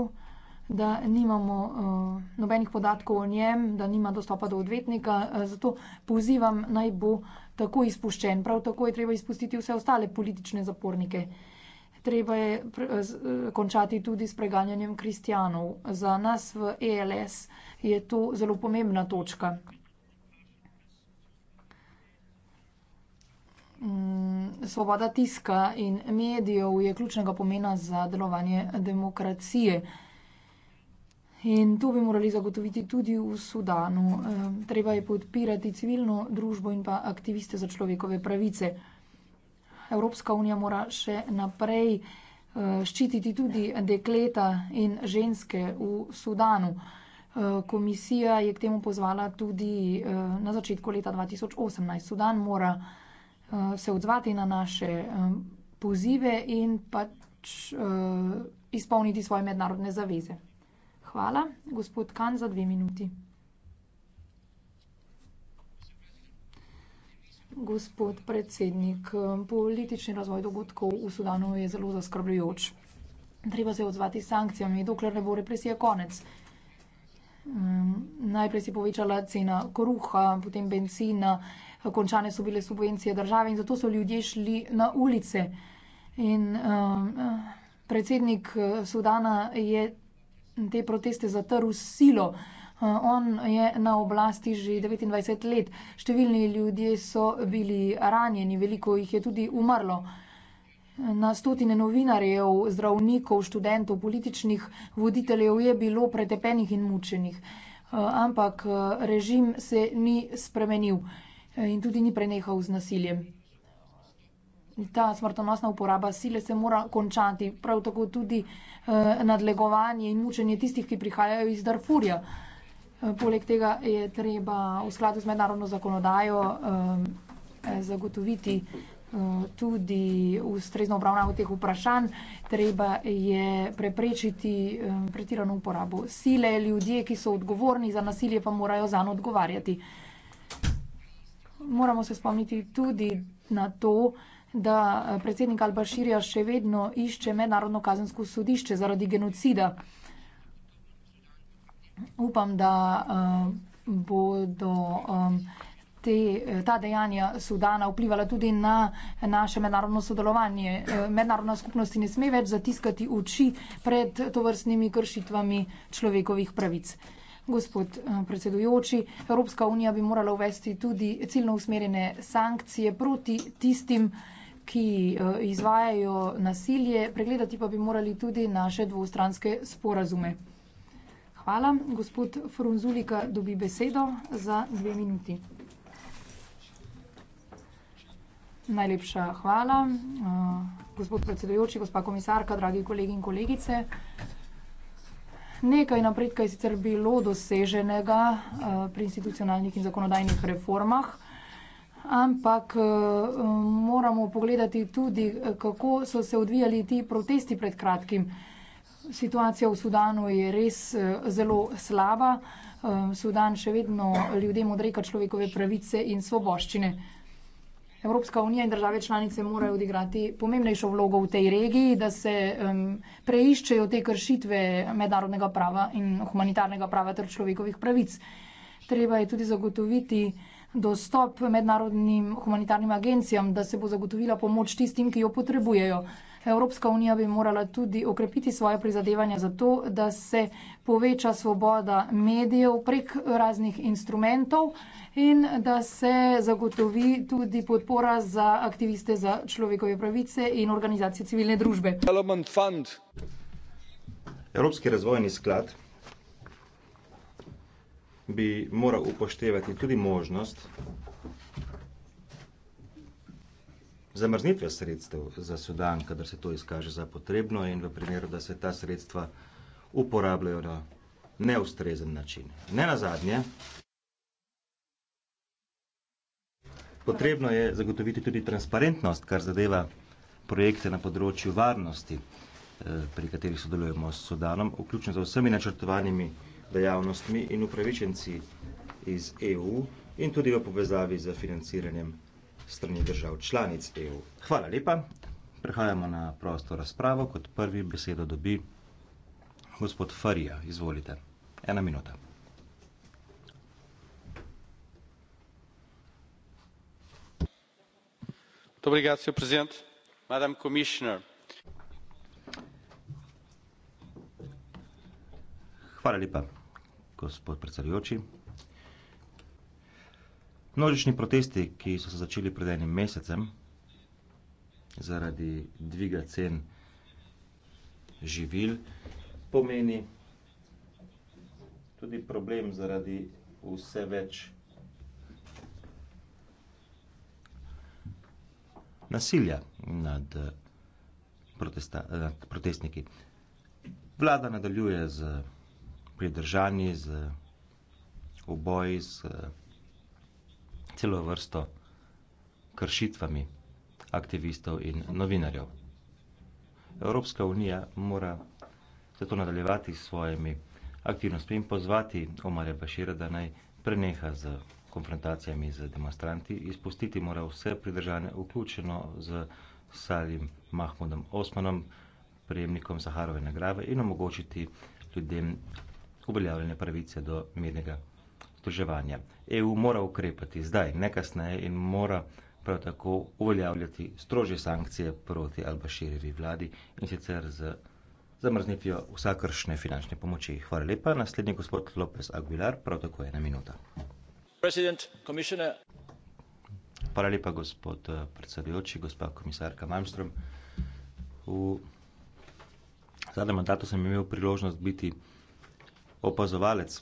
da nimamo uh, nobenih podatkov o njem, da nima dostopa do odvetnika. Eh, zato pozivam naj bo tako izpuščen. Prav tako je treba izpustiti vse ostale politične zapornike treba je eh, eh, končati tudi s preganjanjem kristijanov. Za nas v ELS je to zelo pomembna točka. Mm, svoboda tiska in medijev je ključnega pomena za delovanje demokracije. In to bi morali zagotoviti tudi v Sudanu. Eh, treba je podpirati civilno družbo in pa aktiviste za človekove pravice. Evropska unija mora še naprej eh, ščititi tudi dekleta in ženske v Sudanu. Eh, komisija je k temu pozvala tudi eh, na začetku leta 2018. Sudan mora se odzvati na naše pozive in pač izpolniti svoje mednarodne zaveze. Hvala, gospod Kan, za dve minuti. gospod predsednik. Politični razvoj dogodkov v Sudanu je zelo zaskrbljujoč. Treba se odzvati sankcijami, dokler ne bo represije konec. Mm, najprej si povečala cena kruha, potem benzina, končane so bile subvencije države in zato so ljudje šli na ulice. In um, predsednik eh, Sudana je te proteste zatrl silo. On je na oblasti že 29 let. Številni ljudje so bili ranjeni, veliko jih je tudi umrlo. Na stotine novinarjev, zdravnikov, študentov, političnih voditeljev je bilo pretepenih in mučenih. Ampak režim se ni spremenil in tudi ni prenehal z nasiljem. Ta smrtonosna uporaba sile se mora končati, prav tako tudi eh, nadlegovanje in mučenje tistih, ki prihajajo iz Darfurja. Eh, poleg tega je treba v skladu z mednarodno zakonodajo eh, eh, zagotoviti tudi ustrezno obravnavo teh vprašanj. Treba je preprečiti pretirano uporabo sile. Ljudje, ki so odgovorni za nasilje, pa morajo za njo odgovarjati. Moramo se spomniti tudi na to, da predsednik Al-Bashirja še vedno išče mednarodno kazensko sodišče zaradi genocida upam, da um, bodo um, te, eh, ta dejanja Sudana vplivala tudi na naše mednarodno sodelovanje. Mednarodna skupnost ne sme več zatiskati oči pred tovrstnimi kršitvami človekovih pravic. Gospod predsedujoči, Evropska unija bi morala uvesti tudi ciljno usmerjene sankcije proti tistim, ki izvajajo nasilje, pregledati pa bi morali tudi naše dvostranske sporazume. Hvala. Gospod Frunzulika dobi besedo za dve minuti. Najlepša hvala. Eh, gospod predsedujoči, gospa komisarka, dragi kolegi in kolegice. Nekaj napredka je sicer bilo doseženega eh, pri institucionalnih in zakonodajnih reformah, ampak eh, moramo pogledati tudi, kako so se odvijali ti protesti pred kratkim situacija v Sudanu je res eh, zelo slaba. Eh, Sudan še vedno ljudem odreka človekove pravice in svoboščine. Evropska unija in države članice morajo odigrati pomembnejšo vlogo v tej regiji, da se um, preiščejo te kršitve mednarodnega prava in humanitarnega prava ter človekovih pravic. Treba je tudi zagotoviti dostop mednarodnim humanitarnim agencijam, da se bo zagotovila pomoč tistim, ki jo potrebujejo. Evropska unija bi morala tudi okrepiti svoje prizadevanja za to, da se poveča svoboda medijev prek raznih instrumentov in da se zagotovi tudi podpora za aktiviste za človekove pravice in organizacije civilne družbe. Evropski razvojni sklad bi moral upoštevati tudi možnost, zamrznitve sredstev za Sudan, kadar se to izkaže za potrebno in v primeru, da se ta sredstva uporabljajo na neustrezen način. Ne na zadnje, potrebno je zagotoviti tudi transparentnost, kar zadeva projekte na področju varnosti, eh, pri katerih sodelujemo s Sudanom, vključno z vsemi načrtovanimi dejavnostmi in upravičenci iz EU in tudi v povezavi z financiranjem strani držav članic EU. Hvala lepa. Prehajamo na prosto razpravo. Kot prvi besedo dobi gospod Farija. Izvolite. Ena minuta. Obrigacijo, prezident, madam komisioner. Hvala lepa, gospod predsedujoči. Množični protesti, ki so se začeli pred enim mesecem zaradi dviga cen živil, pomeni tudi problem zaradi vse več nasilja nad, protesta, nad protestniki. Vlada nadaljuje z pridržanji, z oboji, z celo vrsto kršitvami aktivistov in novinarjev. Evropska unija mora zato nadaljevati s svojimi aktivnostmi in pozvati Omarja Bašira, da naj preneha z konfrontacijami z demonstranti. Izpustiti mora vse pridržane, vključeno z Salim Mahmudom Osmanom, prejemnikom Saharove nagrave in omogočiti ljudem uveljavljene pravice do mirnega obtoževanja. EU mora ukrepati zdaj, ne kasneje in mora prav tako uveljavljati strože sankcije proti Albaširjevi vladi in sicer z zamrznitvijo vsakršne finančne pomoči. Hvala lepa. Naslednji gospod López Aguilar, prav tako ena minuta. Hvala lepa, gospod eh, predsedujoči, gospa komisarka Malmström. V zadnjem mandatu sem imel priložnost biti opazovalec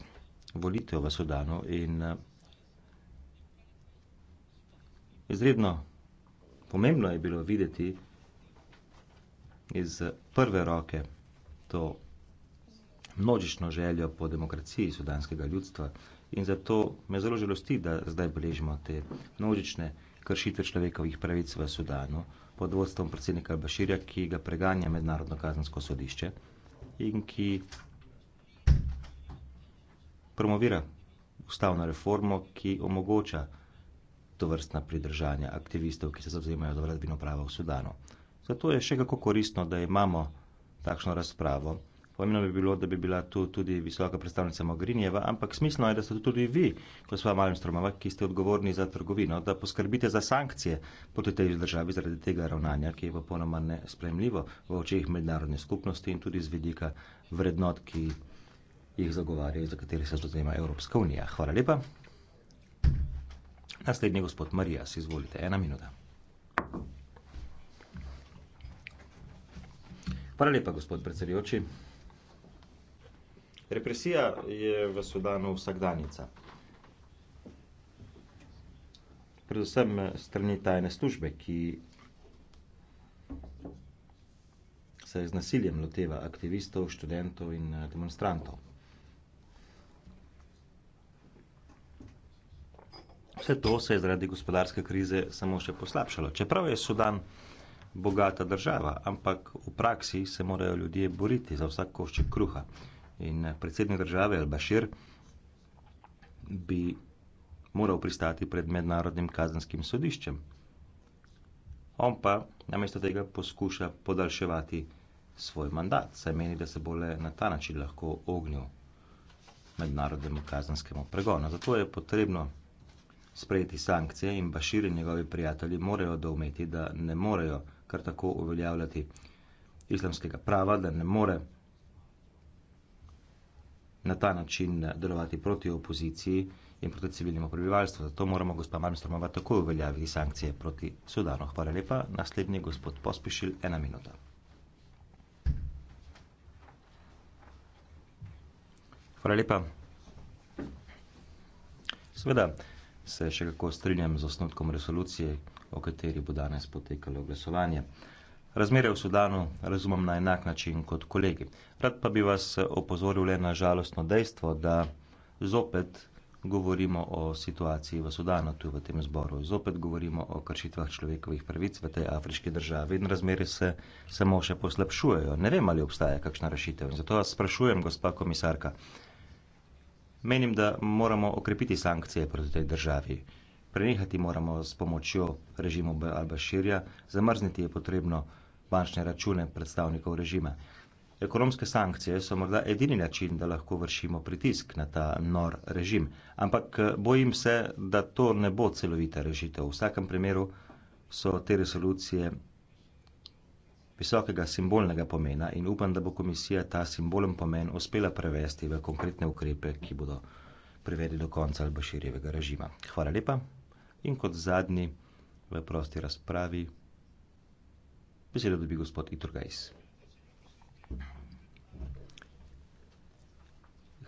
volitev v Sudanu in eh, izredno pomembno je bilo videti iz eh, prve roke to množično željo po demokraciji sudanskega ljudstva in zato me zelo žalosti, da zdaj beležimo te množične kršitve človekovih pravic v Sudanu pod vodstvom predsednika Bashirja, ki ga preganja mednarodno kazansko sodišče in ki promovira ustavno reformo, ki omogoča to vrstna pridržanja aktivistov, ki se zavzemajo za vladavino prava v Sudanu. Zato je še kako koristno, da imamo takšno razpravo. Pomembno bi bilo, da bi bila tu tudi visoka predstavnica Mogrinjeva, ampak smiselno je, da ste tu tudi vi, kot sva malim stromova, ki ste odgovorni za trgovino, da poskrbite za sankcije proti tej državi zaradi tega ravnanja, ki je popolnoma nespremljivo v očeh mednarodne skupnosti in tudi z vidika vrednot, ki jih zagovarja, za katere se zauzema Evropska unija. Hvala lepa. Naslednji gospod Marijas, izvolite, ena minuta. Hvala lepa, gospod predsedujoči. Represija je v Sudanu vsakdanica. Predvsem eh, strani tajne službe, ki se z nasiljem loteva aktivistov, študentov in eh, demonstrantov. Vse to se je zaradi gospodarske krize samo še poslabšalo. Čeprav je Sudan bogata država, ampak v praksi se morajo ljudje boriti za vsak košček kruha. In eh, predsednik države Al-Bashir bi moral pristati pred mednarodnim kazenskim sodiščem. On pa namesto tega poskuša podaljševati svoj mandat, saj meni, da se bo le na ta način lahko ognil mednarodnemu kazenskemu pregonu. Zato je potrebno sprejeti sankcije in Bašir in njegovi prijatelji morajo doumeti, da ne morejo kar tako uveljavljati islamskega prava, da ne more na ta način delovati proti opoziciji in proti civilnemu prebivalstvu. Zato moramo gospa Malmstromova tako uveljaviti sankcije proti Sudanu. Hvala lepa. Naslednji gospod Pospišil, ena minuta. Hvala lepa. Seveda, se še kako strinjam z osnutkom resolucije, o kateri bo danes potekalo glasovanje. Razmere v Sudanu razumem na enak način kot kolegi. Rad pa bi vas opozoril le na žalostno dejstvo, da zopet govorimo o situaciji v Sudanu, tu v tem zboru. Zopet govorimo o kršitvah človekovih pravic v tej afriški državi in razmere se samo še poslabšujejo. Ne vem, ali obstaja kakšna rešitev. Zato vas sprašujem, gospa komisarka, Menim, da moramo okrepiti sankcije proti tej državi. Prenehati moramo s pomočjo režimu Al-Bashirja, zamrzniti je potrebno bančne račune predstavnikov režima. Ekonomske sankcije so morda edini način, da lahko vršimo pritisk na ta nor režim, ampak eh, bojim se, da to ne bo celovita rešitev. V vsakem primeru so te resolucije visokega simbolnega pomena in upam, da bo komisija ta simbolen pomen uspela prevesti v konkretne ukrepe, ki bodo privedli do konca Albaširjevega režima. Hvala lepa. In kot zadnji v prosti razpravi besedo dobi gospod Iturgais.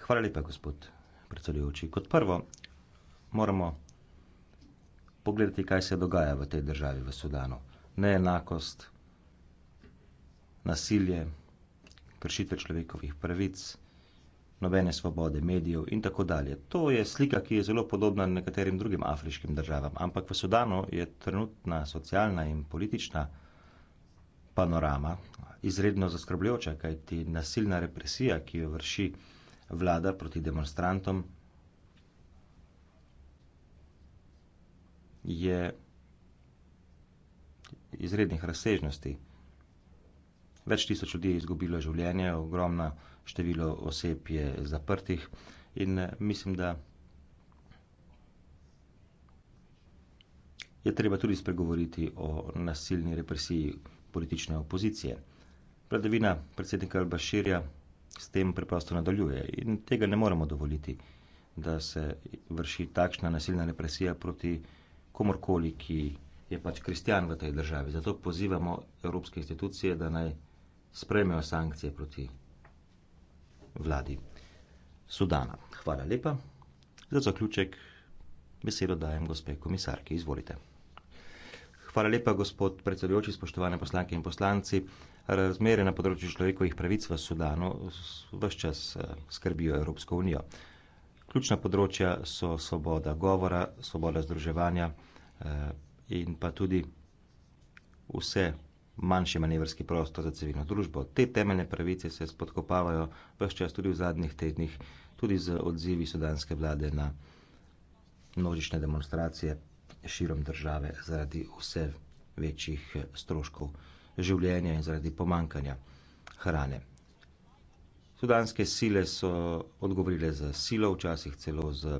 Hvala lepa, gospod predsedujoči. Kot prvo moramo pogledati, kaj se dogaja v tej državi, v Sudanu. Neenakost, nasilje, kršitve človekovih pravic, nobene svobode medijev in tako dalje. To je slika, ki je zelo podobna nekaterim drugim afriškim državam, ampak v Sudanu je trenutna socialna in politična panorama izredno zaskrbljujoča, kajti nasilna represija, ki jo vrši vlada proti demonstrantom, je izrednih razsežnosti. Več tisoč ljudi je izgubilo življenje, ogromno število oseb je zaprtih in eh, mislim, da je treba tudi spregovoriti o nasilni represiji politične opozicije. Vladavina predsednika Al-Bashirja s tem preprosto nadaljuje in tega ne moremo dovoliti, da se vrši takšna nasilna represija proti komorkoli, ki je pač kristjan v tej državi. Zato pozivamo evropske institucije, da naj sprejmejo sankcije proti vladi Sudana. Hvala lepa. Za zaključek besedo dajem gospe komisarki. Izvolite. Hvala lepa, gospod predsedujoči, spoštovane poslanke in poslanci. Razmere na področju človekovih pravic v Sudanu vse čas eh, skrbijo Evropsko unijo. Ključna področja so svoboda govora, svoboda združevanja eh, in pa tudi vse manjši manevrski prostor za civilno družbo. Te temeljne pravice se spodkopavajo vse čas tudi v zadnjih tednih, tudi z odzivi sudanske vlade na množične demonstracije širom države zaradi vse večjih eh, stroškov življenja in zaradi pomankanja hrane. Sudanske sile so odgovorile z silo, včasih celo z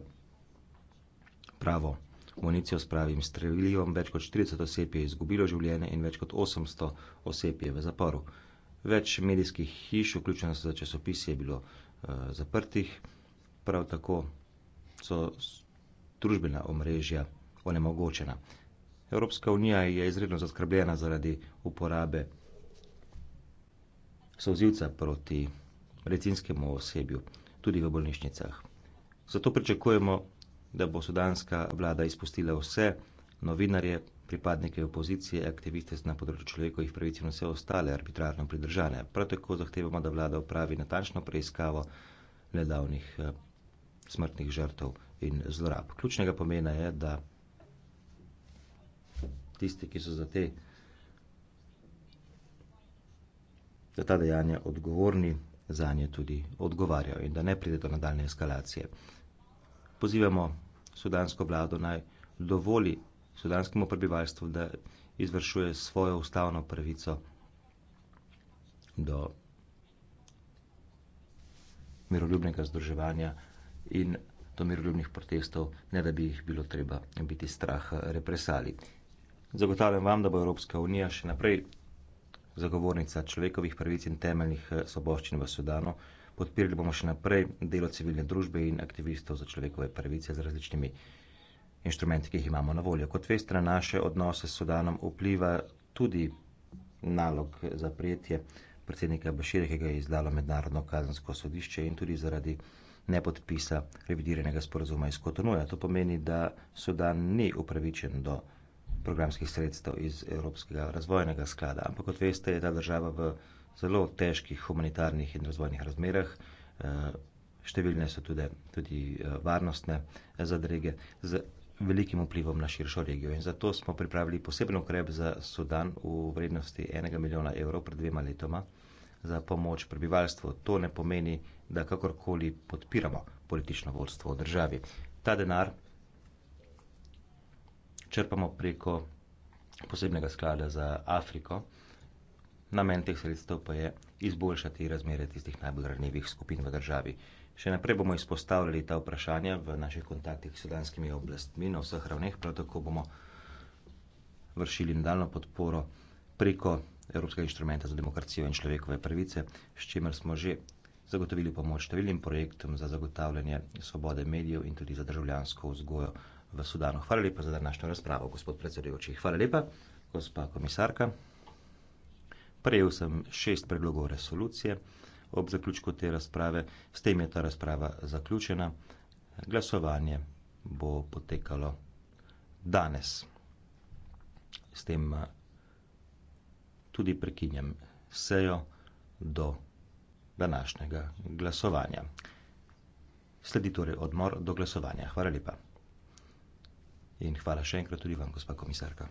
pravo municijo s pravim streljivom, več kot 40 oseb je izgubilo življenje in več kot 800 oseb je v zaporu. Več medijskih hiš, vključeno za časopisi, je bilo uh, zaprtih, prav tako so družbena omrežja onemogočena. Evropska unija je izredno zaskrbljena zaradi uporabe sozivca proti medicinskemu osebju, tudi v bolnišnicah. Zato pričakujemo da bo sudanska vlada izpustila vse novinarje, pripadnike opozicije, aktiviste na področju človekovih pravic in vse ostale arbitrarno pridržane. Prav tako zahtevamo, da vlada upravi natančno preiskavo nedavnih eh, smrtnih žrtev in zlorab. Ključnega pomena je, da tisti, ki so za te za ta dejanja odgovorni, za nje tudi odgovarjajo in da ne pride do nadaljne eskalacije pozivamo sudansko vlado naj dovoli sudanskemu prebivalstvu, da izvršuje svojo ustavno pravico do miroljubnega združevanja in do miroljubnih protestov, ne da bi jih bilo treba biti strah represali. Zagotavljam vam, da bo Evropska unija še naprej zagovornica človekovih pravic in temeljnih eh, soboščin v Sudanu. Podpirali bomo še naprej delo civilne družbe in aktivistov za človekove pravice z različnimi inštrumenti, ki jih imamo na voljo. Kot veste, na naše odnose s Sudanom vpliva tudi nalog za prijetje predsednika Bašire, ki ga je izdalo Mednarodno kazansko sodišče in tudi zaradi nepodpisa revidiranega sporazuma iz Kotonuja. To pomeni, da Sudan ni upravičen do programskih sredstev iz Evropskega razvojnega sklada. Ampak kot veste, je ta država v zelo težkih humanitarnih in razvojnih razmerah. Eh, številne so tudi, tudi eh, varnostne zadrege z velikim vplivom na širšo regijo. In zato smo pripravili poseben ukrep za Sudan v vrednosti 1 milijona evrov pred dvema letoma za pomoč prebivalstvu. To ne pomeni, da kakorkoli podpiramo politično vodstvo v državi. Ta denar črpamo preko posebnega sklada za Afriko. Namen teh sredstev pa je izboljšati razmere tistih najbolj ranjivih skupin v državi. Še naprej bomo izpostavljali ta vprašanja v naših kontaktih s sudanskimi oblastmi na vseh ravneh, prav tako bomo vršili nadaljno podporo preko Evropskega inštrumenta za demokracijo in človekove pravice, s čimer smo že zagotovili pomoč številnim projektom za zagotavljanje svobode medijev in tudi za državljansko vzgojo v Sudanu. Hvala lepa za današnjo razpravo, gospod predsedujoči. Hvala lepa, gospa komisarka. Prejel sem šest predlogov resolucije ob zaključku te razprave, s tem je ta razprava zaključena. Glasovanje bo potekalo danes. S tem eh, tudi prekinjam sejo do današnjega glasovanja. Sledi torej odmor do glasovanja. Hvala lepa. In hvala še enkrat tudi vam, gospa komisarka.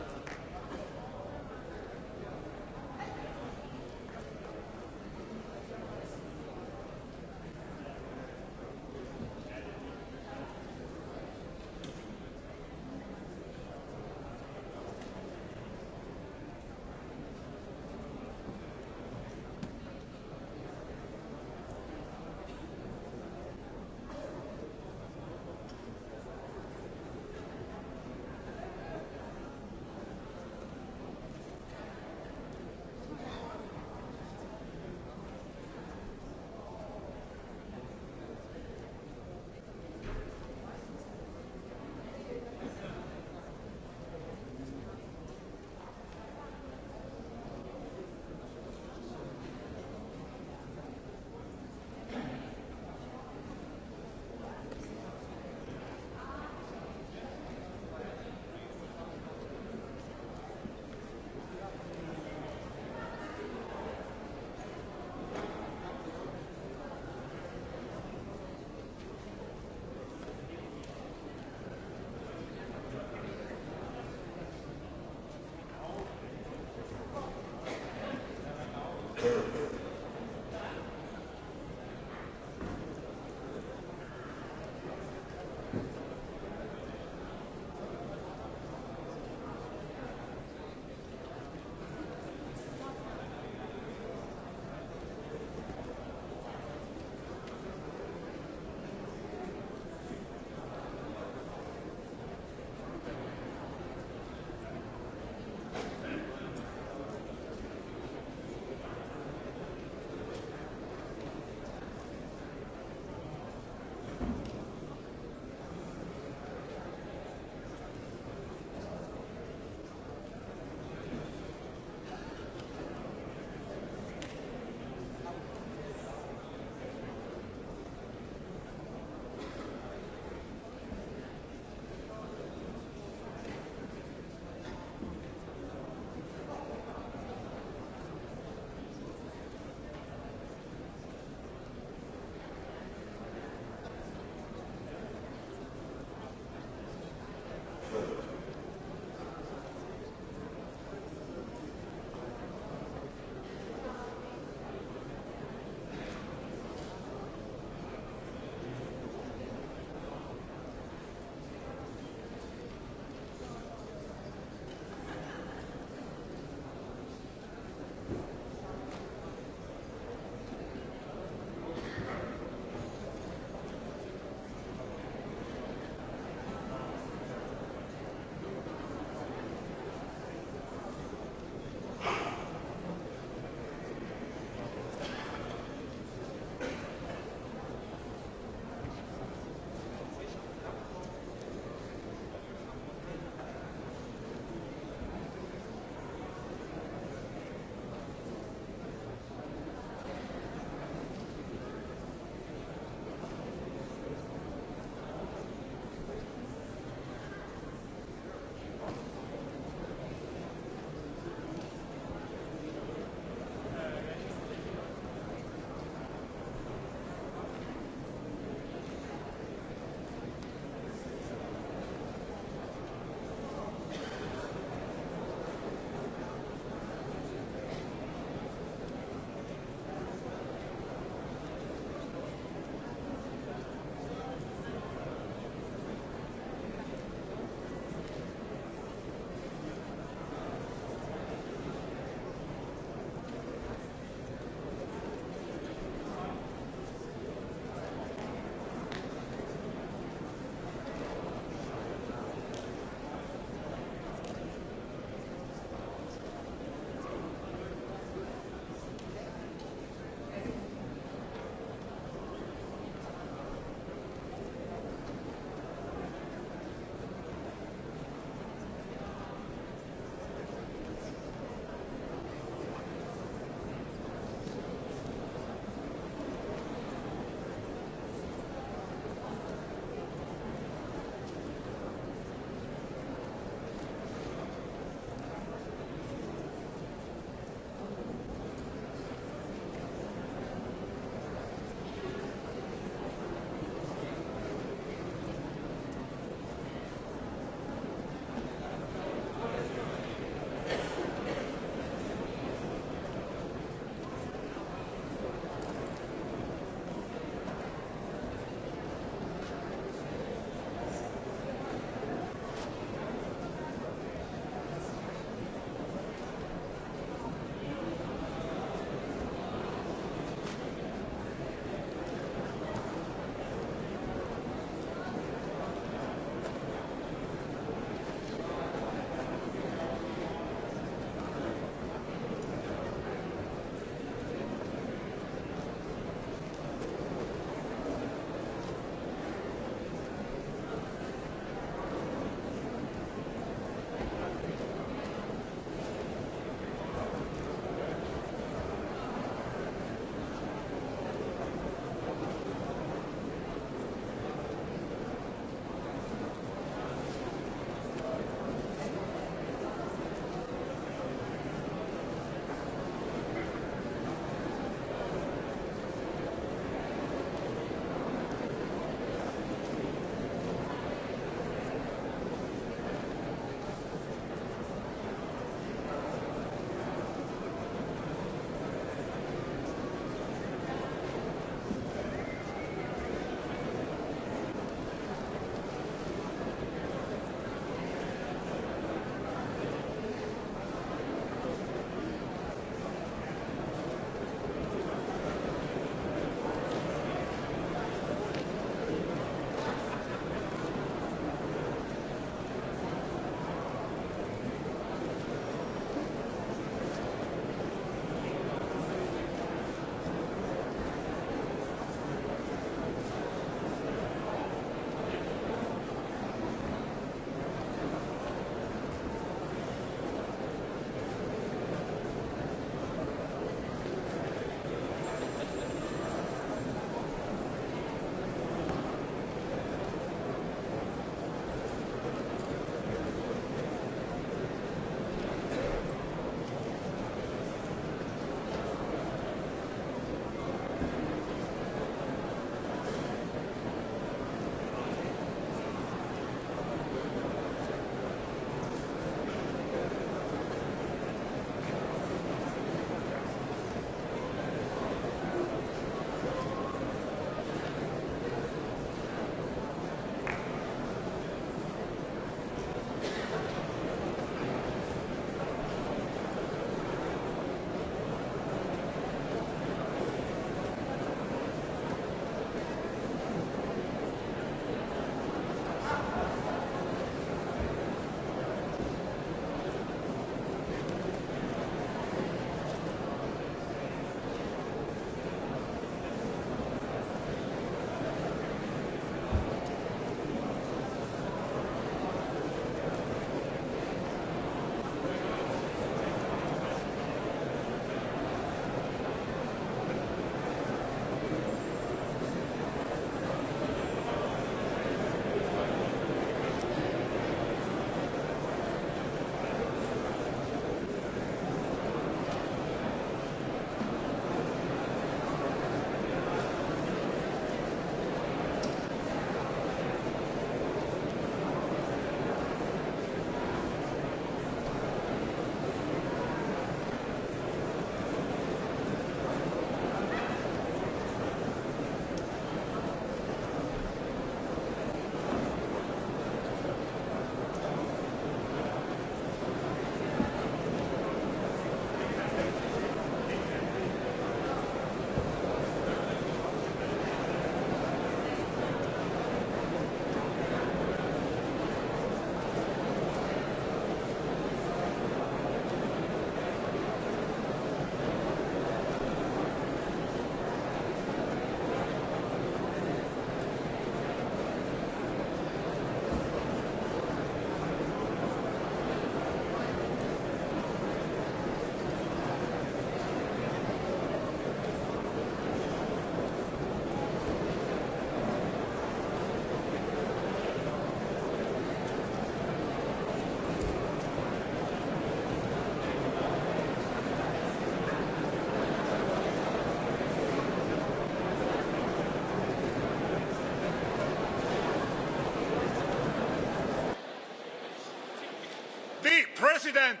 president.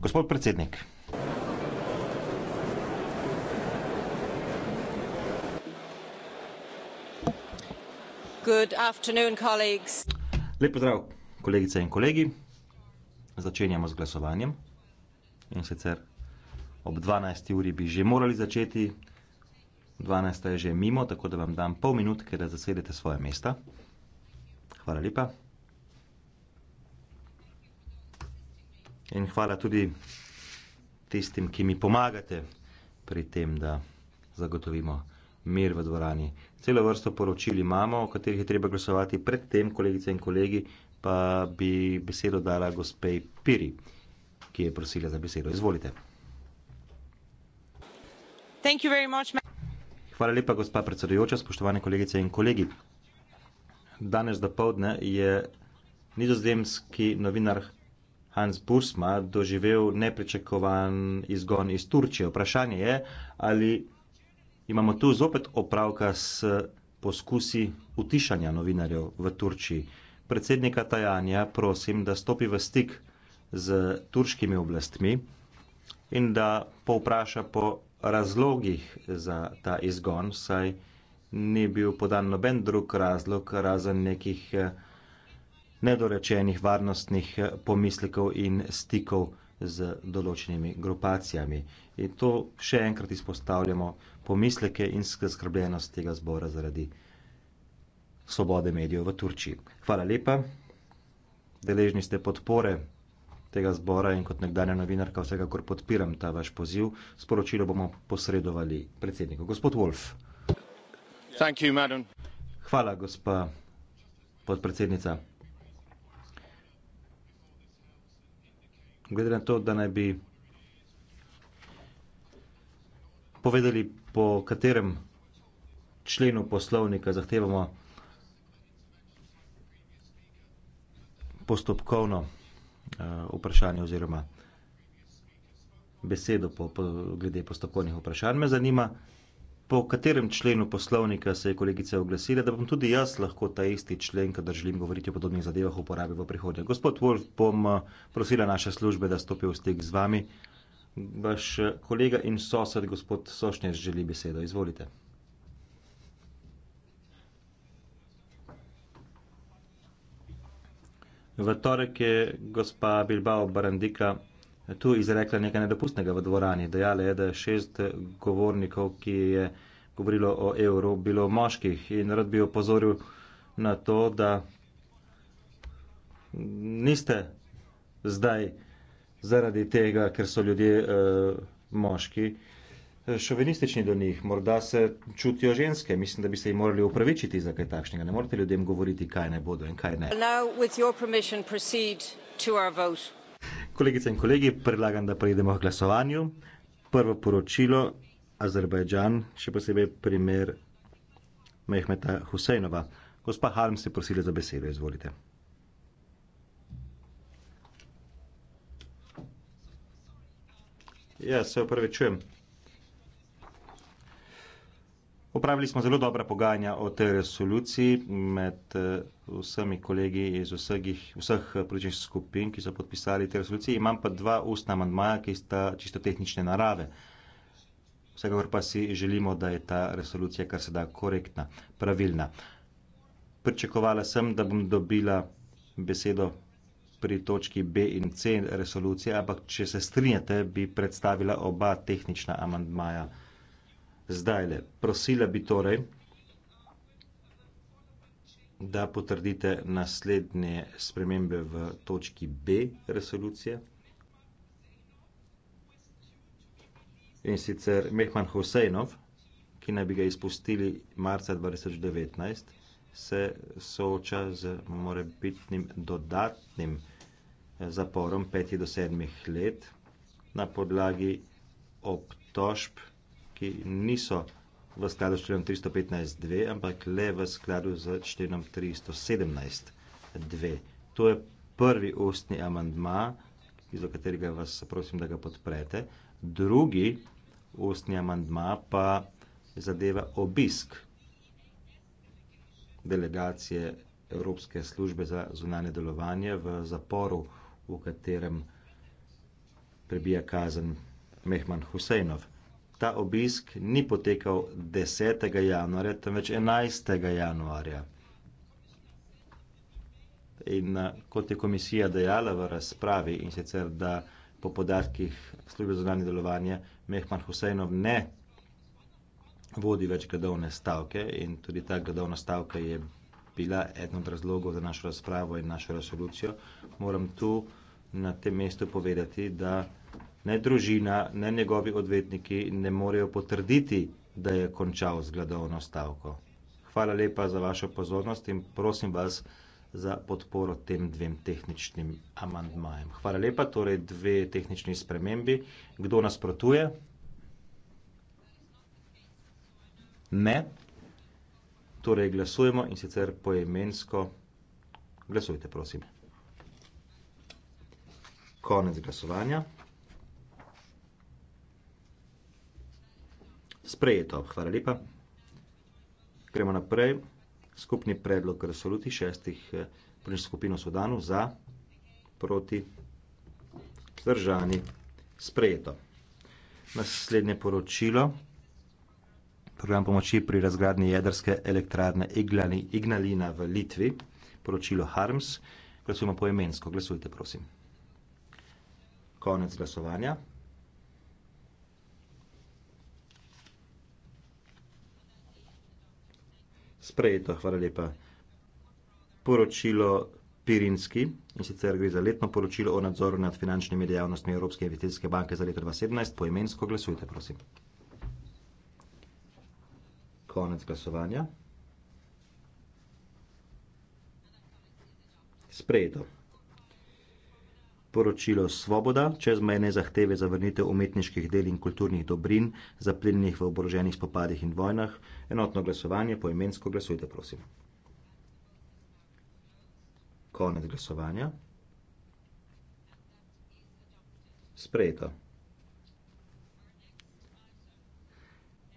Gospod predsednik. Lep pozdrav, kolegice in kolegi. Začenjamo z glasovanjem. In sicer ob 12. uri bi že morali začeti. 12. je že mimo, tako da vam dam pol minutke, da zasedete svoje mesta. Hvala lepa. hvala tudi tistim, ki mi pomagate pri tem, da zagotovimo mir v dvorani. Celo vrsto poročil imamo, o katerih je treba glasovati predtem, kolegice in kolegi, pa bi besedo dala gospej Piri, ki je prosila za besedo. Izvolite. Thank you very much, hvala lepa, gospa predsedujoča, spoštovane kolegice in kolegi. Danes do povdne je nizozemski novinar Hans Bursma doživel nepričakovan izgon iz Turčije. Vprašanje je, ali imamo tu zopet opravka s poskusi utišanja novinarjev v Turčiji. Predsednika Tajanja prosim, da stopi v stik z turškimi oblastmi in da povpraša po razlogih za ta izgon, saj ni bil podan noben drug razlog, razen nekih. Eh, nedorečenih varnostnih eh, pomislekov in stikov z določenimi grupacijami. In to še enkrat izpostavljamo pomisleke in skrbljenost tega zbora zaradi svobode medijev v Turčiji. Hvala lepa. Deležni ste podpore tega zbora in kot nekdanja novinarka vsekakor podpiram ta vaš poziv. Sporočilo bomo posredovali predsedniku. Gospod Wolf. Thank you, madam. Hvala, gospa podpredsednica. glede na to, da naj bi povedali, po katerem členu poslovnika zahtevamo postopkovno uh, vprašanje oziroma besedo po, po, glede postopkovnih vprašanj. Me zanima, po katerem členu poslovnika se je kolegica oglasila, da bom tudi jaz lahko ta isti člen, kadar želim govoriti o podobnih zadevah, uporabil v prihodnje. Gospod Wolf, bom eh, prosila naše službe, da stopi v stik z vami. Vaš eh, kolega in sosed, gospod Sošnjež, želi besedo. Izvolite. V torek je gospa Bilbao Barandika tu izrekla nekaj nedopustnega v dvorani. Dejala je, da je šest govornikov, ki je govorilo o evru, bilo moških in rad bi opozoril na to, da niste zdaj zaradi tega, ker so ljudje e, moški, eh, šovinistični do njih. Morda se čutijo ženske. Mislim, da bi se jim morali upravičiti za kaj takšnega. Ne morete ljudem govoriti, kaj ne bodo in kaj ne. Now, Kolegice in kolegi, predlagam, da preidemo k glasovanju. Prvo poročilo, Azerbajdžan, še posebej primer Mehmeta Husejnova. Gospa Harm, se prosila za besedo, izvolite. Ja, se opravičujem. Opravili smo zelo dobra pogajanja o tej resoluciji med eh, vsemi kolegi iz vseh, vseh političnih skupin, ki so podpisali te resolucije. Imam pa dva ustna amandmaja, ki sta čisto tehnične narave. Vsekakor pa si želimo, da je ta resolucija kar se da korektna, pravilna. Pričakovala sem, da bom dobila besedo pri točki B in C resolucije, ampak če se strinjate, bi predstavila oba tehnična amandmaja. Zdaj le, prosila bi torej, da potrdite naslednje spremembe v točki B resolucije. In sicer Mehman Hoseinov, ki naj bi ga izpustili marca 2019, se sooča z morebitnim dodatnim eh, zaporom 5 do 7 let na podlagi obtožb ki niso v skladu s členom 315.2, ampak le v skladu z členom 317.2. To je prvi ustni amandma, za katerega vas prosim, da ga podprete. Drugi ustni amandma pa zadeva obisk delegacije Evropske službe za zunanje delovanje v zaporu, v katerem prebija kazen Mehman Huseinov ta obisk ni potekal 10. januarja, temveč 11. januarja. In eh, kot je komisija dejala v razpravi, in sicer da po podatkih službe za zunanje delovanje Mehman Husajnov ne vodi več gradovne stavke in tudi ta gradovna stavka je bila eden od razlogov za našo razpravo in našo resolucijo, moram tu na tem mestu povedati, da ne družina, ne njegovi odvetniki ne morejo potrditi, da je končal z gladovno stavko. Hvala lepa za vašo pozornost in prosim vas za podporo tem dvem tehničnim amandmajem. Hvala lepa, torej dve tehnični spremembi. Kdo nasprotuje? Ne. Torej glasujemo in sicer poemensko. Glasujte, prosim. Konec glasovanja. Sprejeto. Hvala lepa. Gremo naprej. Skupni predlog resoluti šestih eh, poničnih skupin v Sudanu za, proti, zdržani. Sprejeto. Naslednje poročilo. Program pomoči pri razgradni jedrske elektrarne Ignalina v Litvi. Poročilo Harms. Glasujemo poemensko. Glasujte, prosim. Konec glasovanja. sprejeto, hvala lepa. Poročilo Pirinski, in sicer gre za letno poročilo o nadzoru nad finančnimi dejavnostmi Evropske investicijske banke za leto 2017. Poimensko glasujte, prosim. Konec glasovanja. Sprejeto. Poročilo Svoboda, čezmejne zahteve za vrnitev umetniških del in kulturnih dobrin, zaplenjenih v oboroženih spopadih in vojnah, enotno glasovanje, poimensko glasujte, prosim. Konec glasovanja. Sprejeto.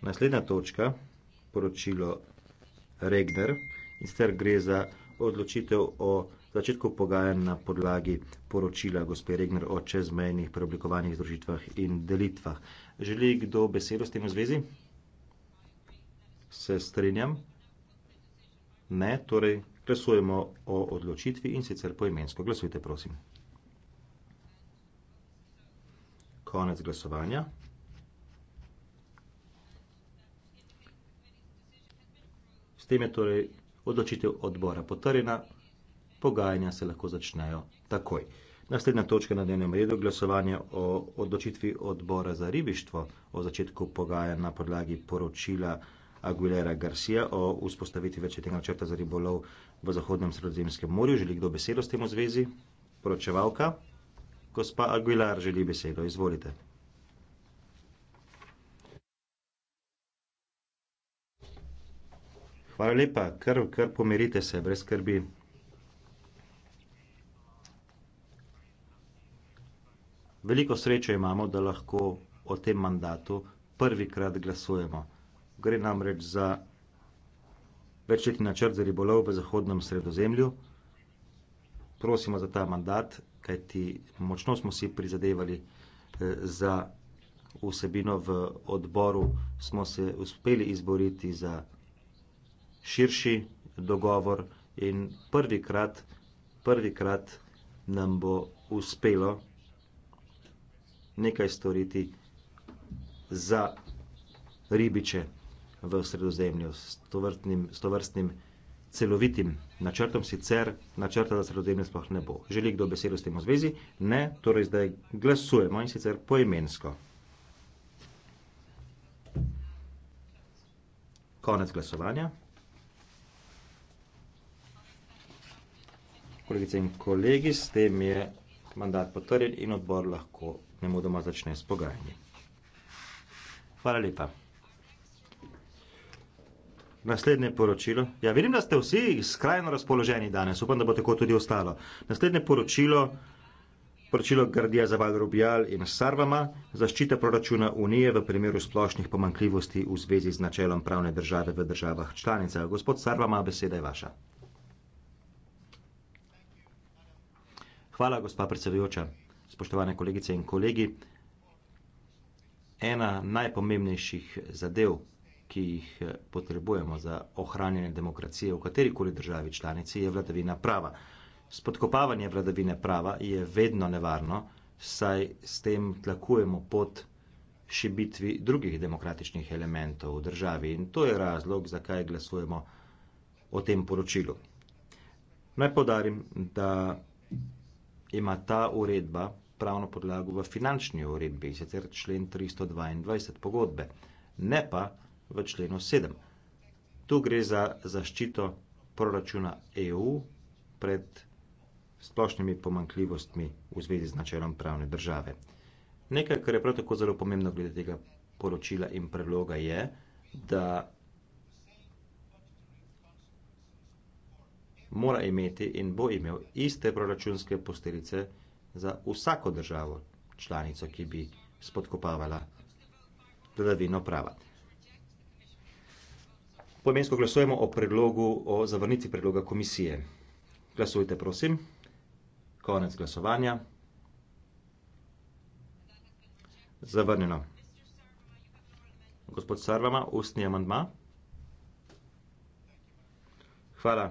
Naslednja točka, poročilo Regner, in sicer gre za odločitev o začetku pogajanj na podlagi poročila gospe Regner o čezmejnih preoblikovanjih združitvah in delitvah. Želi kdo besedo s tem v zvezi? Se strinjam? Ne, torej glasujemo o odločitvi in sicer poimensko. Glasujte, prosim. Konec glasovanja. S tem je torej odločitev odbora potrjena pogajanja se lahko začnejo takoj. Naslednja točka na dnevnem redu je glasovanje o odločitvi odbora za ribištvo o začetku pogajanja na podlagi poročila Aguilera Garcia o vzpostavitvi večjega načrta za ribolov v Zahodnem sredozemskem morju. Želi kdo besedo s tem v zvezi? Poročevalka, gospa Aguilar, želi besedo, izvolite. Hvala lepa, kar, kar pomerite se, brez skrbi. Veliko srečo imamo, da lahko o tem mandatu prvikrat glasujemo. Gre namreč za večletni načrt za ribolov v Zahodnem sredozemlju. Prosimo za ta mandat, kajti močno smo si prizadevali eh, za vsebino v odboru. Smo se uspeli izboriti za širši dogovor in prvikrat, prvikrat nam bo uspelo, da se bo vsebino v odboru nekaj storiti za ribiče v sredozemlju s tovrstnim, s tovrstnim celovitim načrtom, sicer načrta za sredozemlje sploh ne bo. Želi kdo besedo s tem v zvezi? Ne, torej zdaj glasujemo in sicer poimensko. Konec glasovanja. Kolegice in kolegi, s tem je mandat potrjen in odbor lahko ne mudoma začne s pogajanji. Hvala lepa. Naslednje poročilo. Ja, vidim, da ste vsi skrajno razpoloženi danes. Upam, da bo tako tudi ostalo. Naslednje poročilo. Poročilo Gardija za Valrubijal in Sarvama, zaščita proračuna Unije v primeru splošnih pomankljivosti v zvezi z načelom pravne države v državah članica. Gospod Sarvama, beseda je vaša. Hvala, gospa predsedujoča spoštovane kolegice in kolegi, ena najpomembnejših zadev, ki jih eh, potrebujemo za ohranjanje demokracije v katerikoli državi članici, je vladavina prava. Spodkopavanje vladavine prava je vedno nevarno, saj s tem tlakujemo pot šibitvi drugih demokratičnih elementov v državi in to je razlog, zakaj glasujemo o tem poročilu. Naj podarim, da ima ta uredba pravno podlago v finančni uredbi, in sicer člen 322 pogodbe, ne pa v členu 7. Tu gre za zaščito proračuna EU pred splošnimi pomankljivostmi v zvezi z načelom pravne države. Nekaj, kar je prav tako zelo pomembno glede tega poročila in predloga, je, da mora imeti in bo imel iste proračunske posteljice za vsako državo članico, ki bi spodkopavala vladavino prava. Poimensko glasujemo o predlogu o zavrnitvi predloga komisije. Glasujte, prosim. Konec glasovanja. Zavrnjeno. Gospod Sarvama, ustni amandma. Hvala,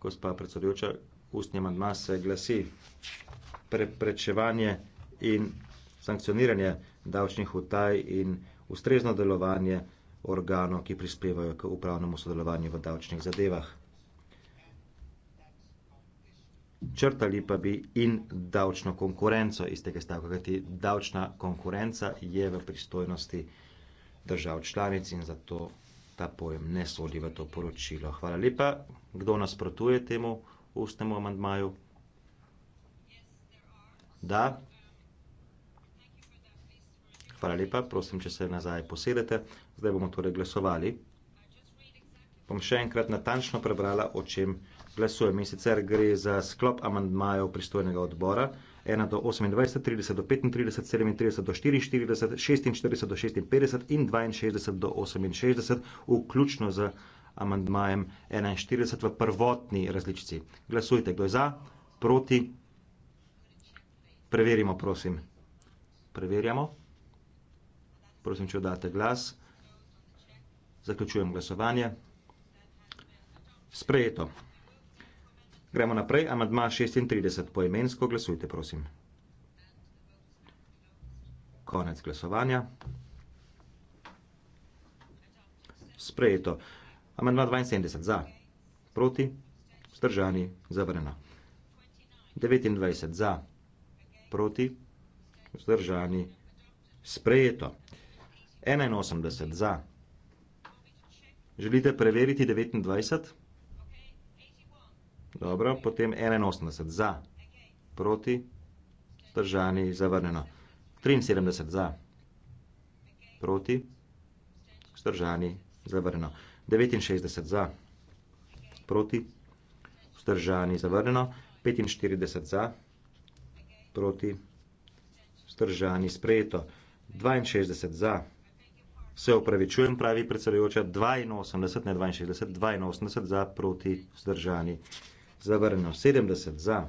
gospa predsedujoča. Ustni amandma se glasi preprečevanje in sankcioniranje davčnih utaj in ustrezno delovanje organov, ki prispevajo k upravnemu sodelovanju v davčnih zadevah. Črtali pa bi in davčno konkurenco iz tega stavka, kajti davčna konkurenca je v pristojnosti držav članic in zato ta pojem ne sodi v to poročilo. Hvala lepa. Kdo nasprotuje temu ustnemu amandmaju? Da. Hvala lepa, prosim, če se nazaj posedete. Zdaj bomo torej glasovali. Bom še enkrat natančno prebrala, o čem glasujem. In sicer gre za sklop amandmajev pristojnega odbora 1 do 28, 30 do 35, 37 do 44, 46 do 56 in 62 do 68, vključno z amandmajem 41 v prvotni različici. Glasujte, kdo je za, proti, Preverimo, prosim. Preverjamo. Prosim, če oddate glas. Zaključujem glasovanje. Sprejeto. Gremo naprej. Amadma 36 poimensko. Glasujte, prosim. Konec glasovanja. Sprejeto. Amadma 72 za. Proti. Zdržani. Zavrena. 29 za proti, vzdržani, sprejeto. 81 za. Želite preveriti 29? Dobro, potem 81 za, proti, vzdržani, zavrneno. 73 za, proti, vzdržani, zavrneno. 69 za, proti, vzdržani, zavrneno. 45 za, proti, vzdržani, zavrneno proti stržani sprejeto. 62 za. Se opravičujem, pravi predsedujoča, 82, ne 62, 82 za proti vzdržani. Zavrnjeno 70 za,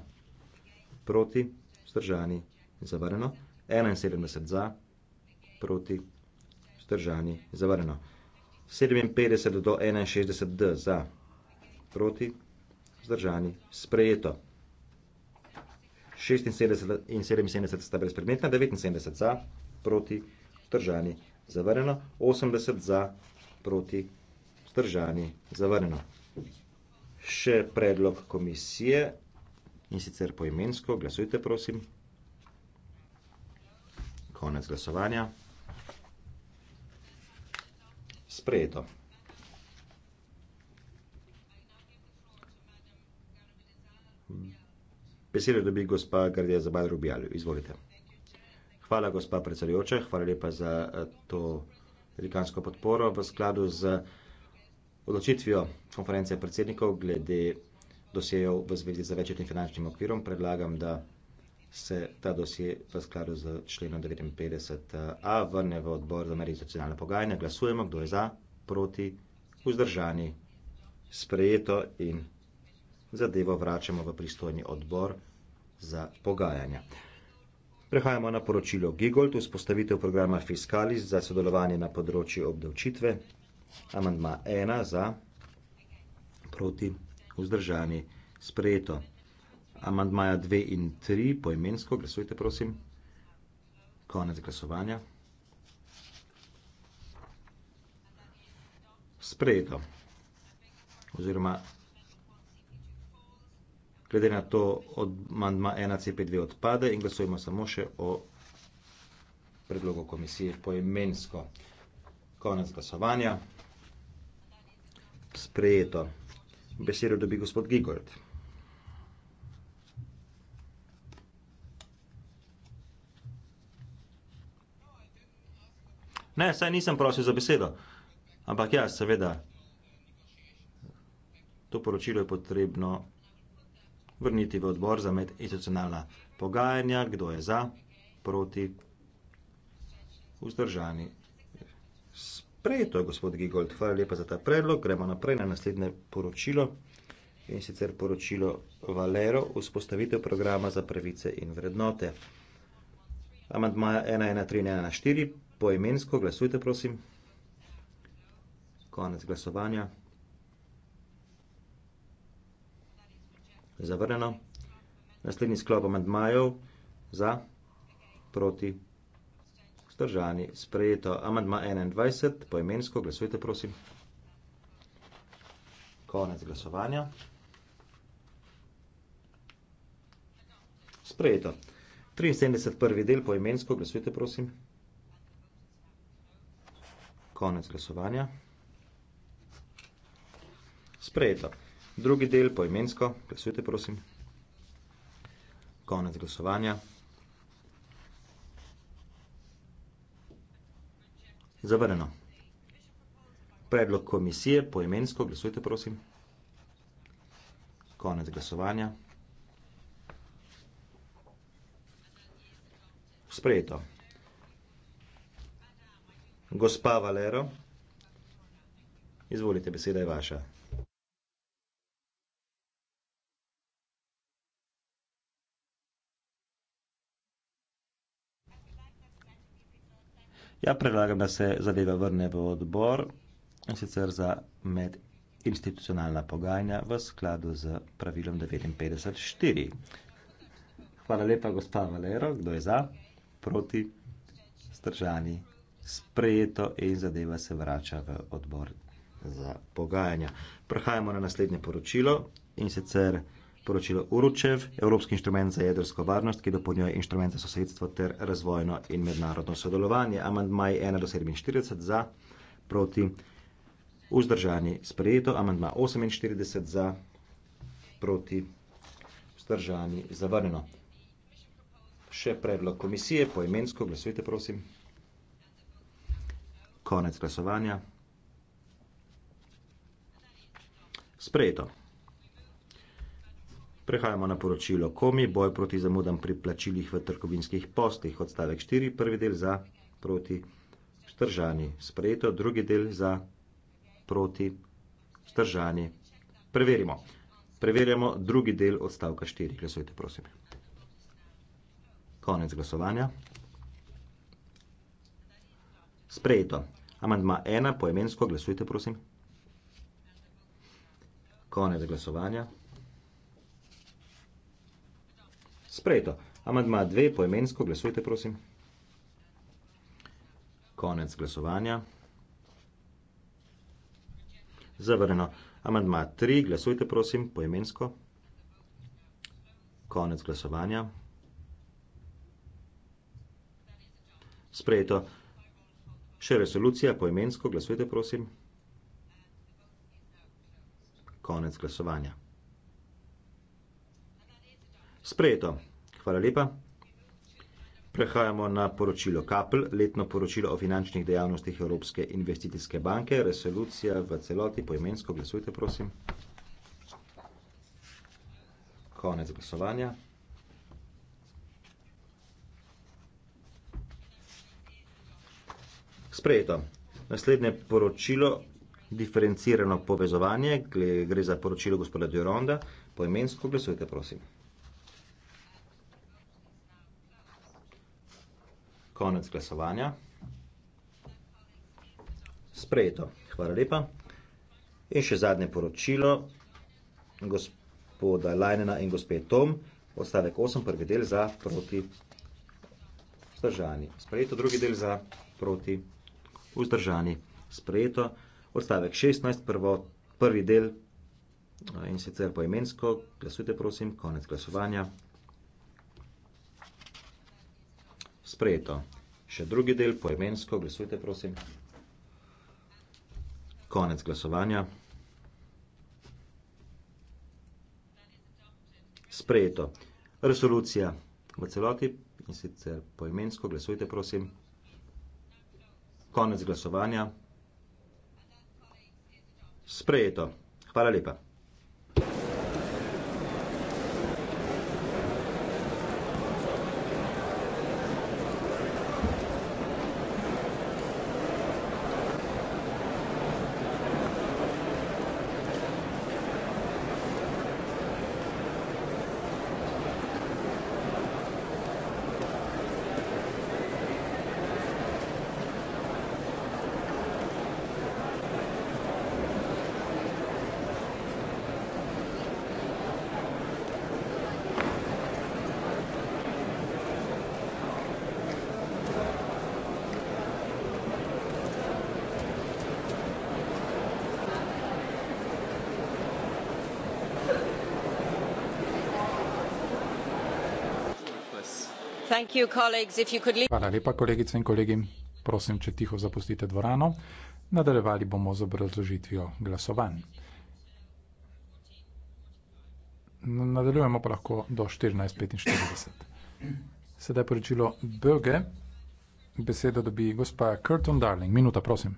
proti vzdržani. Zavrnjeno 71 za, proti vzdržani. Zavrnjeno 57 do 61 d za, proti vzdržani. Sprejeto. 76 in 77 sta brezpredmetna, 79 za, proti, vzdržani, zavrnjeno, 80 za, proti, vzdržani, zavrnjeno. Še predlog komisije in sicer poimensko, glasujte prosim. Konec glasovanja. Sprejeto. Besedo dobi gospa Gardija Zabal Rubjalju. Izvolite. Hvala, gospa predsedujoča, hvala lepa za eh, to velikansko podporo v skladu z odločitvijo konference predsednikov glede dosejev v zvezi z večjetnim finančnim okvirom. Predlagam, da se ta dosje v skladu z členom 59a eh, vrne v odbor za meri socialne pogajanja. Glasujemo, kdo je za, proti, vzdržani, sprejeto in zadevo vračamo v pristojni odbor za pogajanja. Prehajamo na poročilo Gigolt, vzpostavitev programa Fiskalis za sodelovanje na področju obdavčitve. Amandma 1 za proti vzdržani sprejeto. Amandmaja 2 in 3 poimensko, glasujte prosim. Konec glasovanja. Sprejeto. Oziroma Glede na to, od mandma 1CP2 odpade in glasujemo samo še o predlogu komisije poimensko. Konec glasovanja. Sprejeto. Besedo dobi gospod Gigold. Ne, saj nisem prosil za besedo. Ampak ja, seveda. To poročilo je potrebno vrniti v odbor za medinstitucionalna pogajanja, kdo je za, proti, vzdržani. Sprejeto je gospod Gigold, hvala lepa za ta predlog, gremo naprej na naslednje poročilo in sicer poročilo Valero, vzpostavitev programa za pravice in vrednote. Amandmaja 1.1.3.1.4, poimensko glasujte prosim. Konec glasovanja. zavrnjeno. Naslednji sklop amandmajev za proti stržani sprejeto amandma 21, poimensko glasujte prosim. Konec glasovanja. Sprejeto. 73. prvi del poimensko glasujte prosim. Konec glasovanja. Sprejeto. Drugi del poimensko, glasujte prosim. Konec glasovanja. Zavrneno. Predlog komisije poimensko, glasujte prosim. Konec glasovanja. Sprejeto. Gospa Valero, izvolite, beseda je vaša. Ja predlagam, da se zadeva vrne v odbor in sicer za med institucionalna pogajanja v skladu z pravilom 59.4. Hvala lepa, gospa Valero. Kdo je za? Proti? Stržani? Sprejeto in zadeva se vrača v odbor za pogajanja. Prehajamo na naslednje poročilo in sicer poročilo Uročev, Evropski inštrument za jedrsko varnost, ki dopolnjuje inštrumente sosedstva ter razvojno in mednarodno sodelovanje. Amandmaj 1 do 47 za, proti vzdržani sprejeto, amandma 48 za, proti vzdržani zavrnjeno. Še predlog komisije, poimensko glasujte, prosim. Konec glasovanja. Sprejeto. Prehajamo na poročilo Komi, boj proti zamudam pri plačilih v trgovinskih postih, odstavek 4, prvi del za proti stržani, sprejeto, drugi del za proti stržani. Preverimo. Preverjamo drugi del odstavka 4. Glasujte, prosim. Konec glasovanja. Sprejeto. Amandma 1, poemensko, glasujte, prosim. Konec glasovanja. Sprejeto. Amandma dve, poemensko, glasujte, prosim. Konec glasovanja. Zavrneno. Amandma tri, glasujte, prosim, poemensko. Konec glasovanja. Sprejeto. Še resolucija, poemensko, glasujte, prosim. Konec glasovanja. Sprejeto. Hvala lepa. Prehajamo na poročilo KAPL, letno poročilo o finančnih dejavnostih Evropske investicijske banke. Resolucija v celoti, poimensko glasujte, prosim. Konec glasovanja. Sprejeto. Naslednje poročilo, diferencirano povezovanje, gre za poročilo gospoda Duronda, poimensko glasujte, prosim. Konec glasovanja. Sprejeto. Hvala lepa. In še zadnje poročilo gospoda Lajnena in gospe Tom. Odstavek 8, prvi del za proti vzdržani. Sprejeto, drugi del za proti vzdržani. Sprejeto. Odstavek 16, prvo, prvi del eh, in sicer poimensko. Glasujte, prosim. Konec glasovanja. sprejeto. Še drugi del poemensko, glasujte prosim. Konec glasovanja. Sprejeto. Resolucija v celoti in sicer poemensko, glasujte prosim. Konec glasovanja. Sprejeto. Hvala lepa. Hvala lepa, kolegice in kolegi. Prosim, če tiho zapustite dvorano. Nadaljevali bomo z obrazložitvijo glasovanj. Nadaljujemo pa lahko do 14.45. Sedaj poročilo BG. Besedo dobi gospa Curtin Darling. Minuta, prosim.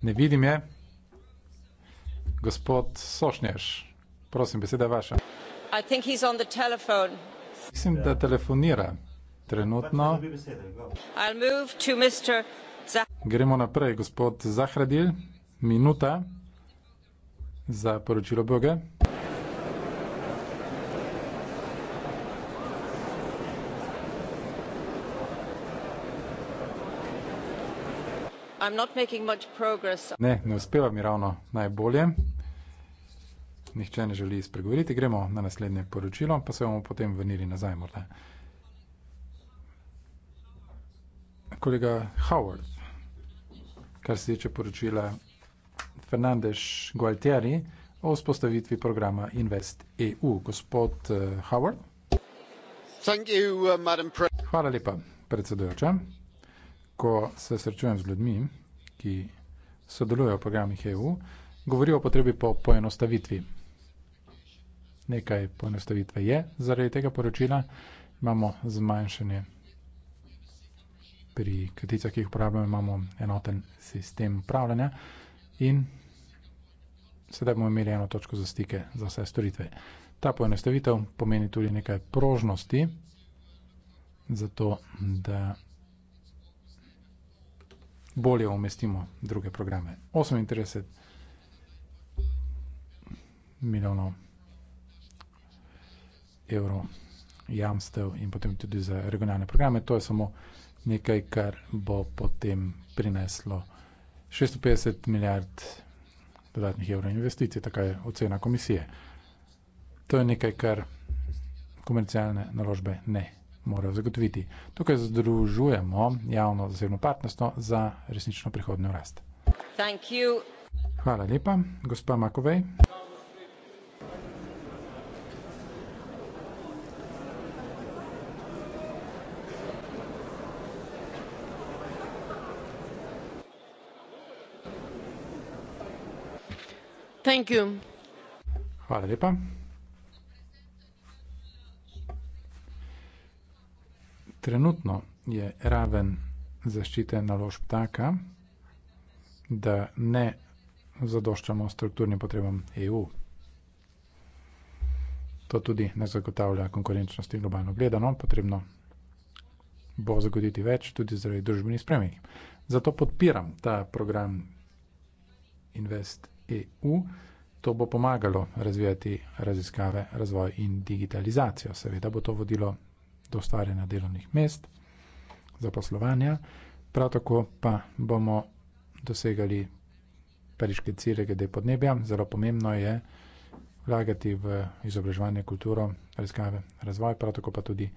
Ne vidim je. Gospod Sošnješ, prosim, beseda je vaša. Mislim, da telefonira trenutno. Gremo naprej, gospod Zahradil, minuta za poročilo Boga. Ne, ne uspeva mi ravno najbolje. Nihče ne želi spregovoriti. Gremo na naslednje poročilo, pa se bomo potem vrnili nazaj morda. Kolega Howard, kar se tiče poročila Fernandez Gualtieri o vzpostavitvi programa Invest EU. Gospod eh, Howard. Uh, Hvala lepa, predsedujoča ko se srečujem z ljudmi, ki sodelujejo v programih EU, govorijo o potrebi po poenostavitvi. Nekaj poenostavitve je zaradi tega poročila, imamo zmanjšanje pri kraticah, ki jih uporabljamo, imamo enoten sistem upravljanja in sedaj bomo imeli eno točko za stike za vse storitve. Ta poenostavitev pomeni tudi nekaj prožnosti, zato da bolje umestimo druge programe. 38 milijonov evrov jamstev in potem tudi za regionalne programe. To je samo nekaj, kar bo potem prineslo 650 milijard dodatnih evrov investicij, tako je ocena komisije. To je nekaj, kar komercialne naložbe ne morajo zagotoviti. Tukaj združujemo javno zasebno partnerstvo za resnično prihodnjo rast. Hvala lepa. Gospa Makovej. Hvala lepa. trenutno je raven zaščite naložb taka, da ne zadoščamo strukturnim potrebam EU. To tudi ne zagotavlja konkurenčnosti globalno gledano, potrebno bo zagoditi več tudi zaradi družbenih sprememb. Zato podpiram ta program Invest EU, to bo pomagalo razvijati raziskave, razvoj in digitalizacijo. Seveda bo to vodilo do ustvarjanja delovnih mest, zaposlovanja, prav tako pa bomo dosegali pariške cilje glede podnebja. Zelo pomembno je vlagati v izobraževanje, kulturo, raziskave, razvoj, prav tako pa tudi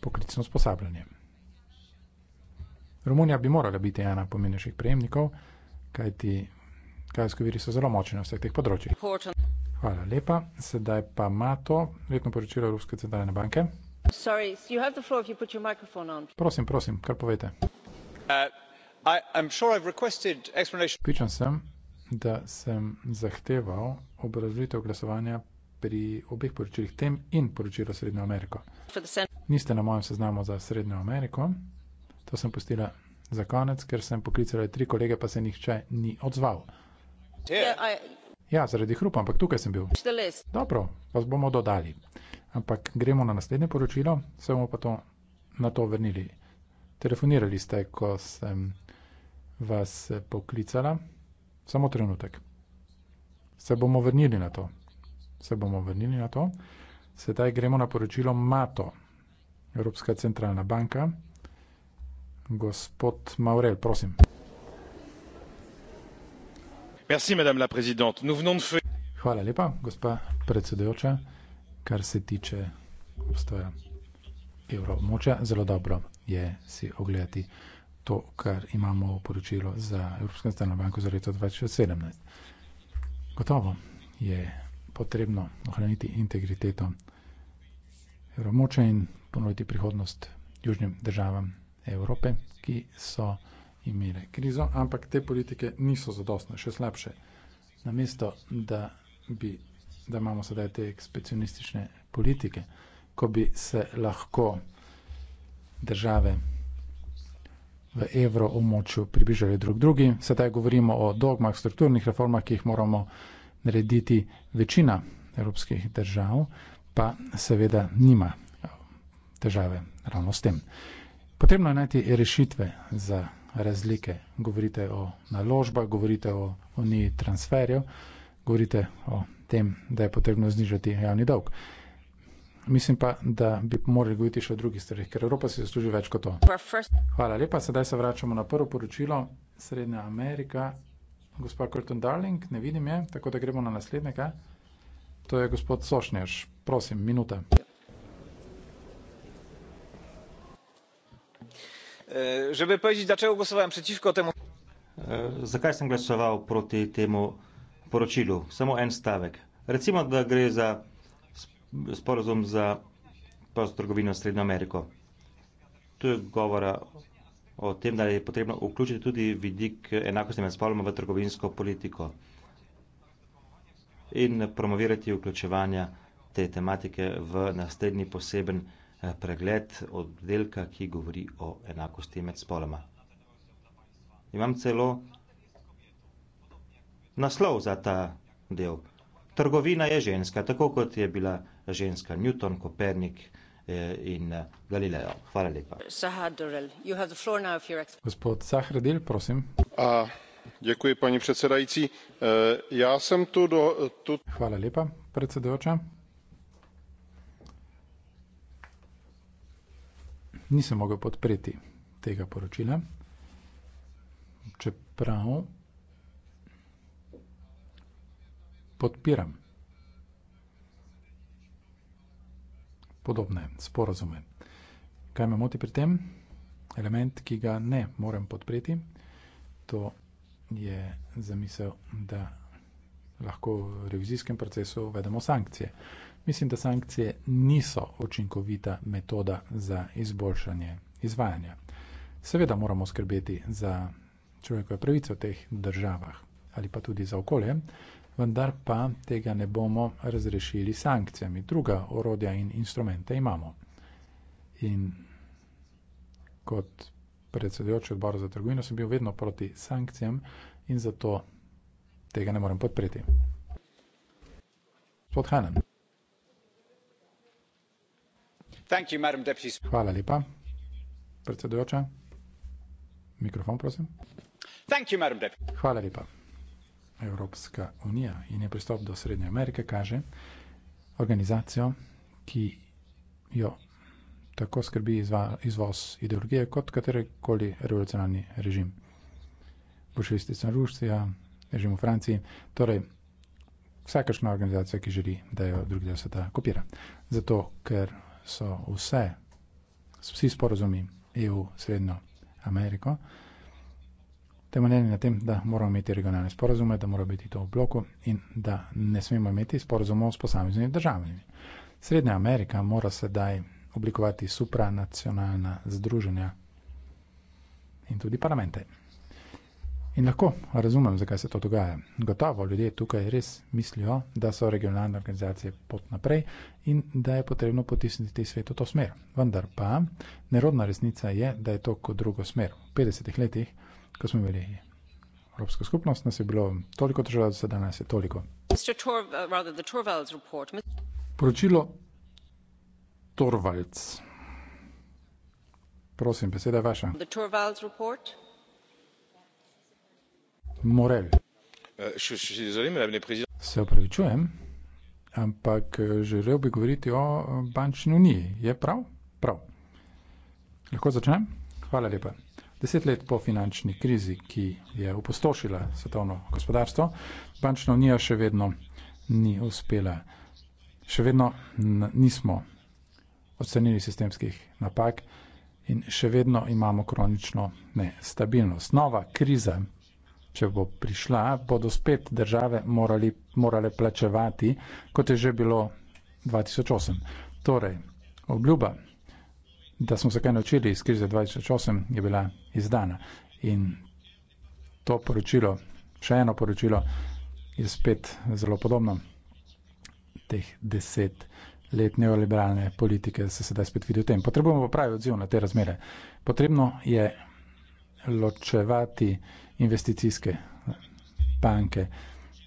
poklicno usposabljanje. Romunija bi morala biti ena pomembnejših prejemnikov, kajti kajsko viri so zelo močni na vseh teh področjih. Hvala lepa. Sedaj pa Mato, letno poročilo Ruske centralne banke prosim prosim kar povejte. prepričan uh, sem da sem zahteval obrazložitev glasovanja pri obeh poročilih tem in poročilu srednjo ameriko niste na mojem seznamu za srednjo ameriko to sem pustila za konec ker sem poklicala tri kolege pa se nihče ni odzval ja zaradi hrupa ampak tukaj sem bil dobro vas bomo dodali Ampak gremo na naslednje poročilo, se bomo pa to na to vrnili. Telefonirali ste, ko sem vas poklicala. Samo trenutek. Se bomo vrnili na to. Se bomo vrnili na to. Sedaj gremo na poročilo Mato, Evropska centralna banka. Gospod Maurel, prosim. Merci, madame la présidente. Nous venons de Hvala lepa, gospa predsedujoča kar se tiče obstoja evroobmočja, zelo dobro je si ogledati to, kar imamo v poročilu za Evropsko centralno banko za leto 2017. Gotovo je potrebno ohraniti integriteto evroobmočja in ponuditi prihodnost južnim državam Evrope, ki so imele krizo, ampak te politike niso zadostne, še slabše. Namesto, da bi da imamo sedaj te ekspedicionistične politike, ko bi se lahko države v evro območju približali drug drugi. Sedaj govorimo o dogmah, strukturnih reformah, ki jih moramo narediti večina evropskih držav, pa seveda nima težave ravno s tem. Potrebno je najti rešitve za razlike. Govorite o naložbah, govorite o uniji transferjev, govorite o tem, da je potrebno znižati javni dolg. Mislim pa, da bi morali govoriti še o drugih stvarih, ker Evropa si zasluži več kot to. Hvala lepa, sedaj se vračamo na prvo poročilo. Srednja Amerika, gospod Curtin Darling, ne vidim je, tako da gremo na naslednjega. To je gospod Sošnjaš, prosim, minuta. E, Žebe pojdi, da če v Gosovem se tiško temu. E, zakaj sem glasoval proti temu? poročilu, samo en stavek. Recimo, da gre za sporozum za trgovino s Srednjo Ameriko. Tu je govora o tem, da je potrebno vključiti tudi vidik enakosti med spoloma v trgovinsko politiko in promovirati vključevanje te tematike v naslednji poseben eh, pregled oddelka, ki govori o enakosti med spoloma. Imam celo naslov za ta del. Trgovina je ženska, tako kot je bila ženska Newton, Kopernik eh, in eh, Galileo. Hvala lepa. Gospod Sahradil, prosim. A, děkuji, paní předsedající. E, já jsem tu do... Tu... Hvala lepa, predsedujoča. Nisem mogel podpreti tega poročila, čeprav podpiram podobne sporazume. Kaj me moti pri tem? Element, ki ga ne morem podpreti, to je zamisel, da lahko v revizijskem procesu uvedemo sankcije. Mislim, da sankcije niso učinkovita metoda za izboljšanje izvajanja. Seveda moramo skrbeti za človekove pravice v teh državah ali pa tudi za okolje, vendar pa tega ne bomo razrešili sankcijami. Druga orodja in instrumente imamo. In kot predsedujoči odbor za trgovino sem bil vedno proti sankcijam in zato tega ne morem podpreti. Gospod Hanen. Hvala lepa, predsedujoča. Mikrofon, prosim. Hvala lepa. Evropska unija in je pristop do Srednje Amerike, kaže organizacijo, ki jo tako skrbi izva, izvoz ideologije kot katerekoli revolucionarni režim. Bošvistična Rusija, režim v Franciji, torej vsakašna organizacija, ki želi, da jo drugi del sveta kopira. Zato, ker so vse, vsi sporozumi EU, Srednjo Ameriko, temeljeni na tem, da moramo imeti regionalne sporazume, da mora biti to v bloku in da ne smemo imeti sporazumov s posameznimi državami. Srednja Amerika mora sedaj oblikovati supranacionalna združenja in tudi parlamente. In lahko razumem, zakaj se to dogaja. Gotovo ljudje tukaj res mislijo, da so regionalne organizacije pot naprej in da je potrebno potisniti svet v to smer. Vendar pa nerodna resnica je, da je to kot drugo smer. V 50-ih letih ko smo imeli Evropska skupnost, nas je bilo toliko držav, sedaj nas je toliko. Eh, Poročilo Torvalds. Prosim, beseda je vaša. Morel. Eh, Se upravičujem, ampak eh, želel bi govoriti o bančni uniji. Je prav? Prav. Lahko začnem? Hvala lepa. Deset let po finančni krizi, ki je upostošila svetovno gospodarstvo, bančna unija še vedno ni uspela. Še vedno nismo ocenili sistemskih napak in še vedno imamo kronično nestabilnost. Nova kriza, če bo prišla, bodo spet države morali, morale plačevati, kot je že bilo 2008. Torej, obljuba da smo se kaj naučili iz krize 2008, je bila izdana. In to poročilo, še eno poročilo, je spet zelo podobno teh deset let neoliberalne politike, da se sedaj spet vidi v tem. Potrebujemo pravi odziv na te razmere. Potrebno je ločevati investicijske banke,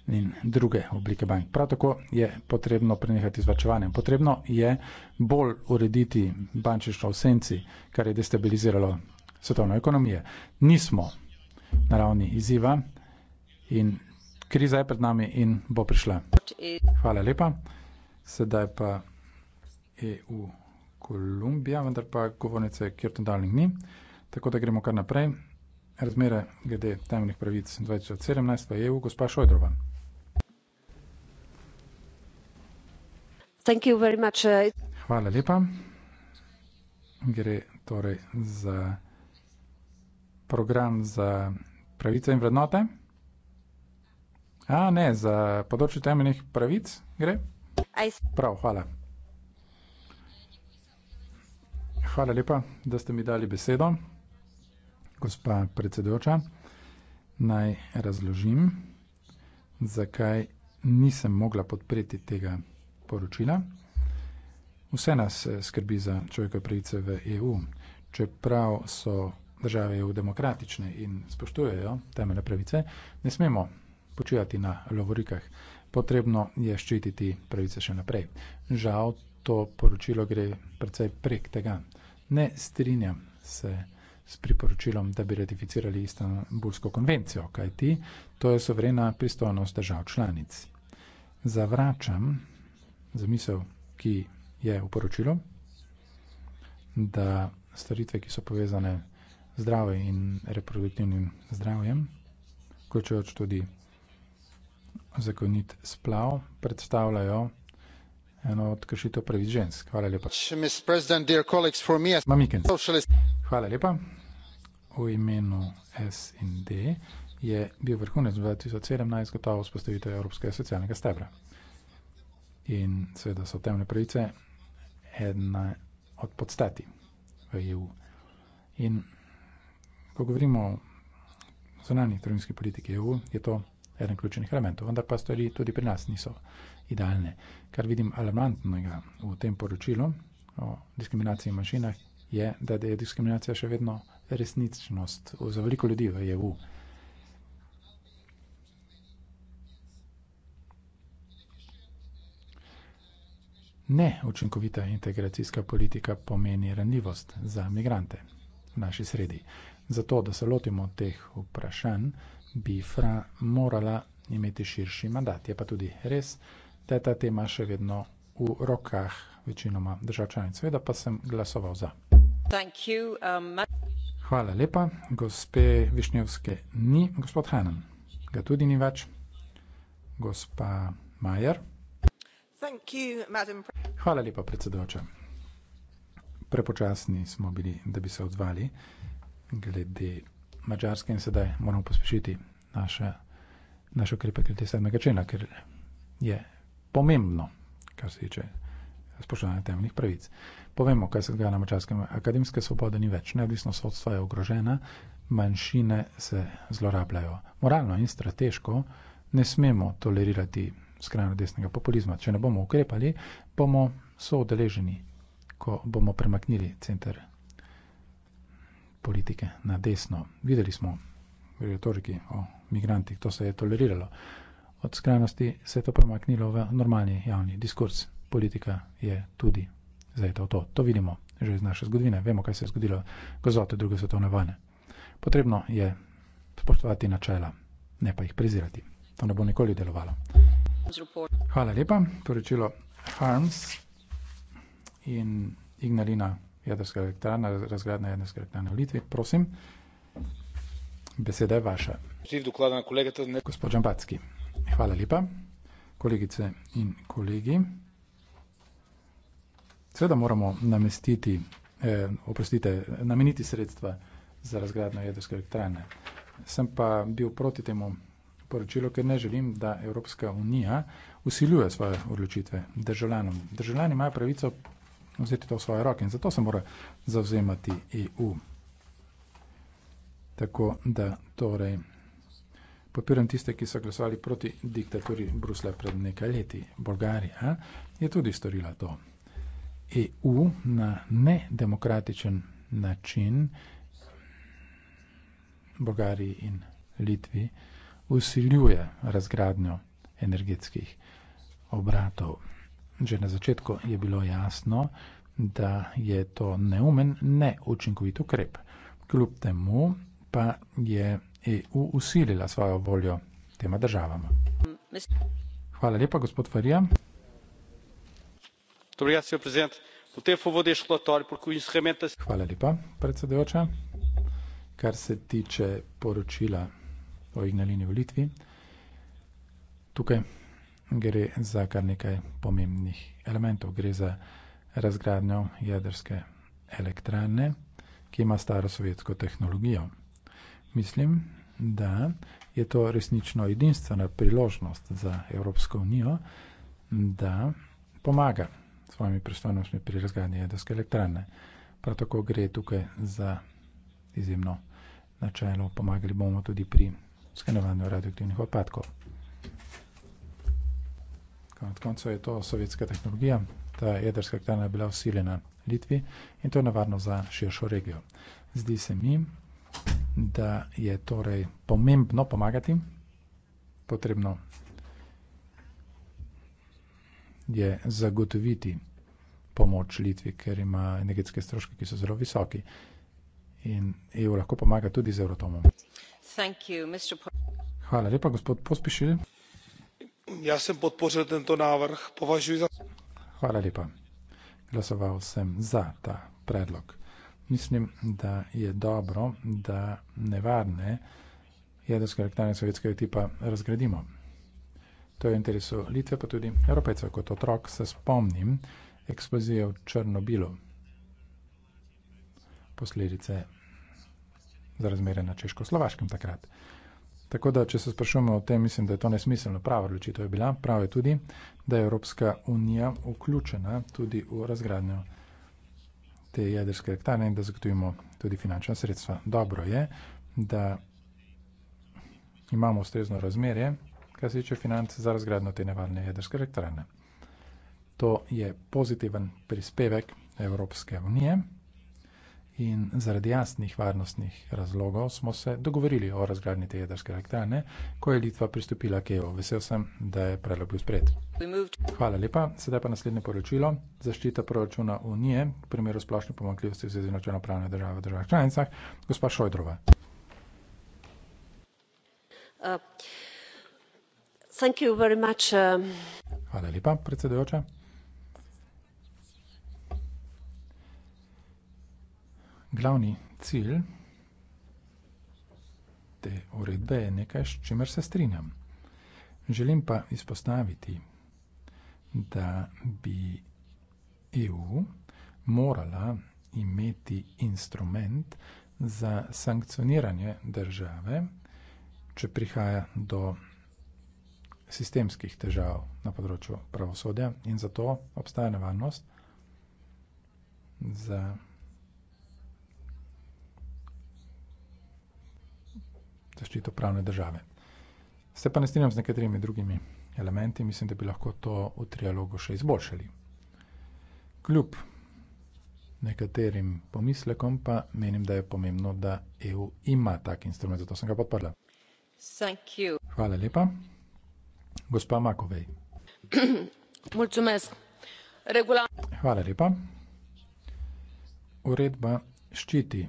in druge oblike bank. Prav tako je potrebno prenehati z vačevanjem. Potrebno je bolj urediti bančništvo v senci, kar je destabiliziralo svetovno ekonomijo. Nismo na ravni izziva in kriza je pred nami in bo prišla. Hvala lepa. Sedaj pa EU Kolumbija, vendar pa govornice Kirton Darling ni. Tako da gremo kar naprej. Razmere glede temeljnih pravic 2017 v EU, gospa Šojdrova. Hvala lepa. Gre torej za program za pravice in vrednote. A ne, za področje temeljnih pravic gre. Prav, hvala. Hvala lepa, da ste mi dali besedo, gospa predsedujoča. Naj razložim, zakaj nisem mogla podpreti tega poročila. Vse nas eh, skrbi za človekove pravice v EU, čeprav so države EU demokratične in spoštujejo temeljne pravice, ne smemo počivati na lovorikah. Potrebno je ščititi pravice še naprej. Žal to poročilo gre predvsej prek tega. Ne strinjam se s priporočilom, da bi ratificirali Istanbulsko konvencijo, kajti to je soverena pristojnost držav članic. Zavračam zamisel, ki je v poročilu, da storitve, ki so povezane z zdravjem in reproduktivnim zdravjem, vključujoč tudi zakonit splav, predstavljajo eno od kršitev pravic žensk. Hvala lepa. Hvala lepa. V imenu SND je bil vrhunec 2017 gotovo vzpostavitev Evropskega socialnega stebra. In seveda so temne pravice ena od podstati v EU. In ko govorimo o zonalni trgovinski politiki EU, je to eden ključnih elementov, vendar pa stvari tudi pri nas niso idealne. Kar vidim alarmantnega v tem poročilu o diskriminaciji v manjšinah, je, da je diskriminacija še vedno resničnost za veliko ljudi v EU. Neučinkovita integracijska politika pomeni ranljivost za migrante v naši sredi. Zato, da se lotimo teh vprašanj, bi FRA morala imeti širši mandat. Je pa tudi res, da je ta tema še vedno v rokah večinoma držav članic. Seveda pa sem glasoval za. Um, Hvala lepa, gospe Višnjevske ni, gospod Hanan ga tudi ni več, gospa Majer. Hvala lepa, predsedujoča. Prepočasni smo bili, da bi se odzvali glede Mačarske in sedaj moramo pospešiti naše, naše ukrepe glede 7. člena, ker je pomembno, kar se tiče spoštovanja temeljnih pravic. Povemo, kaj se dogaja na Mačarskem. Akademske svobode ni več, neodvisnost sodstva je ogrožena, manjšine se zlorabljajo. Moralno in strateško ne smemo tolerirati skrajno desnega populizma. Če ne bomo ukrepali, bomo soodeleženi, ko bomo premaknili center politike na desno. Videli smo v retoriki o migrantih, to se je toleriralo. Od skrajnosti se je to premaknilo v normalni javni diskurs. Politika je tudi zajeta v to. To vidimo že iz naše zgodovine. Vemo, kaj se je zgodilo gozote druge svetovne vojne. Potrebno je spoštovati načela, ne pa jih prezirati. To ne bo nikoli delovalo. Hvala lepa. Poročilo Harms in Ignalina jedrska elektrarna, razgradnja jedrske elektrarne v Litvi. Prosim, beseda je vaša. Gospod Žambacki, hvala lepa. Kolegice in kolegi. Seveda moramo namestiti, eh, oprostite, nameniti sredstva za razgradnjo jedrske elektrarne. Sem pa bil proti temu sporočilo, ker ne želim, da Evropska unija usiljuje svoje odločitve državljanom. Državljani imajo pravico vzeti to v svoje roke in zato se mora zavzemati EU. Tako da torej podpiram tiste, ki so glasovali proti diktaturi Brusla pred nekaj leti. Bolgarija je tudi storila to. EU na nedemokratičen način Bolgariji in Litvi usiljuje razgradnjo energetskih obratov. Že na začetku je bilo jasno, da je to neumen, neučinkovit ukrep. Kljub temu pa je EU usilila svojo voljo tema državam. Hvala lepa, gospod Farija. Hvala lepa, predsedujoča. Kar se tiče poročila o Ignalini v Litvi. Tukaj gre za kar nekaj pomembnih elementov. Gre za razgradnjo jedrske elektrane, ki ima staro sovjetsko tehnologijo. Mislim, da je to resnično edinstvena priložnost za Evropsko unijo, da pomaga svojimi pristojnostmi pri razgradnji jedrske elektrane. Prav tako gre tukaj za izjemno načelo, pomagali bomo tudi pri skenovanju radioaktivnih odpadkov. Konec koncev je to sovjetska tehnologija, ta jedrska elektrarna je bila usiljena Litvi in to je nevarno za širšo regijo. Zdi se mi, da je torej pomembno pomagati, potrebno je zagotoviti pomoč Litvi, ker ima energetske stroške, ki so zelo visoki. In EU lahko pomaga tudi z Eurotomom já jsem podpořil tento návrh považuji za. Hvala lepa. Glasoval sem za ta predlog. Mislim, da je dobro, da nevarne jedrske elektrane sovjetskega tipa razgradimo. To je v interesu Litve, pa tudi Evropejcev. Kot otrok se spomnim eksplozije v Črnobilu. Posledice za razmere na Češko-Slovaškem takrat. Tako da, če se sprašujemo o tem, mislim, da je to nesmiselno. Prava odločitev je bila, prav je tudi, da je Evropska unija vključena tudi v razgradnjo te jedrske elektrane in da zagotovimo tudi finančna sredstva. Dobro je, da imamo ustrezno razmerje, kar se tiče financ za razgradnjo te nevarne jedrske elektrane. To je pozitiven prispevek Evropske unije. In zaradi jasnih varnostnih razlogov smo se dogovorili o razgradnji te jedrske elektrane, ko je Litva pristopila k EU. Vesel sem, da je predlog bil sprejet. Hvala lepa. Sedaj pa naslednje poročilo. Zaščita proračuna Unije v primeru splošne pomankljivosti v zvezi z načelom pravne države v državah članicah. Gospa Šojdrova. Uh, much, um... Hvala lepa, predsedujoča. Glavni cilj te uredbe je nekaj, s čimer se strinjam. Želim pa izpostaviti, da bi EU morala imeti instrument za sankcioniranje države, če prihaja do sistemskih težav na področju pravosodja in zato obstaja nevarnost za zaščito pravne države. Se pa ne strinjam z nekaterimi drugimi elementi, mislim, da bi lahko to v trialogu še izboljšali. Kljub nekaterim pomislekom pa menim, da je pomembno, da EU ima tak instrument, zato sem ga podprla. Hvala lepa. Gospa Makovej. (clears throat) Hvala lepa. Uredba ščiti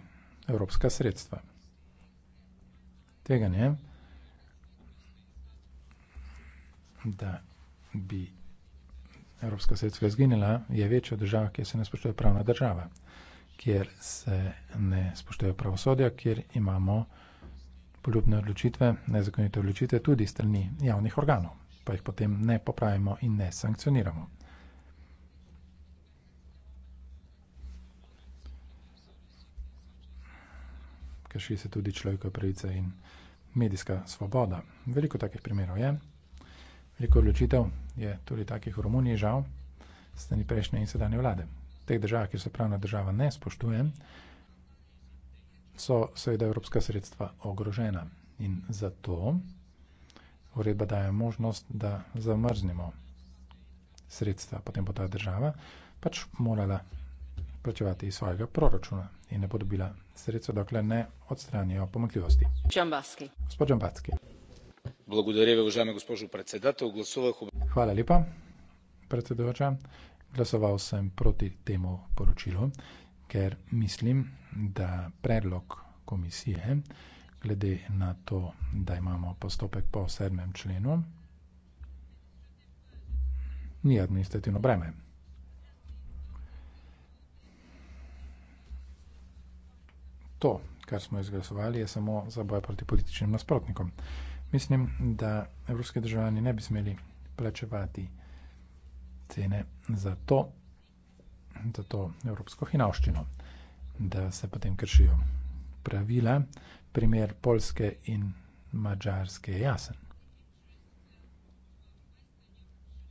evropska sredstva. Tega ne. Da bi Evropska sredstva izginila, je večja država, kjer se ne spoštuje pravna država, kjer se ne spoštuje pravosodja, kjer imamo poljubne odločitve, nezakonite odločitve tudi strani javnih organov, pa jih potem ne popravimo in ne sankcioniramo. krši se tudi človekove pravice in medijska svoboda. Veliko takih primerov je, veliko odločitev je tudi takih v Romuniji, žal, strani prejšnje in sedanje vlade. V teh državah, kjer se pravna država ne spoštuje, so seveda evropska sredstva ogrožena in zato uredba daje možnost, da zamrznemo sredstva, potem bo ta država pač morala plačevati iz svojega proračuna in ne bo dobila sredstva, dokler ne odstranijo pomakljivosti. Gospod Džambacki. Hvala lepa, predsedujoča. Glasoval sem proti temu poročilu, ker mislim, da predlog komisije glede na to, da imamo postopek po sedmem členu, ni administrativno breme. to, kar smo izglasovali, je samo za boj proti političnim nasprotnikom. Mislim, da evropske državljani ne bi smeli plačevati cene za to, za to evropsko hinavščino, da se potem kršijo pravila. Primer Polske in Mačarske je jasen.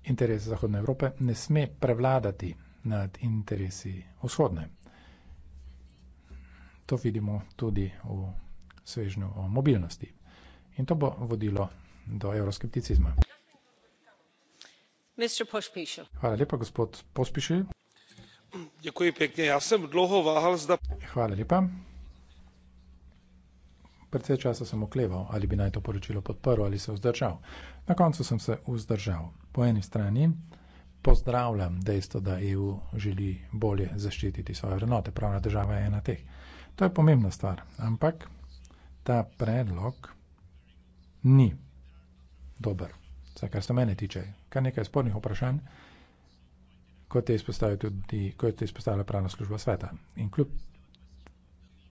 Interes Zahodne Evrope ne sme prevladati nad interesi vzhodne To vidimo tudi v svežnju o mobilnosti. In to bo vodilo do euroskepticizma. Hvala lepa, gospod Pospišil. Děkuji pěkně, já jsem dlouho váhal, zda... Hvala lepa. Precej časa sem okleval, ali bi naj to poročilo podprl ali se vzdržal. Na koncu sem se vzdržal. Po eni strani pozdravljam dejstvo, da EU želi bolje zaščititi svoje vrednote, pravna država je ena teh. To je pomembna stvar, ampak ta predlog ni dober, za kar se mene tiče. Kar nekaj spornih vprašanj, kot je izpostavila tudi kot je izpostavila pravna služba sveta. In kljub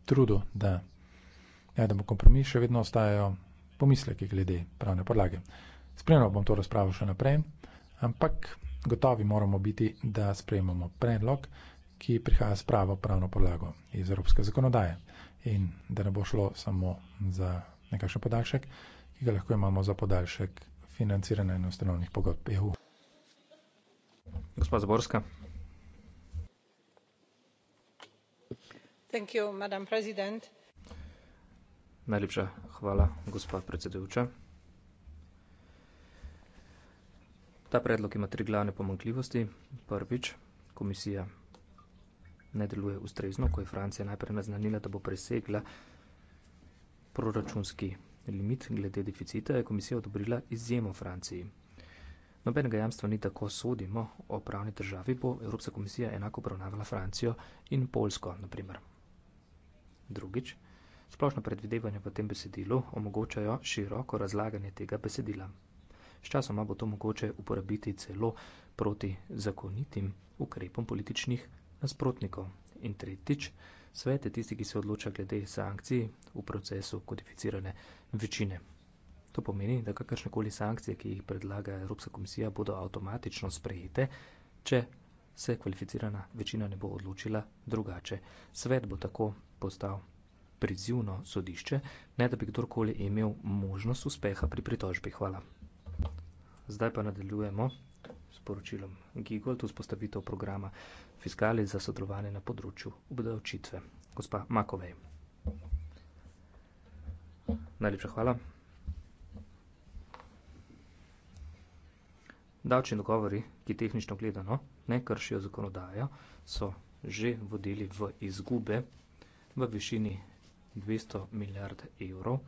trudu, da najdemo kompromis, še vedno ostajajo pomisleki glede pravne podlage. Spremljal bom to razpravo še naprej, ampak gotovi moramo biti, da sprejmemo predlog, ki prihaja s pravo pravno podlago iz evropske zakonodaje. In da ne bo šlo samo za nekakšen podaljšek, ki ga lahko imamo za podaljšek financiranja in ustanovnih pogodb EU. Gospod Zborska. Thank you, madam president. Najlepša hvala, gospa predsedujoča. Ta predlog ima tri glavne pomankljivosti. Prvič, komisija ne deluje ustrezno, ko je Francija najprej naznanila, da bo presegla proračunski limit glede deficita, je komisija odobrila izjemo Franciji. Nobenega jamstva ni tako sodimo o pravni državi, bo Evropska komisija enako obravnavala Francijo in Polsko, naprimer. Drugič, splošno predvidevanje v tem besedilu omogočajo široko razlaganje tega besedila. Sčasoma bo to mogoče uporabiti celo proti zakonitim ukrepom političnih nasprotnikov. In tretjič, svet je tisti, ki se odloča glede sankcij v procesu kodificirane večine. To pomeni, da kakršnekoli sankcije, ki jih predlaga Evropska komisija, bodo avtomatično sprejete, če se kvalificirana večina ne bo odločila drugače. Svet bo tako postal prizivno sodišče, ne da bi kdorkoli imel možnost uspeha pri pritožbi. Hvala. Zdaj pa nadaljujemo sporočilom Gigolt vzpostavitev programa fiskali za sodelovanje na področju obdavčitve. Gospa Makovej. Najlepša hvala. Davčni dogovori, ki tehnično gledano ne kršijo zakonodajo, so že vodili v izgube v višini 200 milijard evrov,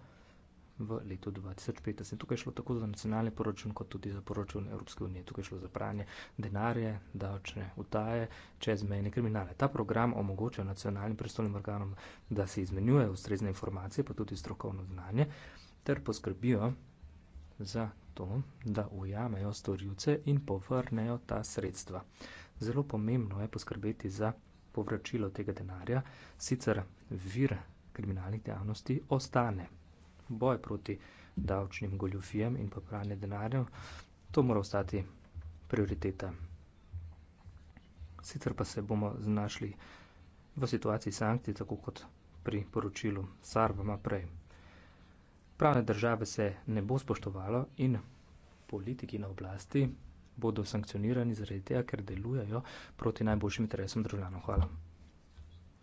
v letu 2050. Tukaj je šlo tako za nacionalni poročun, kot tudi za poročun Evropske unije. Tukaj je šlo za pranje denarja, davčne utaje, čezmejne kriminale. Ta program omogoča nacionalnim prestolnim organom, da se izmenjujejo ustrezne informacije, pa tudi strokovno znanje, ter poskrbijo za to, da ujamejo storilce in povrnejo ta sredstva. Zelo pomembno je poskrbeti za povračilo tega denarja, sicer vir kriminalnih dejavnosti ostane boj proti davčnim goljufijam in pa pranje denarja, to mora ostati prioriteta. Sicer pa se bomo znašli v situaciji sankcij, tako kot pri poročilu Sarvama prej. Pravne države se ne bo spoštovalo in politiki na oblasti bodo sankcionirani zaradi tega, ker delujejo proti najboljšim interesom državljanov. Hvala.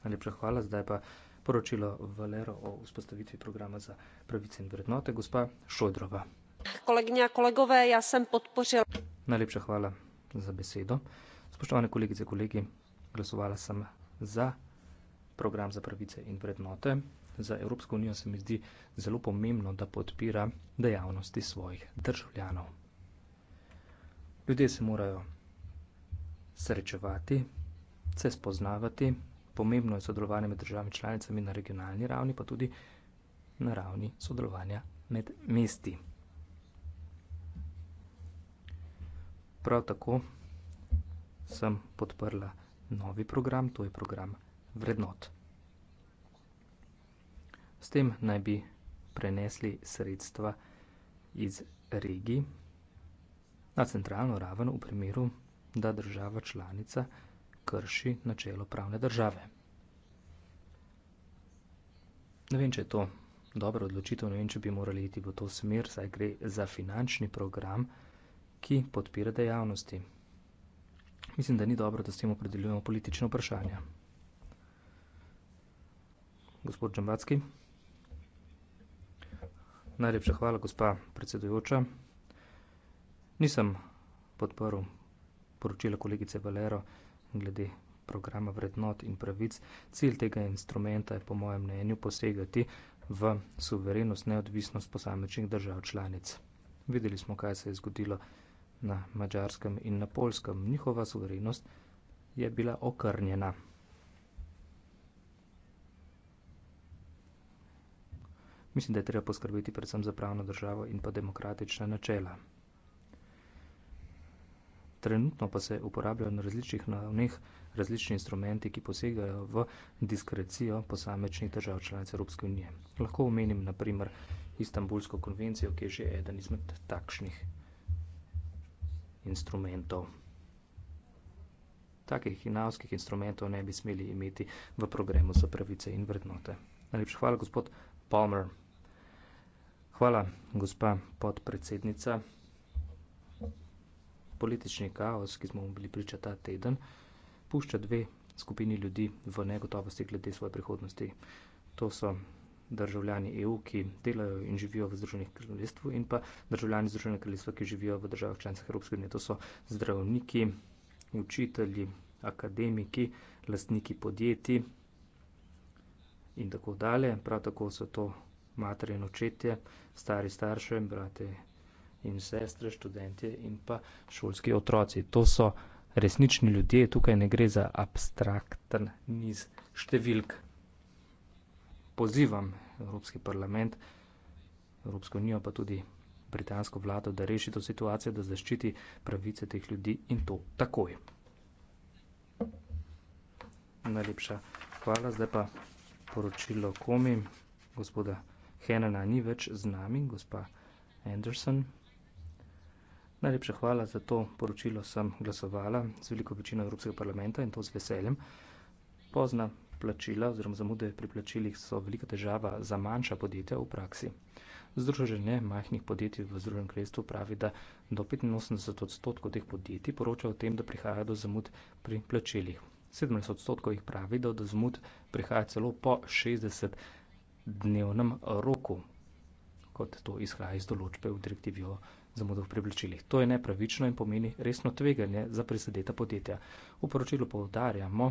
Najlepša hvala, zdaj pa poročilo Valero o vzpostavitvi programa za pravice in vrednote, gospa Šodrova. Koleginja, kolegove, jaz sem podpožel. Najlepša hvala za besedo. Spoštovane kolegice, kolegi, glasovala sem za program za pravice in vrednote. Za Evropsko unijo se mi zdi zelo pomembno, da podpira dejavnosti svojih državljanov. Ljudje se morajo srečevati, se spoznavati, pomembno je sodelovanje med državami članicami na regionalni ravni, pa tudi na ravni sodelovanja med mesti. Prav tako sem podprla novi program, to je program vrednot. S tem naj bi prenesli sredstva iz regij na centralno raven v primeru, da država članica krši načelo pravne države. Ne vem, če je to dobra odločitev, ne vem, če bi morali iti v to smer, saj gre za finančni program, ki podpira dejavnosti. Mislim, da ni dobro, da s tem opredeljujemo politično vprašanje. Gospod Džambacki. Najlepša hvala, gospa predsedujoča. Nisem podprl poročila kolegice Valero, glede programa vrednot in pravic. Cilj tega instrumenta je po mojem mnenju posegati v suverenost, neodvisnost posamečnih držav članic. Videli smo, kaj se je zgodilo na mačarskem in na polskem. Njihova suverenost je bila okrnjena. Mislim, da je treba poskrbeti predvsem za pravno državo in pa demokratična načela trenutno pa se uporabljajo na različnih ravneh različni instrumenti, ki posegajo v diskrecijo posamečnih držav članic Evropske unije. Lahko omenim naprimer Istanbulsko konvencijo, ki je že eden izmed takšnih instrumentov. Takih inavskih instrumentov ne bi smeli imeti v programu za pravice in vrednote. Najlepša hvala, gospod Palmer. Hvala, gospa podpredsednica politični kaos, ki smo mu bili priča ta teden, pušča dve skupini ljudi v negotovosti glede svoje prihodnosti. To so državljani EU, ki delajo in živijo v Združenih kraljestvu in pa državljani Združenih kraljestva, ki živijo v državah članicah Evropske unije. To so zdravniki, učitelji, akademiki, lastniki podjetij in tako dalje. Prav tako so to matere in očetje, stari starše, brate in sestre, študente in pa šolski otroci. To so resnični ljudje, tukaj ne gre za abstrakten niz številk. Pozivam Evropski parlament, Evropsko unijo pa tudi britansko vlado, da reši to situacijo, da zaščiti pravice teh ljudi in to takoj. Najlepša hvala. Zdaj pa poročilo komi. Gospoda Henana ni več z nami, gospa Anderson. Najlepša hvala za to poročilo. Sem glasovala z veliko večino Evropskega parlamenta in to z veseljem. Pozna plačila oziroma zamude pri plačilih so velika težava za manjša podjetja v praksi. Združenje majhnih podjetij v Združenem kraljestvu pravi, da do 85 odstotkov teh podjetij poroča o tem, da prihaja do zamud pri plačilih. 17 odstotkov jih pravi, da do zamud prihaja celo po 60-dnevnem roku, kot to izhaja iz določbe v direktivi o plačilih zamudo v privlačilih. To je nepravično in pomeni resno tveganje za prizadeta podjetja. V poročilu povdarjamo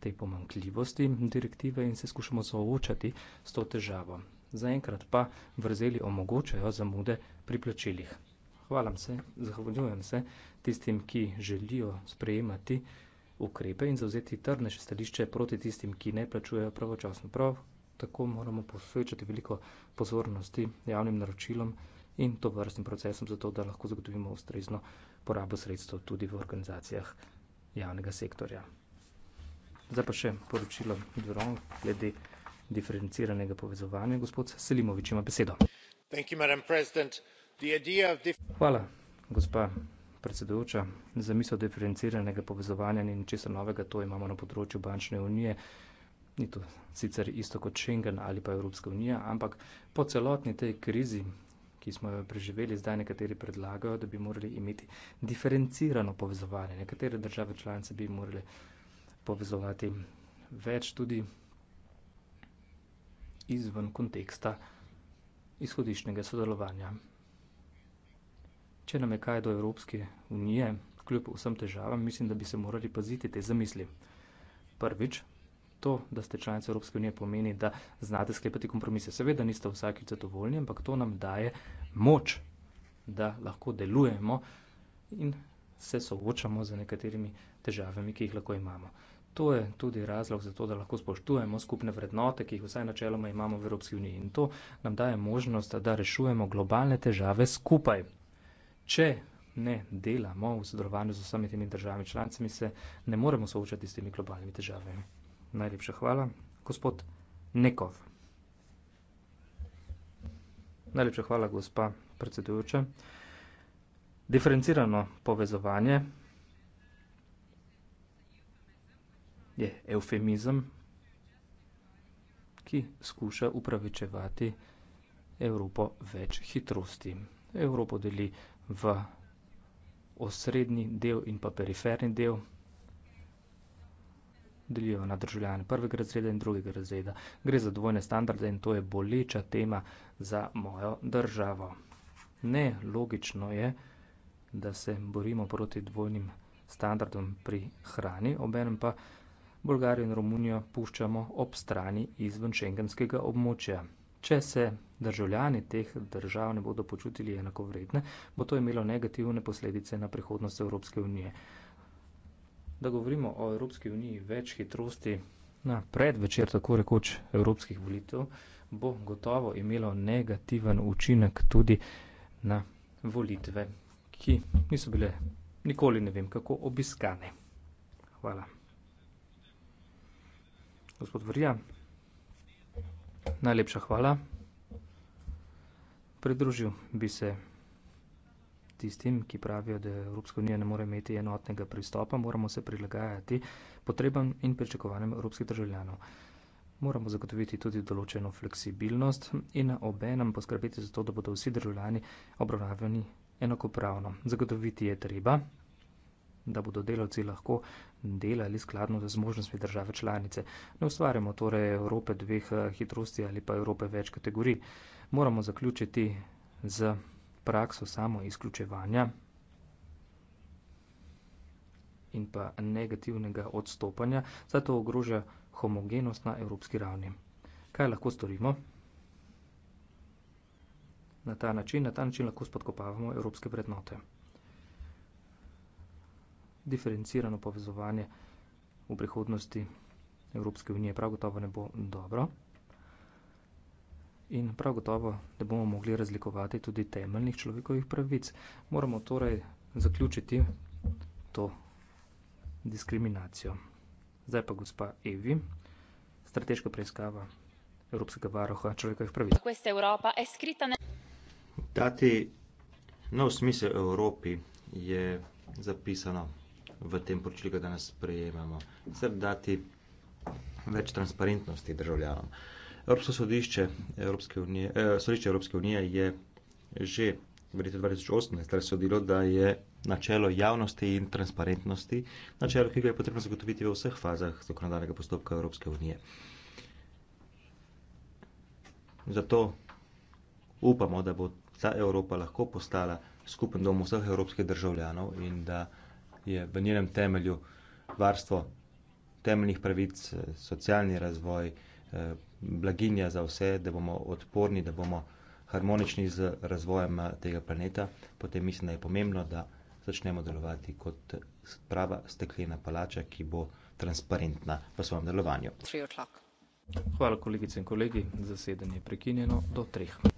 te pomankljivosti direktive in se skušamo soočati s to težavo. Zaenkrat pa vrzeli omogočajo zamude pri plačilih. Hvala se, zahvaljujem se tistim, ki želijo sprejemati ukrepe in zauzeti trdnejše stališče proti tistim, ki ne plačujejo pravočasno. Prav tako moramo posvečati veliko pozornosti javnim naročilom in to vrstnim procesom, zato da lahko zagotovimo ustrezno porabo sredstev tudi v organizacijah javnega sektorja. Zdaj pa še poročilo Dvorong glede diferenciranega povezovanja. Gospod Selimovič ima besedo. Hvala, gospa predsedujoča. Zamisel diferenciranega povezovanja ni ničesar novega, to imamo na področju bančne unije. Ni to sicer isto kot Schengen ali pa Evropska unija, ampak po celotni tej krizi ki smo jo preživeli, zdaj nekateri predlagajo, da bi morali imeti diferencirano povezovanje. Nekatere države članice bi morali povezovati več tudi izven konteksta izhodišnjega sodelovanja. Če nam je kaj do Evropske unije, kljub vsem težavam, mislim, da bi se morali paziti te zamisli. Prvič, to, da ste članica Evropske unije, pomeni, da znate sklepati kompromise. Seveda niste vsaki zadovoljni, ampak to nam daje moč, da lahko delujemo in se soočamo z nekaterimi težavami, ki jih lahko imamo. To je tudi razlog za to, da lahko spoštujemo skupne vrednote, ki jih vsaj načeloma imamo v Evropski uniji. In to nam daje možnost, da rešujemo globalne težave skupaj. Če ne delamo v sodelovanju z vsemi temi državami članicami, se ne moremo soočati s temi globalnimi težavami. Najlepša hvala. Gospod Nekov. Najlepša hvala, gospa predsedujoča. Diferencirano povezovanje je eufemizem, ki skuša upravičevati Evropo več hitrosti. Evropo deli v osrednji del in pa periferni del delijo na državljane prvega razreda in drugega razreda. Gre za dvojne standarde in to je boleča tema za mojo državo. Ne, logično je, da se borimo proti dvojnim standardom pri hrani, obenem pa Bolgarijo in Romunijo puščamo ob strani izven šengenskega območja. Če se državljani teh držav ne bodo počutili enakovredne, bo to imelo negativne posledice na prihodnost Evropske unije da govorimo o Evropski uniji več hitrosti na predvečer tako rekoč evropskih volitev, bo gotovo imelo negativen učinek tudi na volitve, ki niso bile nikoli ne vem kako obiskane. Hvala. Gospod Vrja, najlepša hvala. Pridružil bi se tistim, ki pravijo, da Evropska unija ne more imeti enotnega pristopa, moramo se prilagajati potrebam in pričakovanjem evropskih državljanov. Moramo zagotoviti tudi določeno fleksibilnost in obenem poskrbeti za to, da bodo vsi državljani obravnavani enakopravno. Zagotoviti je treba, da bodo delavci lahko delali skladno z možnostmi države članice. Ne ustvarjamo torej Evrope dveh eh, hitrosti ali pa Evrope več kategorij. Moramo zaključiti z prakso samoizključevanja in pa negativnega odstopanja, zato ogroža homogenost na evropski ravni. Kaj lahko storimo? Na ta način, na ta način lahko spodkopavamo evropske prednote. Diferencirano povezovanje v prihodnosti Evropske unije prav gotovo ne bo dobro in prav gotovo, da bomo mogli razlikovati tudi temeljnih človekovih pravic. Moramo torej zaključiti to diskriminacijo. Zdaj pa gospa Evi, strateška preiskava Evropskega varoha človekovih pravic. Dati nov smisel Evropi je zapisano v tem poročilu, ki ga danes sprejemamo. Sedaj dati več transparentnosti državljanom. Evropsko sodišče Evropske unije, eh, sodišče Evropske unije je že v letu 2018 razsodilo, da je načelo javnosti in transparentnosti načelo, ki ga je potrebno zagotoviti v vseh fazah zakonodajnega postopka Evropske unije. Zato upamo, da bo ta Evropa lahko postala skupen dom vseh evropskih državljanov in da je v njenem temelju varstvo temeljnih pravic, eh, socialni razvoj, eh, blaginja za vse, da bomo odporni, da bomo harmonični z razvojem eh, tega planeta, potem mislim, da je pomembno, da začnemo delovati kot prava steklena palača, ki bo transparentna v svojem delovanju. Hvala kolegice in kolegi, zasedanje je prekinjeno do treh.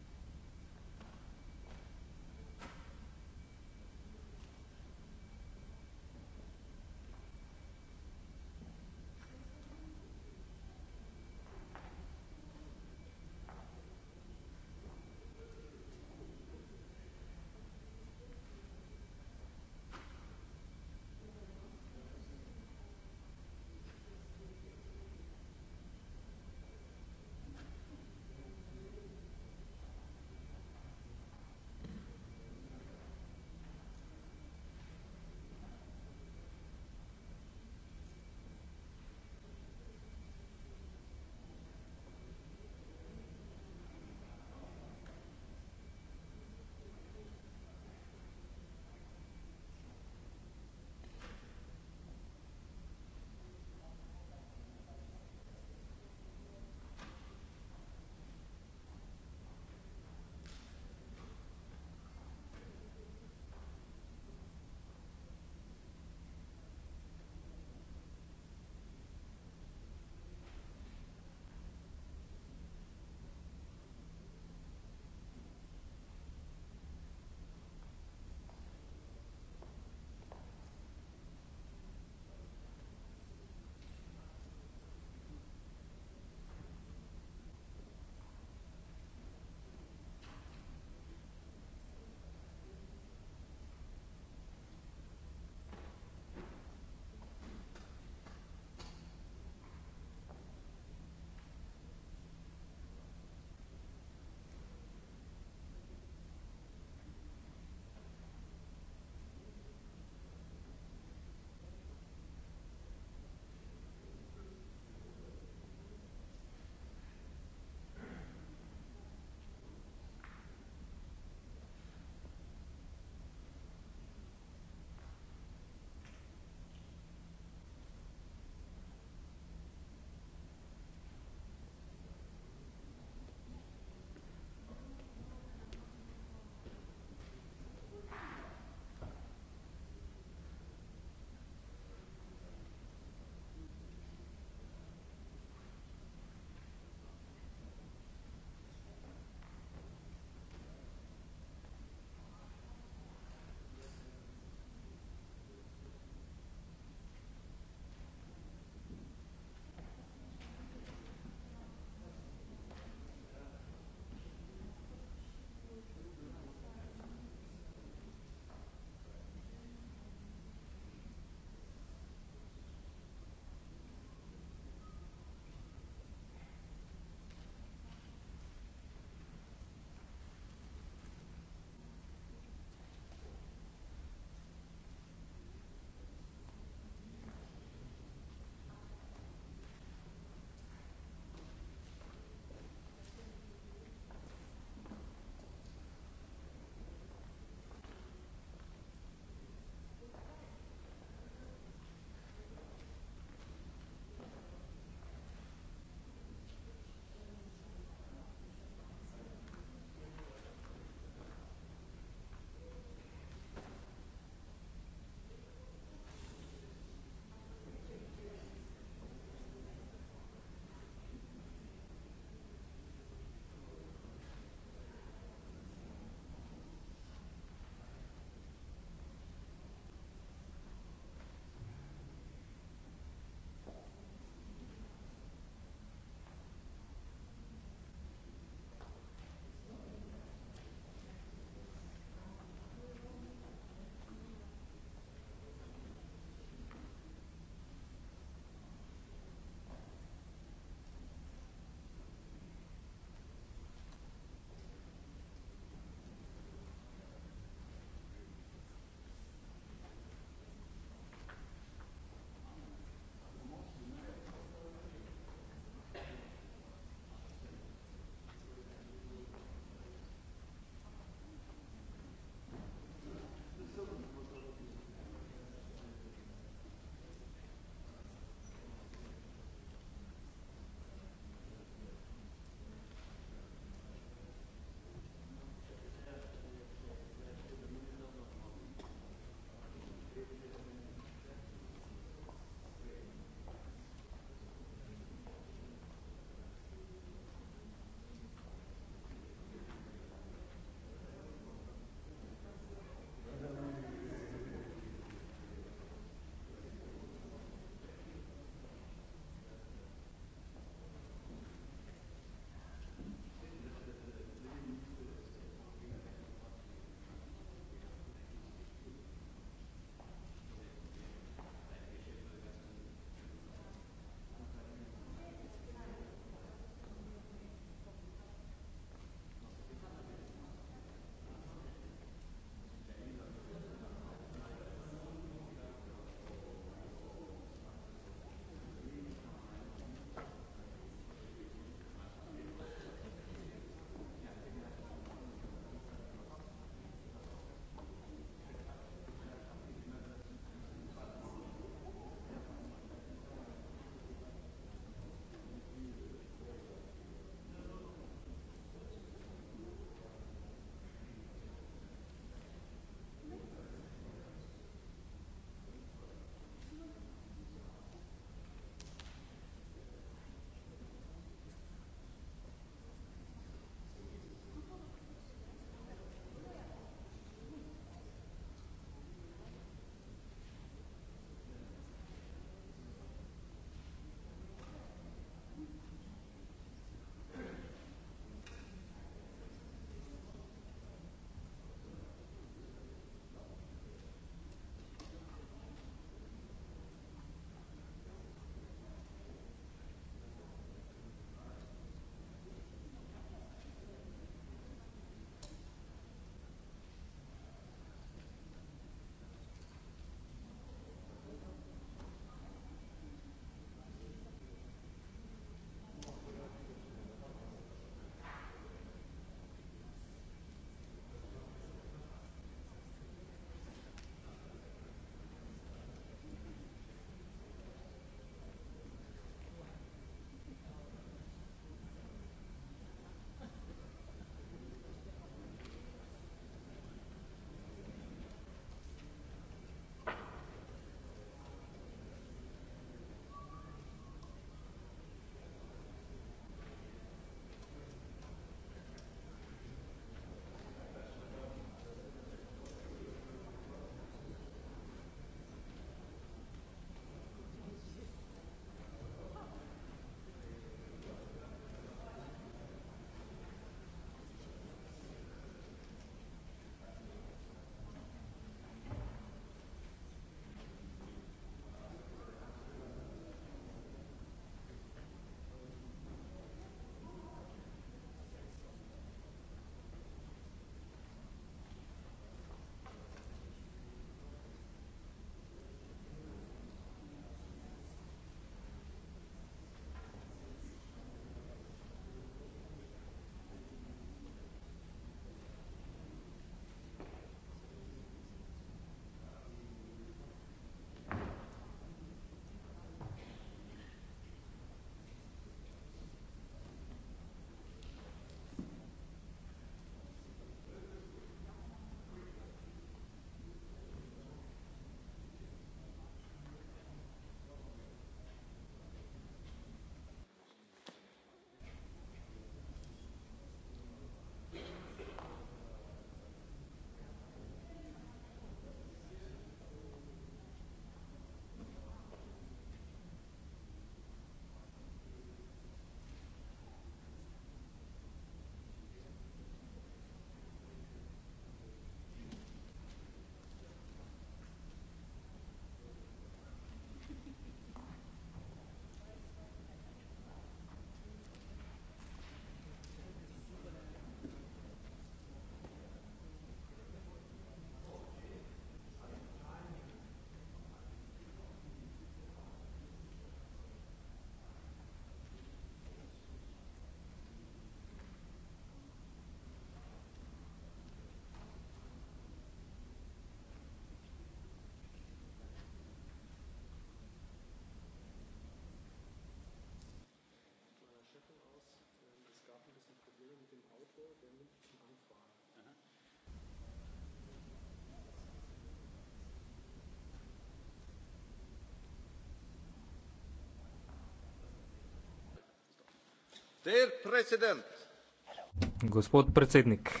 gospod predsednik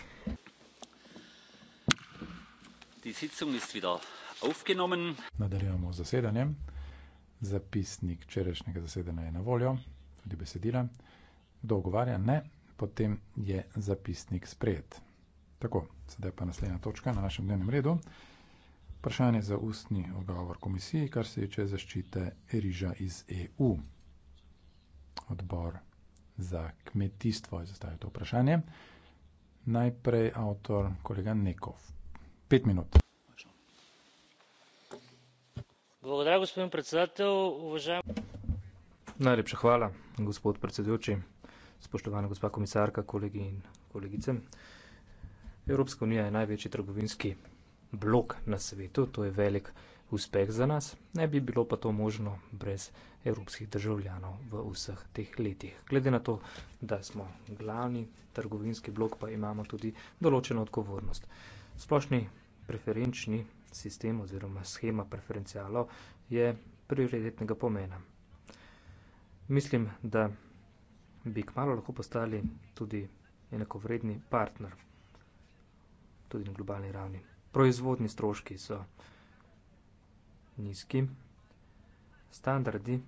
nadaljujemo z zasedanjem zapisnik včerajšnjega zasedanja je na voljo tudi besedila kdo ugovarja ne potem je zapisnik sprejet tako sedaj pa naslednja točka na našem dnevnem redu vprašanje za ustni odgovor komisiji kar se tiče zaščite riža iz EU odbor za kmetijstvo, je zastavil to vprašanje. Najprej avtor kolega Nekov. Pet minut. Благодаря, господин председател. Уважаем... Najlepša hvala, gospod predsedujoči, spoštovana gospa komisarka, kolegi in kolegice. Evropska unija je največji trgovinski blok na svetu, to je velik uspeh za nas, ne bi bilo pa to možno brez evropskih državljanov v vseh teh letih. Glede na to, da smo glavni trgovinski blok, pa imamo tudi določeno odgovornost. Splošni preferenčni sistem oziroma schema preferencialov je prioritetnega pomena. Mislim, da bi kmalo lahko postali tudi enakovredni partner, tudi na globalni ravni. Proizvodni stroški so nizki standardi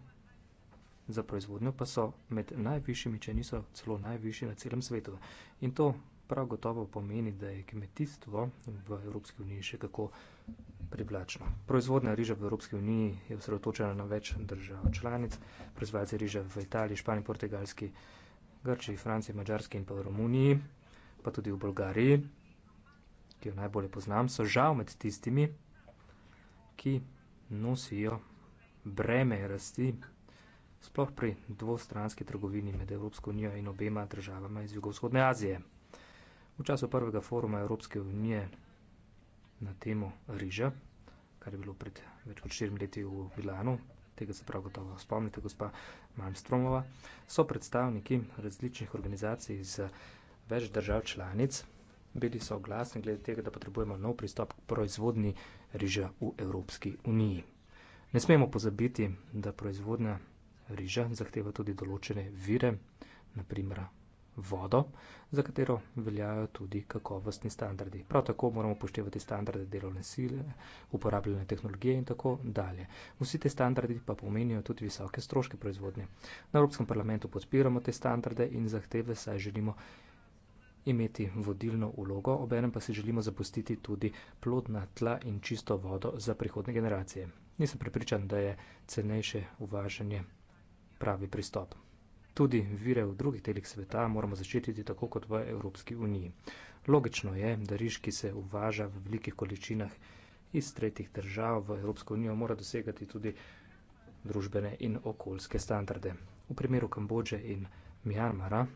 za proizvodnjo pa so med najvišjimi, če niso celo najvišji na celem svetu. In to prav gotovo pomeni, da je kmetijstvo v Evropski uniji še kako privlačno. Proizvodna riža v Evropski uniji je osredotočena na več držav članic. Proizvajalci riža v Italiji, Španiji, Portugalski, Grčiji, Franciji, Mačarski in pa v Romuniji, pa tudi v Bolgariji, ki jo najbolje poznam, so žal med tistimi, ki nosijo breme rasti, sploh pri dvostranski trgovini med Evropsko unijo in obema državama iz jugovzhodne Azije. V času prvega foruma Evropske unije na temo riža, kar je bilo pred več kot štirim leti v Milanu, tega se prav gotovo spomnite, gospa Malmstromova, so predstavniki različnih organizacij iz več držav članic, bili so glasni glede tega, da potrebujemo nov pristop k proizvodni riža v Evropski uniji. Ne smemo pozabiti, da proizvodnja riža zahteva tudi določene vire, naprimer vodo, za katero veljajo tudi kakovostni standardi. Prav tako moramo poštevati standarde delovne sile, uporabljene tehnologije in tako dalje. Vsi te standardi pa pomenijo tudi visoke stroške proizvodnje. Na Evropskem parlamentu podpiramo te standarde in zahteve, saj želimo imeti vodilno ulogo, obenem pa si želimo zapustiti tudi plodna tla in čisto vodo za prihodne generacije. Nisem prepričan, da je cenejše uvažanje pravi pristop. Tudi vire v drugih delih sveta moramo zaščititi tako kot v Evropski uniji. Logično je, da riž, ki se uvaža v velikih količinah iz tretjih držav v Evropsko unijo, mora dosegati tudi družbene in okoljske standarde. V primeru Kambodže in Mjanmara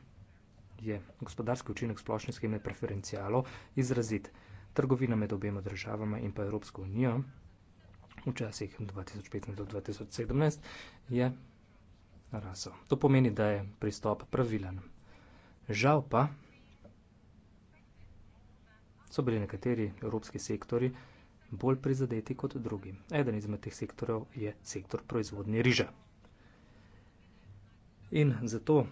je gospodarski učinek splošne scheme preferencialo izrazit. Trgovina med obema državama in pa Evropsko unijo, včasih 2015-2017, je rasel. To pomeni, da je pristop pravilen. Žal pa so bili nekateri evropski sektori bolj prizadeti kot drugi. Eden izmed teh sektorov je sektor proizvodnje riža. In zato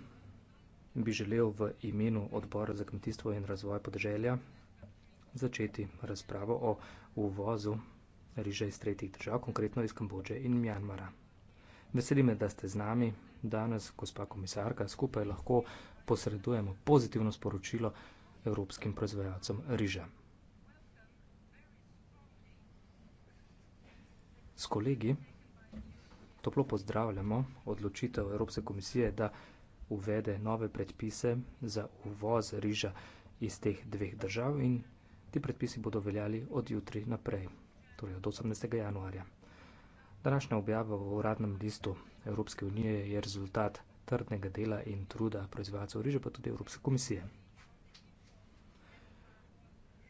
bi želel v imenu odbora za kmetijstvo in razvoj podeželja začeti razpravo o uvozu riža iz tretjih držav, konkretno iz Kambodže in Mjanmara. Veseli me, da ste z nami danes, gospa komisarka, skupaj lahko posredujemo pozitivno sporočilo evropskim proizvajalcem riža. S kolegi toplo pozdravljamo odločitev Evropske komisije, da uvede nove predpise za uvoz riža iz teh dveh držav in ti predpisi bodo veljali od jutri naprej, torej od 18. januarja. Današnja objava v uradnem listu Evropske unije je rezultat trdnega dela in truda proizvajalcev riža, pa tudi Evropske komisije.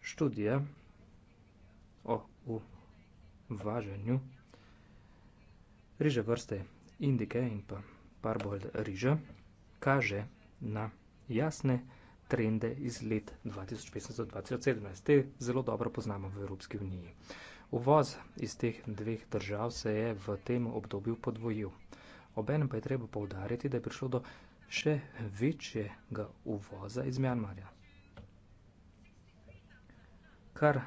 Študija o uvaženju riže vrste indike in pa parboiled riža kaže na jasne trende iz let 2015 do 2017. Te zelo dobro poznamo v Evropski uniji. Uvoz iz teh dveh držav se je v tem obdobju podvojil. Obenem pa je treba povdariti, da je prišlo do še večjega uvoza iz Mjanmarja. Kar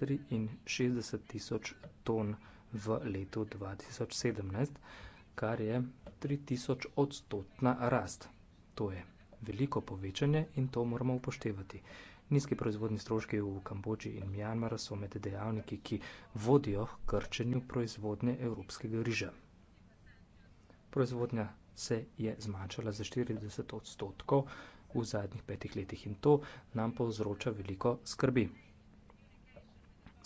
63 tisoč ton v letu 2017, kar je 3000 odstotna rast. To je veliko povečanje in to moramo upoštevati. Nizki proizvodni stroški v Kambodži in Mjanmaru so med dejavniki, ki vodijo k krčenju proizvodnje evropskega riža. Proizvodnja se je zmanjšala za 40 odstotkov v zadnjih petih letih in to nam povzroča veliko skrbi.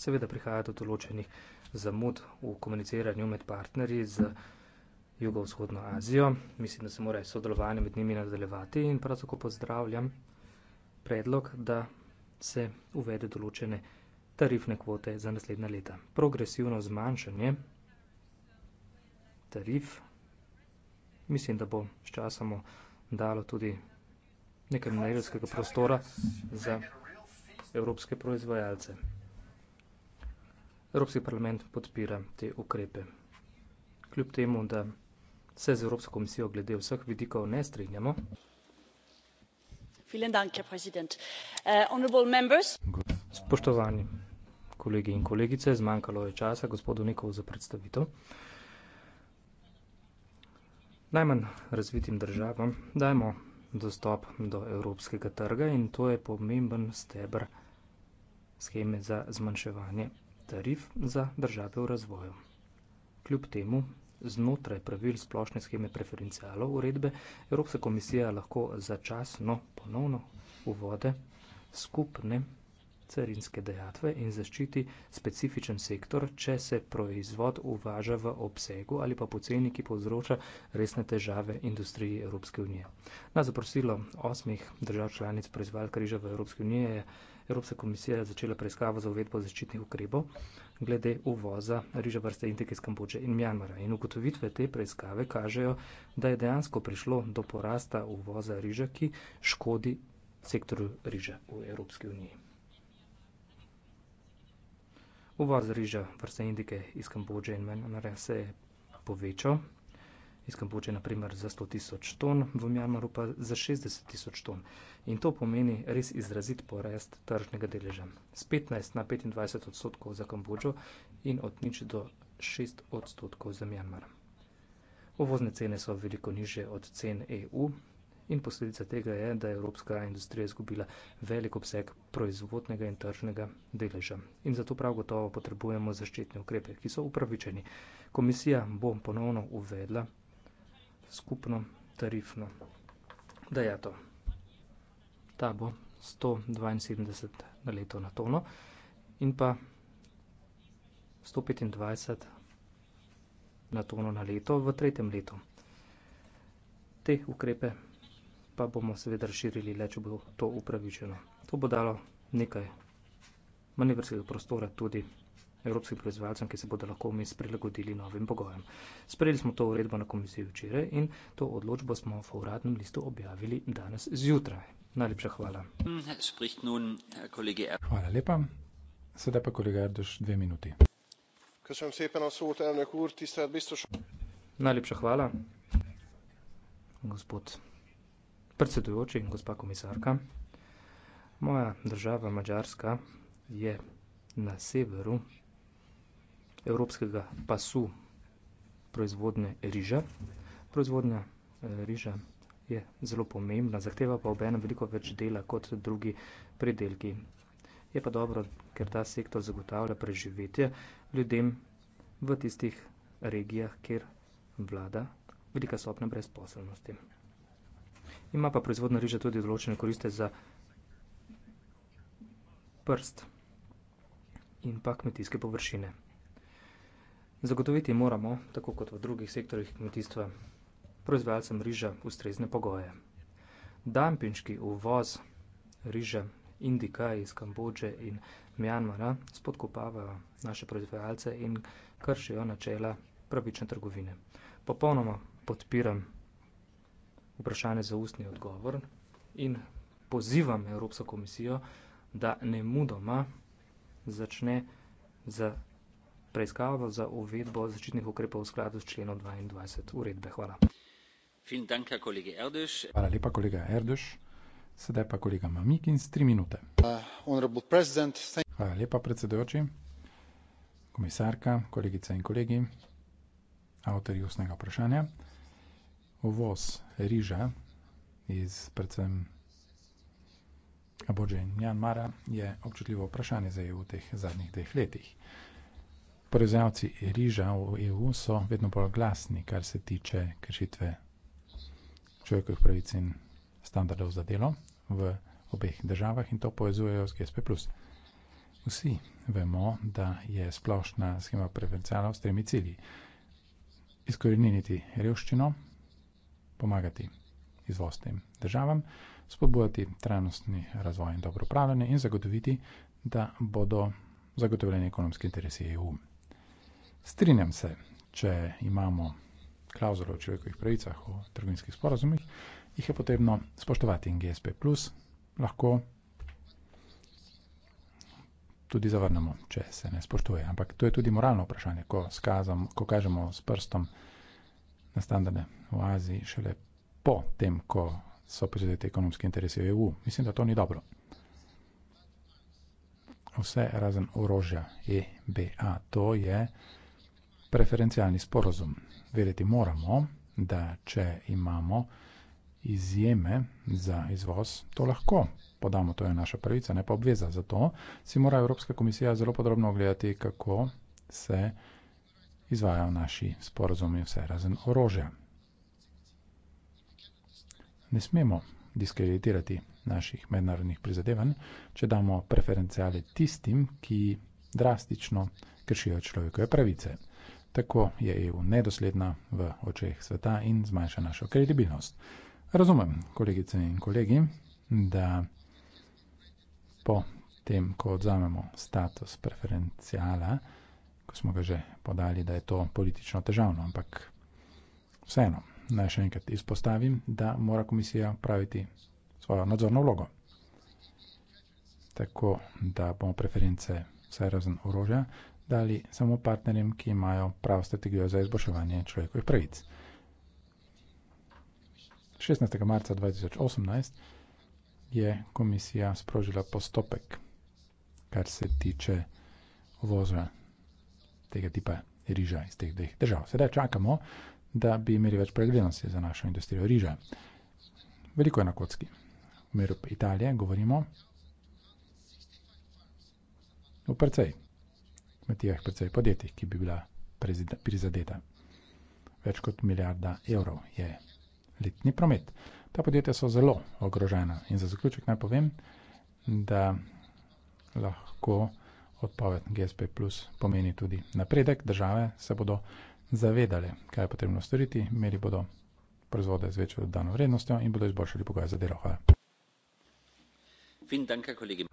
Seveda prihaja do določenih zamud v komuniciranju med partnerji z. Hm jugovzhodno Azijo. Mislim, da se mora sodelovanje med njimi nadaljevati in prav tako pozdravljam predlog, da se uvede določene tarifne kvote za naslednja leta. Progresivno zmanjšanje tarif mislim, da bo s časom dalo tudi nekaj mnenjskega prostora za evropske proizvajalce. Evropski parlament podpira te ukrepe. Kljub temu, da se z evropsko komisijo glede vseh vidikov ne strinjamo. Äh, spoštovani kolegi in kolegice zmanjkalo je časa gospodu nicolsu za predstavitev. najmanj razvitim državam dajemo dostop do evropskega trga in to je pomemben steber sheme za zmanjševanje tarif za države v razvoju. kljub temu znotraj pravil splošne scheme preferencialov uredbe, Evropska komisija lahko začasno ponovno uvode skupne carinske dejatve in zaščiti specifičen sektor, če se proizvod uvaža v obsegu ali pa po ceni, ki povzroča resne težave industriji Evropske unije. Na zaprosilo osmih držav članic proizvajalka riža v Evropske unije je Evropska komisija je začela preiskavo za uvedbo zaščitnih ukrebov glede uvoza riža vrste Intike iz Kambodže in Mjanmara. In ugotovitve te preiskave kažejo, da je dejansko prišlo do porasta uvoza riža, ki škodi sektorju riža v Evropski uniji. Uvoz riža vrste Indike iz Kambodže in Mjanmara se je povečal iz Kambodže, naprimer za 100 tisoč ton, v Mjanmaru pa za 60 tisoč ton. In to pomeni res izrazit porast tržnega deleža. Z 15 na 25 odstotkov za Kambodžo in od nič do 6 odstotkov za Mjanmar. Uvozne cene so veliko niže od cen EU. In posledica tega je, da je evropska industrija izgubila velik obseg proizvodnega in tržnega deleža. In zato prav gotovo potrebujemo zaščitne ukrepe, ki so upravičeni. Komisija bo ponovno uvedla skupno tarifno dajato. Ta bo 172 na leto na tono in pa 125 na tono na leto v tretjem letu. Te ukrepe pa bomo seveda razširili le, če bo to upravičeno. To bo dalo nekaj manevrskega prostora tudi evropskim proizvajalcem, ki se bodo lahko vmes prilagodili novim pogojem. Sprejeli smo to uredbo na komisiji včeraj in to odločbo smo v uradnem listu objavili danes zjutraj. Najlepša hvala. Hm, er hvala lepa. Sedaj pa kolega Erdoš dve minuti. Najlepša hvala, gospod predsedujoči in gospa komisarka. Moja država Mačarska je na severu evropskega pasu proizvodne riža. Proizvodnja eh, riža je zelo pomembna, zahteva pa ob enem veliko več dela kot drugi predelki. Je pa dobro, ker ta sektor zagotavlja preživetje ljudem v tistih regijah, kjer vlada velika stopnja brezposelnosti. Ima pa proizvodna riža tudi določene koriste za prst in pa kmetijske površine. Zagotoviti moramo, tako kot v drugih sektorjih kmetijstva, proizvajalcem riža ustrezne pogoje. Dampinški uvoz riža Indika iz Kambodže in Mjanmara spodkopavajo naše proizvajalce in kršijo načela pravične trgovine. Popolnoma podpiram vprašanje za ustni odgovor in pozivam Evropsko komisijo, da ne mudoma začne za preiskavo za uvedbo zaščitnih ukrepov v skladu s členom 22 uredbe. Hvala. Hvala lepa, kolega Erdős. Sedaj pa kolega Mamikin s tri minute. Uh, Hvala lepa, predsedujoči, komisarka, kolegice in kolegi, avtori ustnega vprašanja. Uvoz riža iz predvsem Abodže in Mjanmara je občutljivo vprašanje za EU v teh zadnjih dveh letih. Proizvajalci riža v EU so vedno bolj glasni, kar se tiče kršitve človekovih pravic in standardov za delo v obeh državah in to povezujejo z GSP. Vsi vemo, da je splošna schema prevencijala s tremi cilji. Izkoreniniti revščino, pomagati izvostnim državam, spodbujati trajnostni razvoj in dobro upravljanje in zagotoviti, da bodo zagotovljeni ekonomski interesi EU. In Strinjam se, če imamo klauzulo o človekovih pravicah, o trgovinskih sporazumih, jih je potrebno spoštovati in GSP, lahko tudi zavrnemo, če se ne spoštuje. Ampak to je tudi moralno vprašanje, ko, skazam, ko kažemo s prstom na standarde v Aziji, šele po tem, ko so prizadeti ekonomski interesi v EU. Mislim, da to ni dobro. Vse razen orožja EBA, to je. Preferencialni sporozum. Vedeti moramo, da če imamo izjeme za izvoz, to lahko podamo, to je naša pravica, ne pa obveza. Zato si mora Evropska komisija zelo podrobno ogledati, kako se izvajajo naši sporozumi, vse razen orožja. Ne smemo diskreditirati naših mednarodnih prizadevanj, če damo preferencijale tistim, ki drastično kršijo človekove pravice. Tako je EU nedosledna v očeh sveta in zmanjša našo kredibilnost. Razumem, kolegice in kolegi, da po tem, ko odzamemo status preferencijala, ko smo ga že podali, da je to politično težavno, ampak vseeno, naj še enkrat izpostavim, da mora komisija praviti svojo nadzorno vlogo. Tako, da bomo preference vsaj razen orožja, dali samo partnerjem, ki imajo prav strategijo za izboljševanje človekovih pravic. 16. marca 2018 je komisija sprožila postopek, kar se tiče uvoza tega tipa riža iz teh dveh držav. Sedaj čakamo, da bi imeli več preglednosti za našo industrijo riža. Veliko je na kocki. V meru Italije govorimo o precej kmetijah, predvsej podjetjih, ki bi bila prizadeta. Več kot milijarda evrov je letni promet. Ta podjetja so zelo ogrožena. In za zaključek naj povem, da lahko odpoved GSP plus pomeni tudi napredek. Države se bodo zavedale, kaj je potrebno storiti, imeli bodo proizvode z večjo dodano vrednostjo in bodo izboljšali pogoje za delo. Hvala.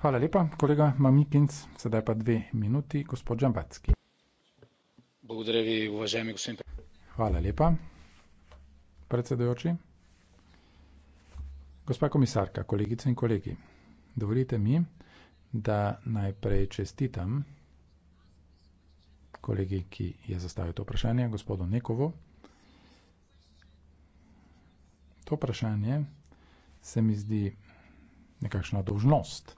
Hvala lepa, kolega Mamikins. Sedaj pa dve minuti, gospod Džambacki. Hvala lepa, predsedujoči. Gospa komisarka, kolegice in kolegi, dovolite mi, da najprej čestitam kolegi, ki je zastavil to vprašanje, gospodu Nekovo. To vprašanje se mi zdi nekakšna dožnost.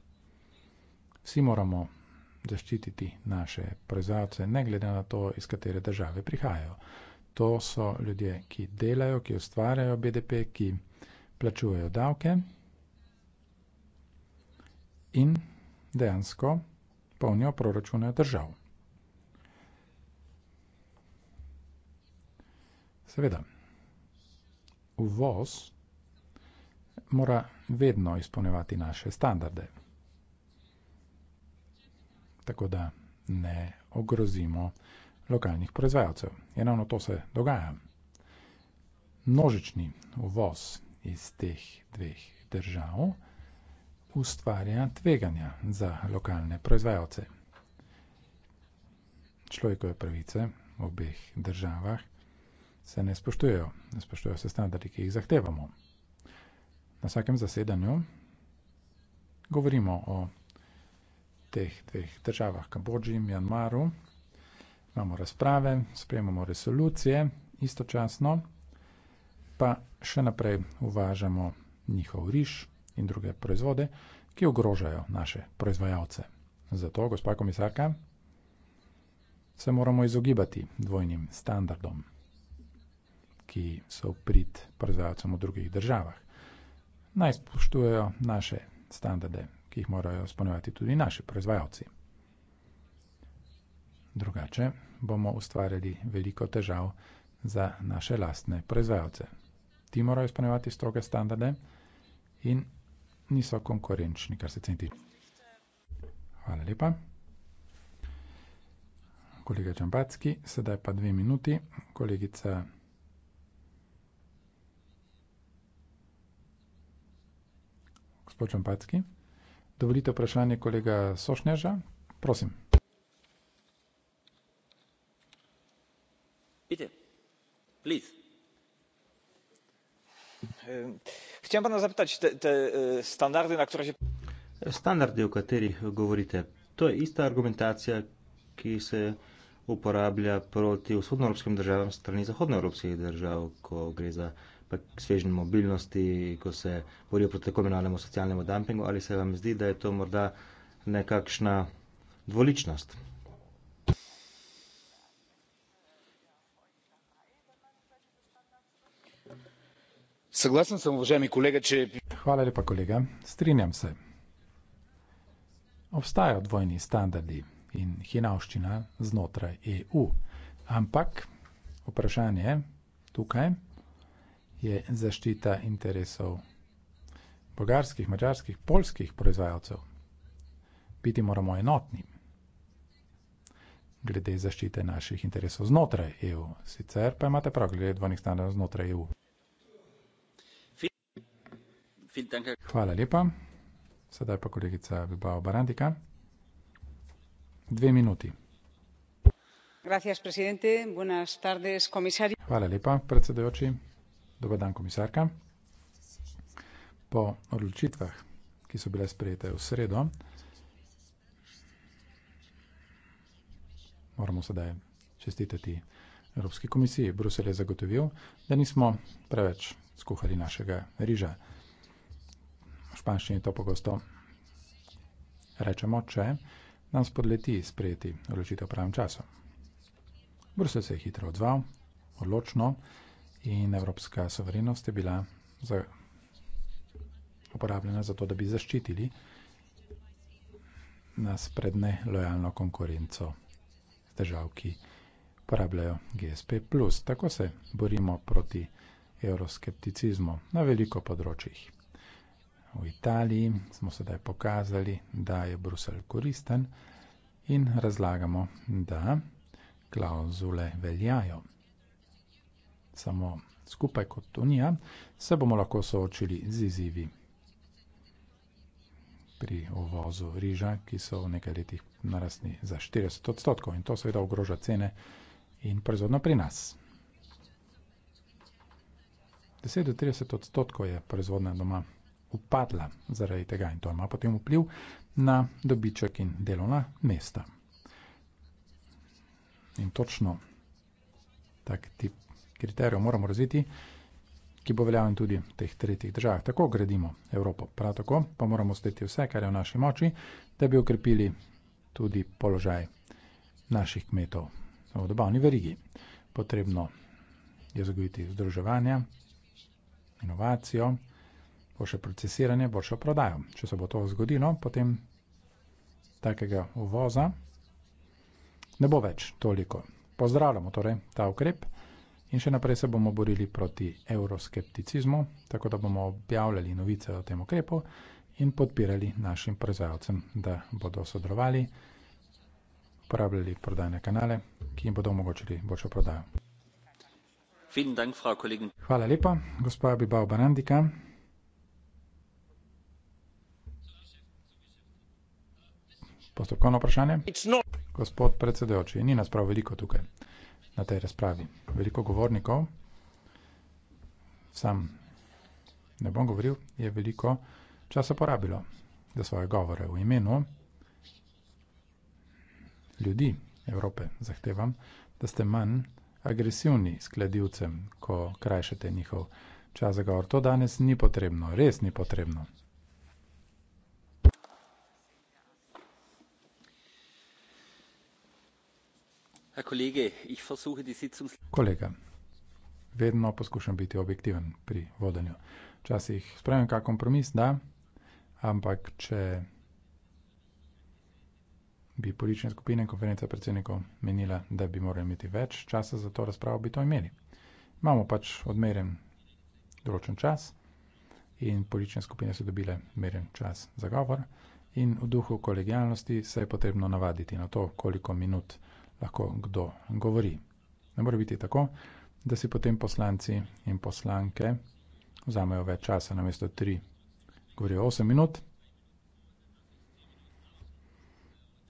Vsi moramo zaščititi naše proizvajalce, ne glede na to, iz katere države prihajajo. To so ljudje, ki delajo, ki ustvarjajo BDP, ki plačujejo davke in dejansko polnijo proračune držav. Seveda, uvoz mora vedno izpolnjevati naše standarde. Tako da ne ogrozimo lokalnih proizvajalcev. Enavno to se dogaja. Množični uvoz iz teh dveh držav ustvarja tveganja za lokalne proizvajalce. Človekove pravice v obeh državah se ne spoštujejo. Ne spoštujejo se standardi, ki jih zahtevamo na vsakem zasedanju govorimo o teh dveh državah, Kambodži in Mjanmaru. Imamo razprave, sprejemamo resolucije, istočasno pa še naprej uvažamo njihov riš in druge proizvode, ki ogrožajo naše proizvajalce. Zato, gospa komisarka, se moramo izogibati dvojnim standardom, ki so prid proizvajalcem v drugih državah naj spoštujejo naše standarde, ki jih morajo spoštovati tudi naši proizvajalci. Drugače bomo ustvarjali veliko težav za naše lastne proizvajalce. Ti morajo spoštovati stroge standarde in niso konkurenčni, kar se centi. Hvala lepa. Kolega Čambacki, sedaj pa dve minuti, kolegica gospod Čampacki. Dovolite vprašanje kolega Sošneža. Prosim. Vite, pliz. Htjem pa nas zapitać te, te e, standardi, na ktore... Standardi, o katerih govorite, to je ista argumentacija, ki se uporablja proti vzhodnoevropskim državam strani zahodnoevropskih držav, ko gre za svežen mobilnosti, ko se borijo proti tako imenovanemu socialnemu dumpingu, ali se vam zdi, da je to morda nekakšna dvoličnost? Soglasen sem, uvaženi kolega, če... Hvala lepa, kolega. Strinjam se. Obstajajo dvojni standardi in hinavščina znotraj EU, ampak vprašanje tukaj je, je zaščita interesov bolgarskih, mačarskih, polskih proizvajalcev. Biti moramo enotni glede zaščite naših interesov znotraj EU. Sicer pa imate prav glede dvojnih standardov znotraj EU. Hvala lepa. Sedaj pa kolegica Bilbao Barandika. Dve minuti. Hvala lepa, predsedujoči. Dobar dan, komisarka. Po odločitvah, ki so bile sprejete v sredo, moramo sedaj čestitati Evropski komisiji. Bruselj je zagotovil, da nismo preveč skuhali našega riža. V španščini to pogosto rečemo, če nam spodleti sprejeti odločitev v pravem času. Brusel se je hitro odzval, odločno in evropska soverenost je bila za, uporabljena za to, da bi zaščitili nas pred nelojalno konkurenco z držav, ki uporabljajo GSP. Tako se borimo proti euroskepticizmu na veliko področjih. V Italiji smo sedaj pokazali, da je Bruselj koristen in razlagamo, da klauzule veljajo samo skupaj kot Unija, se bomo lahko soočili z izzivi pri uvozu riža, ki so v nekaj letih narasli za 40 odstotkov in to seveda ogroža cene in proizvodno pri nas. 10 do 30 odstotkov je proizvodna doma upadla zaradi tega in to ima potem vpliv na dobiček in delovna mesta. In točno tak tip kriterijev moramo razviti, ki bo veljaven tudi v teh tretjih državah. Tako gradimo Evropo. Prav tako pa moramo steti vse, kar je v naši moči, da bi okrepili tudi položaj naših kmetov v dobavni verigi. Potrebno je zagoviti združevanje, inovacijo, boljše procesiranje, boljšo prodajo. Če se bo to zgodilo, potem takega uvoza ne bo več toliko. Pozdravljamo torej ta ukrep. In še naprej se bomo borili proti euroskepticizmu, tako da bomo objavljali novice o tem ukrepu in podpirali našim proizvajalcem, da bodo sodelovali, uporabljali prodajne kanale, ki jim bodo omogočili boljšo prodajo. Hvala lepa, gospa Bibao Barandika. Postopkovno vprašanje? Gospod predsedujoči, ni nas prav veliko tukaj na tej razpravi. Veliko govornikov, sam ne bom govoril, je veliko časa porabilo za svoje govore v imenu ljudi Evrope. Zahtevam, da ste manj agresivni s kladivcem, ko krajšate njihov čas za govor. To danes ni potrebno, res ni potrebno. Kolega, vedno poskušam biti objektiven pri vodenju. Včasih sprejmem kak kompromis, da, ampak če bi politične skupine in konferenca predsednikov menila, da bi morali imeti več časa za to razpravo, bi to imeli. Imamo pač odmeren določen čas in politične skupine so dobile meren čas za govor in v duhu kolegijalnosti se je potrebno navaditi na to, koliko minut lahko kdo govori. Ne more biti tako, da si potem poslanci in poslanke vzamejo več časa, namesto tri govorijo osem minut,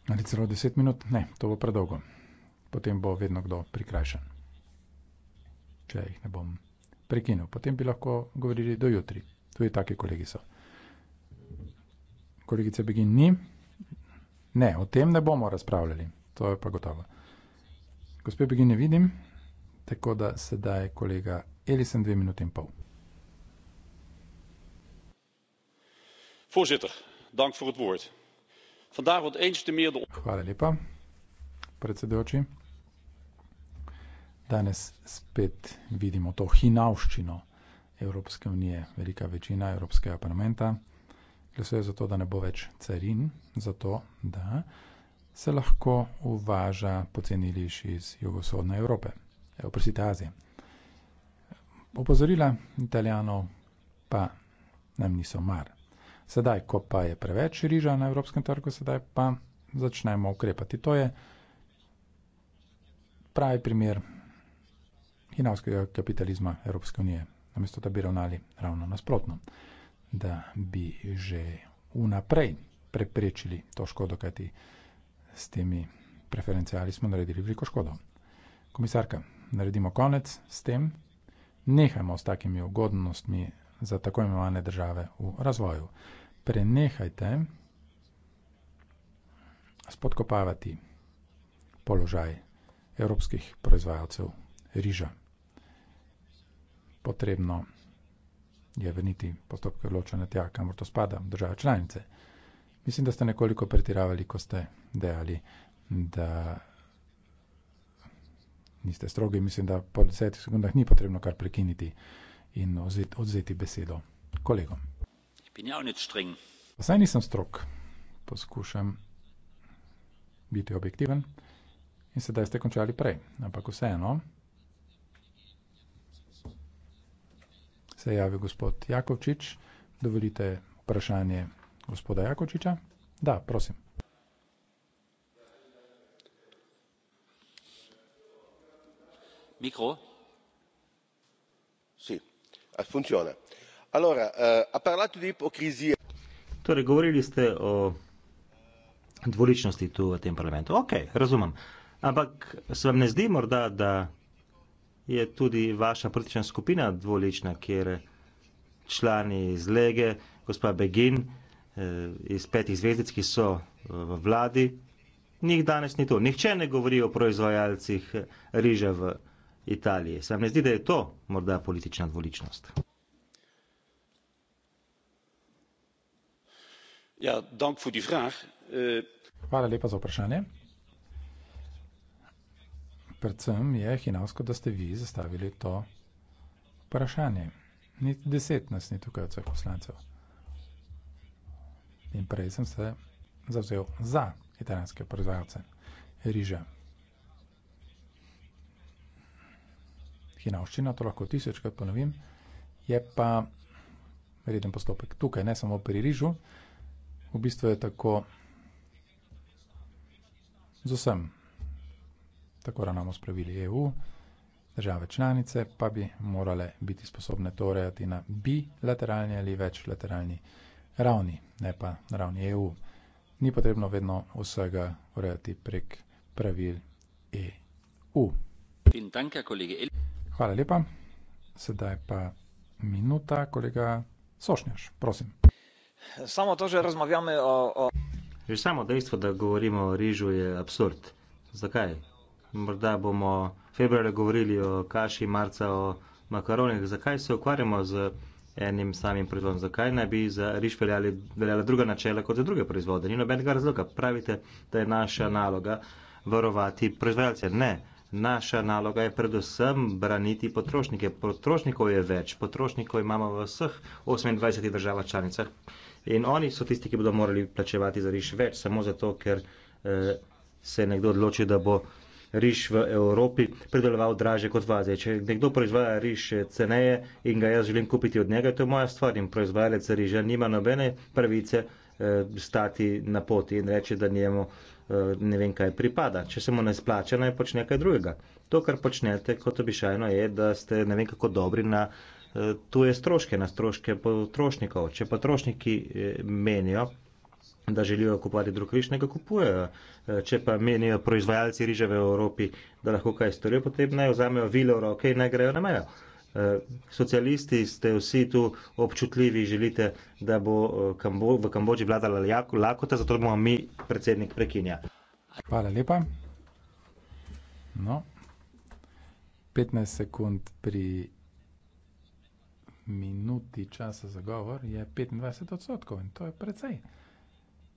ali celo deset minut, ne, to bo predolgo. Potem bo vedno kdo prikrajšan, če jih ne bom prekinil. Potem bi lahko govorili do jutri. Tudi taki kolegi so. Kolegice Begin ni. Ne, o tem ne bomo razpravljali. To je pa gotovo. Gospe Begine vidim, tako da sedaj kolega Elisen dve minuti in pol. Voorzitter, dank voor het woord. Vandaag wordt eens te meer de. Hvala lepa, predsedujoči. Danes spet vidimo to hinavščino Evropske unije. Velika večina Evropskega parlamenta glasuje za to, da ne bo več carin, za to, da se lahko uvaža poceni riž iz jugovzhodne Evrope, e, oprostite Azije. Opozorila italijanov pa nam niso mar. Sedaj, ko pa je preveč riža na evropskem trgu, sedaj pa začnemo ukrepati. To je pravi primer hinavskega kapitalizma Evropske unije. Namesto, da bi ravnali ravno nasprotno, da bi že vnaprej preprečili to škodo, kajti s temi preferencijali smo naredili veliko škodo. Komisarka, naredimo konec s tem, nehajmo s takimi ugodnostmi za tako imenovane države v razvoju. Prenehajte spodkopavati položaj evropskih proizvajalcev riža. Potrebno je vrniti postopke odločanja tja, kamor to spada, države članice. Mislim, da ste nekoliko pretiravali, ko ste dejali, da niste strogi. Mislim, da po desetih sekundah ni potrebno kar prekiniti in odzeti besedo kolegom. Vsaj nisem strok. Poskušam biti objektiven in sedaj ste končali prej. Ampak vseeno se je javil gospod Jakovčič. Dovolite vprašanje Gospoda Jakočiča. Da, prosim. Mikro. Si, eh, funkcionira. Allora, uh, ha parlato di ipocrisia. Torej, govorili ste o dvoličnosti tu v tem parlamentu. Ok, razumem. Ampak se vam ne zdi morda, da je tudi vaša politična skupina dvolična, kjer člani iz Lege, gospa Begin, uh, Eh, iz petih zvezdic, ki so eh, v vladi, njih danes ni to. Nihče ne govori o proizvajalcih eh, riža v Italiji. Se vam ne zdi, da je to morda politična dvoličnost? Ja, dank für die vraag. Hvala lepa za vprašanje. Predvsem je hinavsko, da ste vi zastavili to vprašanje. Ni deset nas ni tukaj od vseh poslancev. In prej sem se zavzel za italijanske proizvajalce riža. Hinavščina, to lahko tisočkrat ponovim, je pa reden postopek tukaj, ne samo pri rižu. V bistvu je tako z vsem. Tako ravnamo s pravili EU, države članice pa bi morale biti sposobne to urejati na bilateralni ali večlateralni ravni ravni, ne pa ravni EU. Ni potrebno vedno vsega urejati prek pravil EU. Hvala lepa. Sedaj pa minuta, kolega Sošnjaš, prosim. Samo to, že razmavljamo o, o. Že samo dejstvo, da govorimo o rižu, je absurd. Zakaj? Morda bomo februarja govorili o kaši, marca o makaronih. Zakaj se ukvarjamo z enim samim proizvodom. Zakaj ne bi za riž veljali, veljala druga načela kot za druge proizvode? Ni nobenega razloga. Pravite, da je naša naloga varovati proizvajalce. Ne. Naša naloga je predvsem braniti potrošnike. Potrošnikov je več, potrošnikov imamo v vseh 28 državah članicah in oni so tisti, ki bodo morali plačevati za riš več, samo zato, ker eh, se je nekdo odločil, da bo eh, riž v Evropi predeloval draže kot v Aziji. Če nekdo proizvaja riž ceneje in ga jaz želim kupiti od njega, to je moja stvar in proizvajalec riža nima nobene pravice eh, stati na poti in reči, da njemu eh, ne vem kaj pripada. Če se mu ne splača, naj počne kaj drugega. To, kar počnete kot običajno, je, da ste ne vem kako dobri na eh, tuje stroške, na stroške potrošnikov. Če potrošniki eh, menijo, da želijo kupovati drug riž, ne ga kupujejo. E, če pa menijo proizvajalci riže v Evropi, da lahko kaj storijo, potem naj vzamejo vile v roke in naj grejo na mejo. E, socialisti ste vsi tu občutljivi, želite, da bo e, v Kambodži vladala lakota, zato bomo mi predsednik prekinja. Hvala lepa. No, 15 sekund pri minuti časa za govor je 25 odstotkov in to je precej.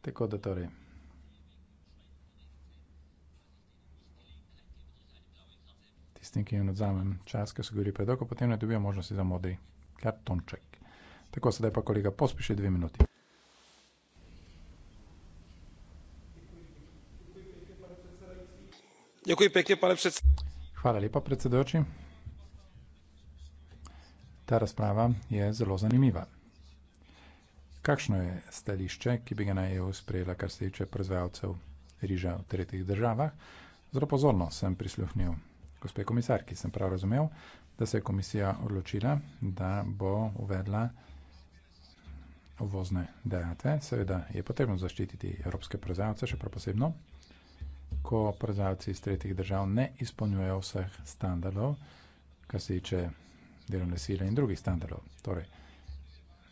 Tako da torej. Tistim, ki jim odzamem čas, ki so govorili predolgo, potem ne dobijo možnosti za modri kartonček. Tako sedaj pa kolega pospiši dve minuti. Děkuji pěkně, pane předsedající. Hvala lepa, predsedujoči. Ta rozpráva je zelo zanimivá. Kakšno je stališče, ki bi ga naj EU sprejela, kar se tiče proizvajalcev riža v tretjih državah? Zelo pozorno sem prisluhnil gospe komisarki, sem prav razumel, da se je komisija odločila, da bo uvedla uvozne dejatve. Seveda je potrebno zaščititi evropske proizvajalce, še prav posebno, ko proizvajalci iz tretjih držav ne izpolnjujejo vseh standardov, kar se tiče delovne sile in drugih standardov. Torej,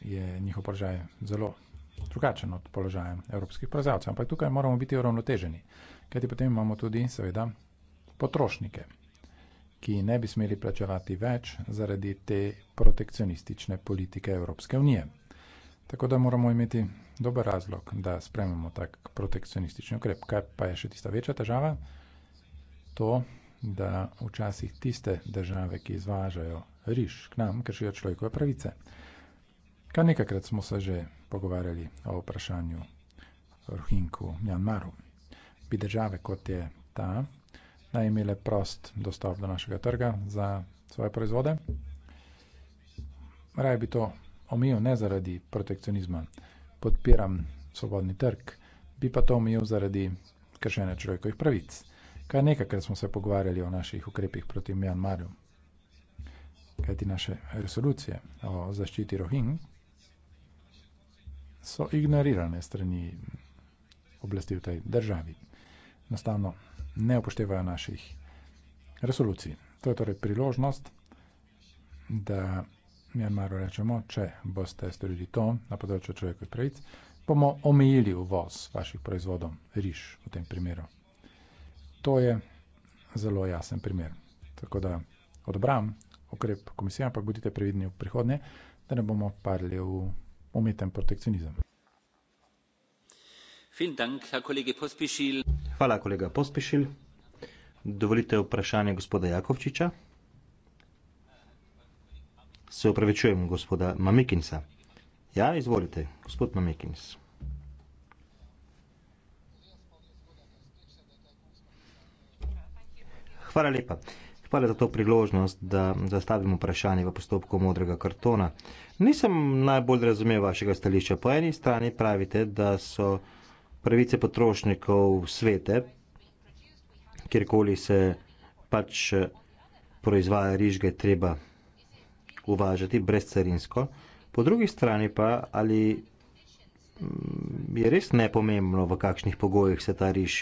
je njihov položaj zelo drugačen od položaja evropskih proizvajalcev. Ampak tukaj moramo biti uravnoteženi, kajti potem imamo tudi, seveda, potrošnike, ki ne bi smeli plačevati več zaradi te protekcionistične politike Evropske unije. Tako da moramo imeti dober razlog, da sprememo tak protekcionistični ukrep. Kaj pa je še tista večja težava? To, da včasih tiste države, ki izvažajo riž k nam, kršijo človekove pravice. Kar nekajkrat smo se že pogovarjali o vprašanju Rohinku Mjanmaru. Bi države kot je ta naj imele prost dostop do našega trga za svoje proizvode? Raje bi to omil ne zaradi protekcionizma, podpiram svobodni trg, bi pa to omil zaradi kršene človekovih pravic. Kaj nekaj, ker smo se pogovarjali o naših ukrepih proti Mjanmaru, kajti naše resolucije o zaščiti Rohingya so ignorirane strani oblasti v tej državi. Nastavno ne upoštevajo naših resolucij. To je torej priložnost, da Mjernmaru rečemo, če boste storili to na področju človekovih pravic, bomo omejili uvoz vaših proizvodov, riš v tem primeru. To je zelo jasen primer. Tako da odobram ukrep komisije, ampak bodite previdni v prihodnje, da ne bomo parili v umeten protekcionizem. Hvala, kolega Pospišil. Dovolite vprašanje gospoda Jakovčiča. Se upravičujem, gospoda Mamikinsa. Ja, izvolite, gospod Mamikins. Hvala lepa. Hvala za to priložnost, da zastavim vprašanje v postopku modrega kartona. Nisem najbolj razumel vašega stališča. Po eni strani pravite, da so pravice potrošnikov svete, kjerkoli se pač eh, proizvaja rižge, treba uvažati brezcarinsko. Po drugi strani pa, ali mm, je res nepomembno, v kakšnih pogojih se ta riž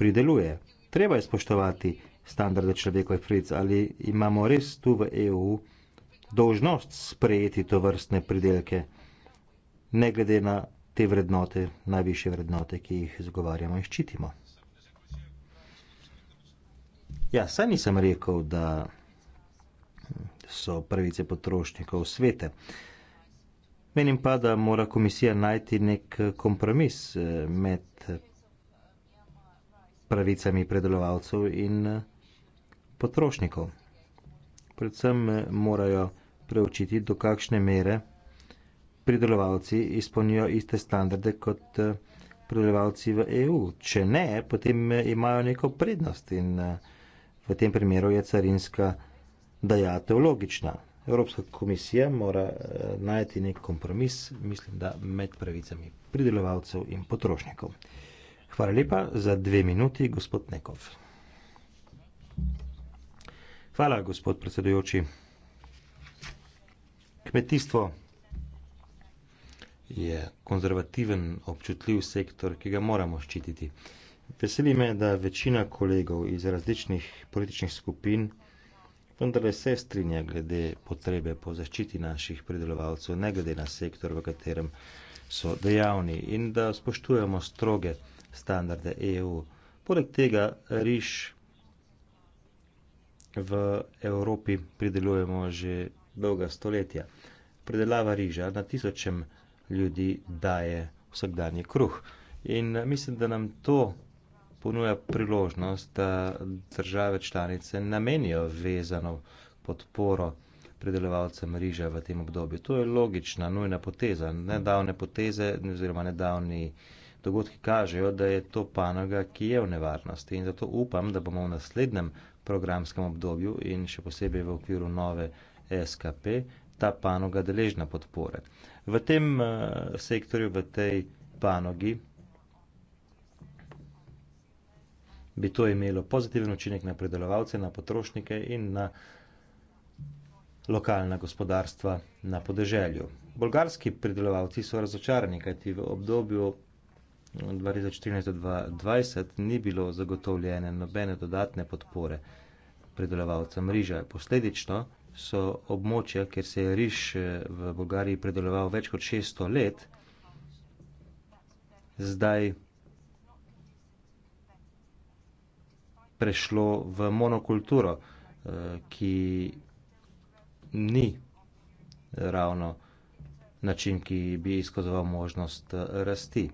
prideluje. Treba je spoštovati standarde človekovih pravic, ali imamo res tu v EU dožnost sprejeti to vrstne pridelke, ne glede na te vrednote, najviše vrednote, ki jih zagovarjamo in ščitimo. Ja, saj nisem rekel, da so pravice potrošnikov svete. Menim pa, da mora komisija najti nek kompromis eh, med pravicami predelovalcev in eh, potrošnikov. Predvsem eh, morajo preučiti, do kakšne mere pridelovalci izpolnijo iste standarde kot eh, pridelovalci v EU. Če ne, potem imajo neko prednost in v tem primeru je carinska dajatev logična. Evropska komisija mora najti nek kompromis, mislim, da med pravicami pridelovalcev in potrošnikov. Hvala lepa za dve minuti, gospod Nekov. Hvala, gospod predsedujoči. Kmetijstvo je konzervativen, občutljiv sektor, ki ga moramo ščititi. Veseli me, da večina kolegov iz različnih političnih skupin vendar se strinja glede potrebe po zaščiti naših pridelovalcev, ne glede na sektor, v katerem so dejavni in da spoštujemo stroge standarde EU. Poleg tega riž v Evropi pridelujemo že dolga stoletja. Predelava riža na tisočem ljudi daje vsakdanji kruh. In mislim, da nam to ponuja priložnost, da države članice namenijo vezano podporo predelovalcem riža v tem obdobju. To je logična, nujna poteza. Nedavne poteze oziroma nedavni uh, dogodki kažejo, da je to panoga, ki je v nevarnosti in zato upam, da bomo v naslednjem programskem obdobju in še posebej v okviru nove SKP ta panoga deležna podpore. V tem uh, sektorju, v tej panogi bi to imelo pozitiven učinek na predelovalce, na potrošnike in na lokalna gospodarstva na podeželju. Bolgarski predelovalci so razočarani, kajti v obdobju 2014-2020 ni bilo zagotovljene nobene dodatne podpore predelovalcem riža. Posledično so območja, kjer se je riž eh, v Bolgariji predeloval več kot 600 let, zdaj prešlo v monokulturo, eh, ki ni ravno način, ki bi izkazoval možnost eh, rasti.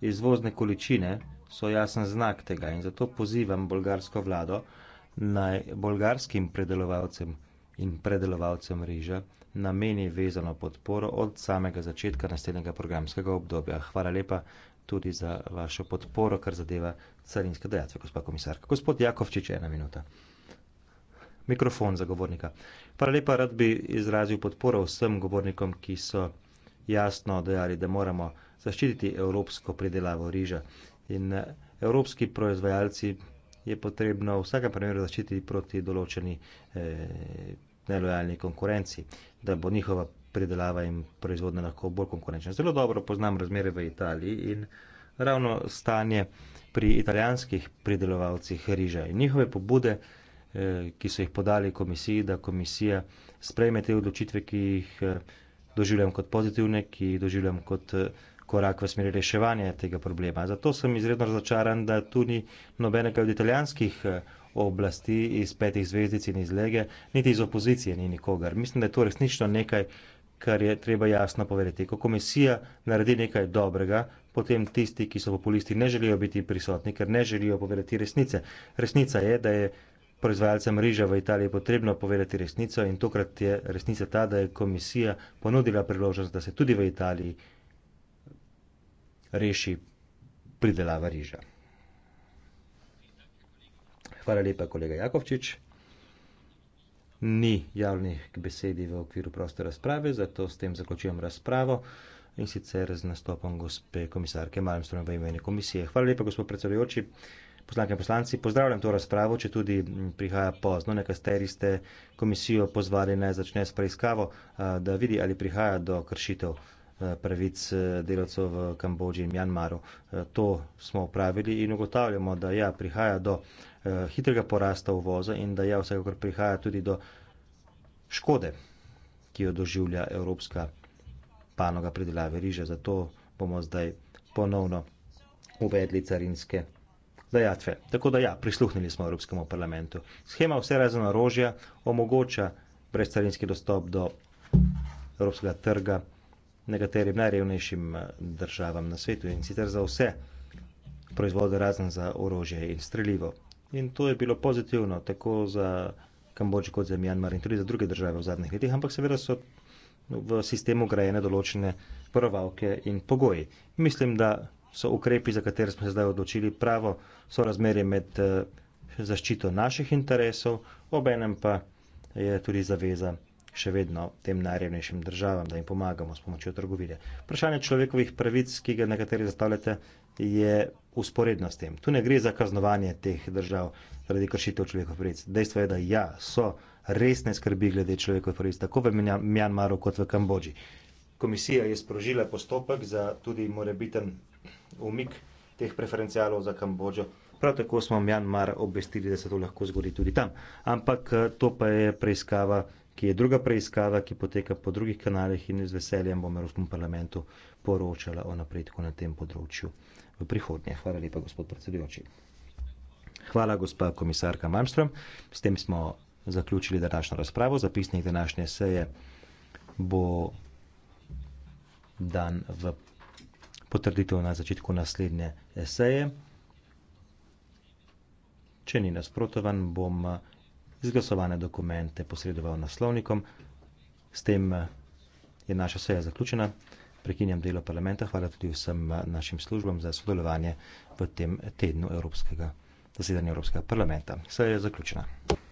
izvozne količine so jasen znak tega in zato pozivam bolgarsko vlado naj bolgarskim predelovalcem in predelovalcem riža nameni vezano podporo od samega začetka naslednjega programskega obdobja. Hvala lepa tudi za vašo podporo, kar zadeva carinske dejatve, gospod komisarka. Gospod Jakovčič, ena minuta. Mikrofon za govornika. Hvala lepa, rad bi izrazil podporo vsem govornikom, ki so jasno dejali, da moramo zaščititi evropsko pridelavo riža. In eh, evropski proizvajalci je potrebno v vsakem primeru zaščititi proti določeni eh, nelojalni konkurenci, da bo njihova pridelava in proizvodnja lahko bolj konkurenčna. Zelo dobro poznam razmere v Italiji in ravno stanje pri italijanskih pridelovalcih riža in njihove pobude, eh, ki so jih podali komisiji, da komisija sprejme te odločitve, ki jih. Eh, doživljam kot pozitivne, ki jih doživljam kot eh, korak v smeri reševanja tega problema. Zato sem izredno razočaran, da tu ni nobenega od italijanskih eh, oblasti iz petih zvezdic in iz lege, niti iz opozicije ni nikogar. Mislim, da je to resnično nekaj, kar je treba jasno povedati. Ko komisija naredi nekaj dobrega, potem tisti, ki so populisti, ne želijo biti prisotni, ker ne želijo povedati resnice. Resnica je, da je proizvajalca mreža v Italiji je potrebno povedati resnico in tokrat je resnica ta, da je komisija ponudila priložnost, da se tudi v Italiji reši pridelava riža. Hvala lepa, kolega Jakovčič. Ni javnih k besedi v okviru proste razprave, zato s tem zaključujem razpravo in sicer z nastopom gospe komisarke Malmström v imeni komisije. Hvala lepa, gospod predsedujoči poslanke in poslanci, pozdravljam to razpravo, če tudi mm, prihaja pozno. Nekateri ste komisijo pozvali naj začne s preiskavo, da vidi, ali prihaja do kršitev pravic e, delavcev v Kambodži in Mjanmaru. E, to smo upravili in ugotavljamo, da ja, prihaja do e, hitrega porasta uvoza in da ja, vsekakor prihaja tudi do škode, ki jo doživlja evropska panoga predelave riža. Zato bomo zdaj ponovno uvedli carinske dejatve. Tako da ja, prisluhnili smo Evropskemu parlamentu. Schema vse razen orožja omogoča brezcarinski dostop do evropskega trga nekaterim najrevnejšim eh, državam na svetu in sicer za vse proizvode razen za orožje in streljivo. In to je bilo pozitivno tako za Kambodžo kot za Mjanmar in tudi za druge države v zadnjih letih, ampak seveda so v sistemu grajene določene porovalke in pogoji. Mislim, da so ukrepi, za katere smo se zdaj odločili, pravo sorazmerje med eh, zaščito naših interesov, obenem pa je tudi zaveza še vedno tem najrevnejšim državam, da jim pomagamo s pomočjo trgovine. Vprašanje človekovih pravic, ki ga nekateri zastavljate, je usporedno s tem. Tu ne gre za kaznovanje teh držav zaradi kršitev človekovih pravic. Dejstvo je, da ja, so resne skrbi glede človekovih pravic, tako v Mjanmaru kot v Kambodži. Komisija je sprožila postopek za tudi morebiten umik teh preferencialov za Kambodžo. Prav tako smo Mjanmar obvestili, da se to lahko zgodi tudi tam. Ampak eh, to pa je preiskava, ki je druga preiskava, ki poteka po drugih kanalih in z veseljem bom Evropskem parlamentu poročala o napredku na tem področju v prihodnje. Hvala lepa, gospod predsedujoči. Hvala, gospa komisarka Malmström. S tem smo zaključili današnjo razpravo. Zapisnik današnje seje bo dan v potrditev na začetku naslednje eseje. Če ni nasprotovan, bom izglasovane dokumente posredoval naslovnikom. S tem je naša seja zaključena. Prekinjam delo parlamenta. Hvala tudi vsem našim službam za sodelovanje v tem tednu Evropskega zasedanja Evropskega parlamenta. Seja je zaključena.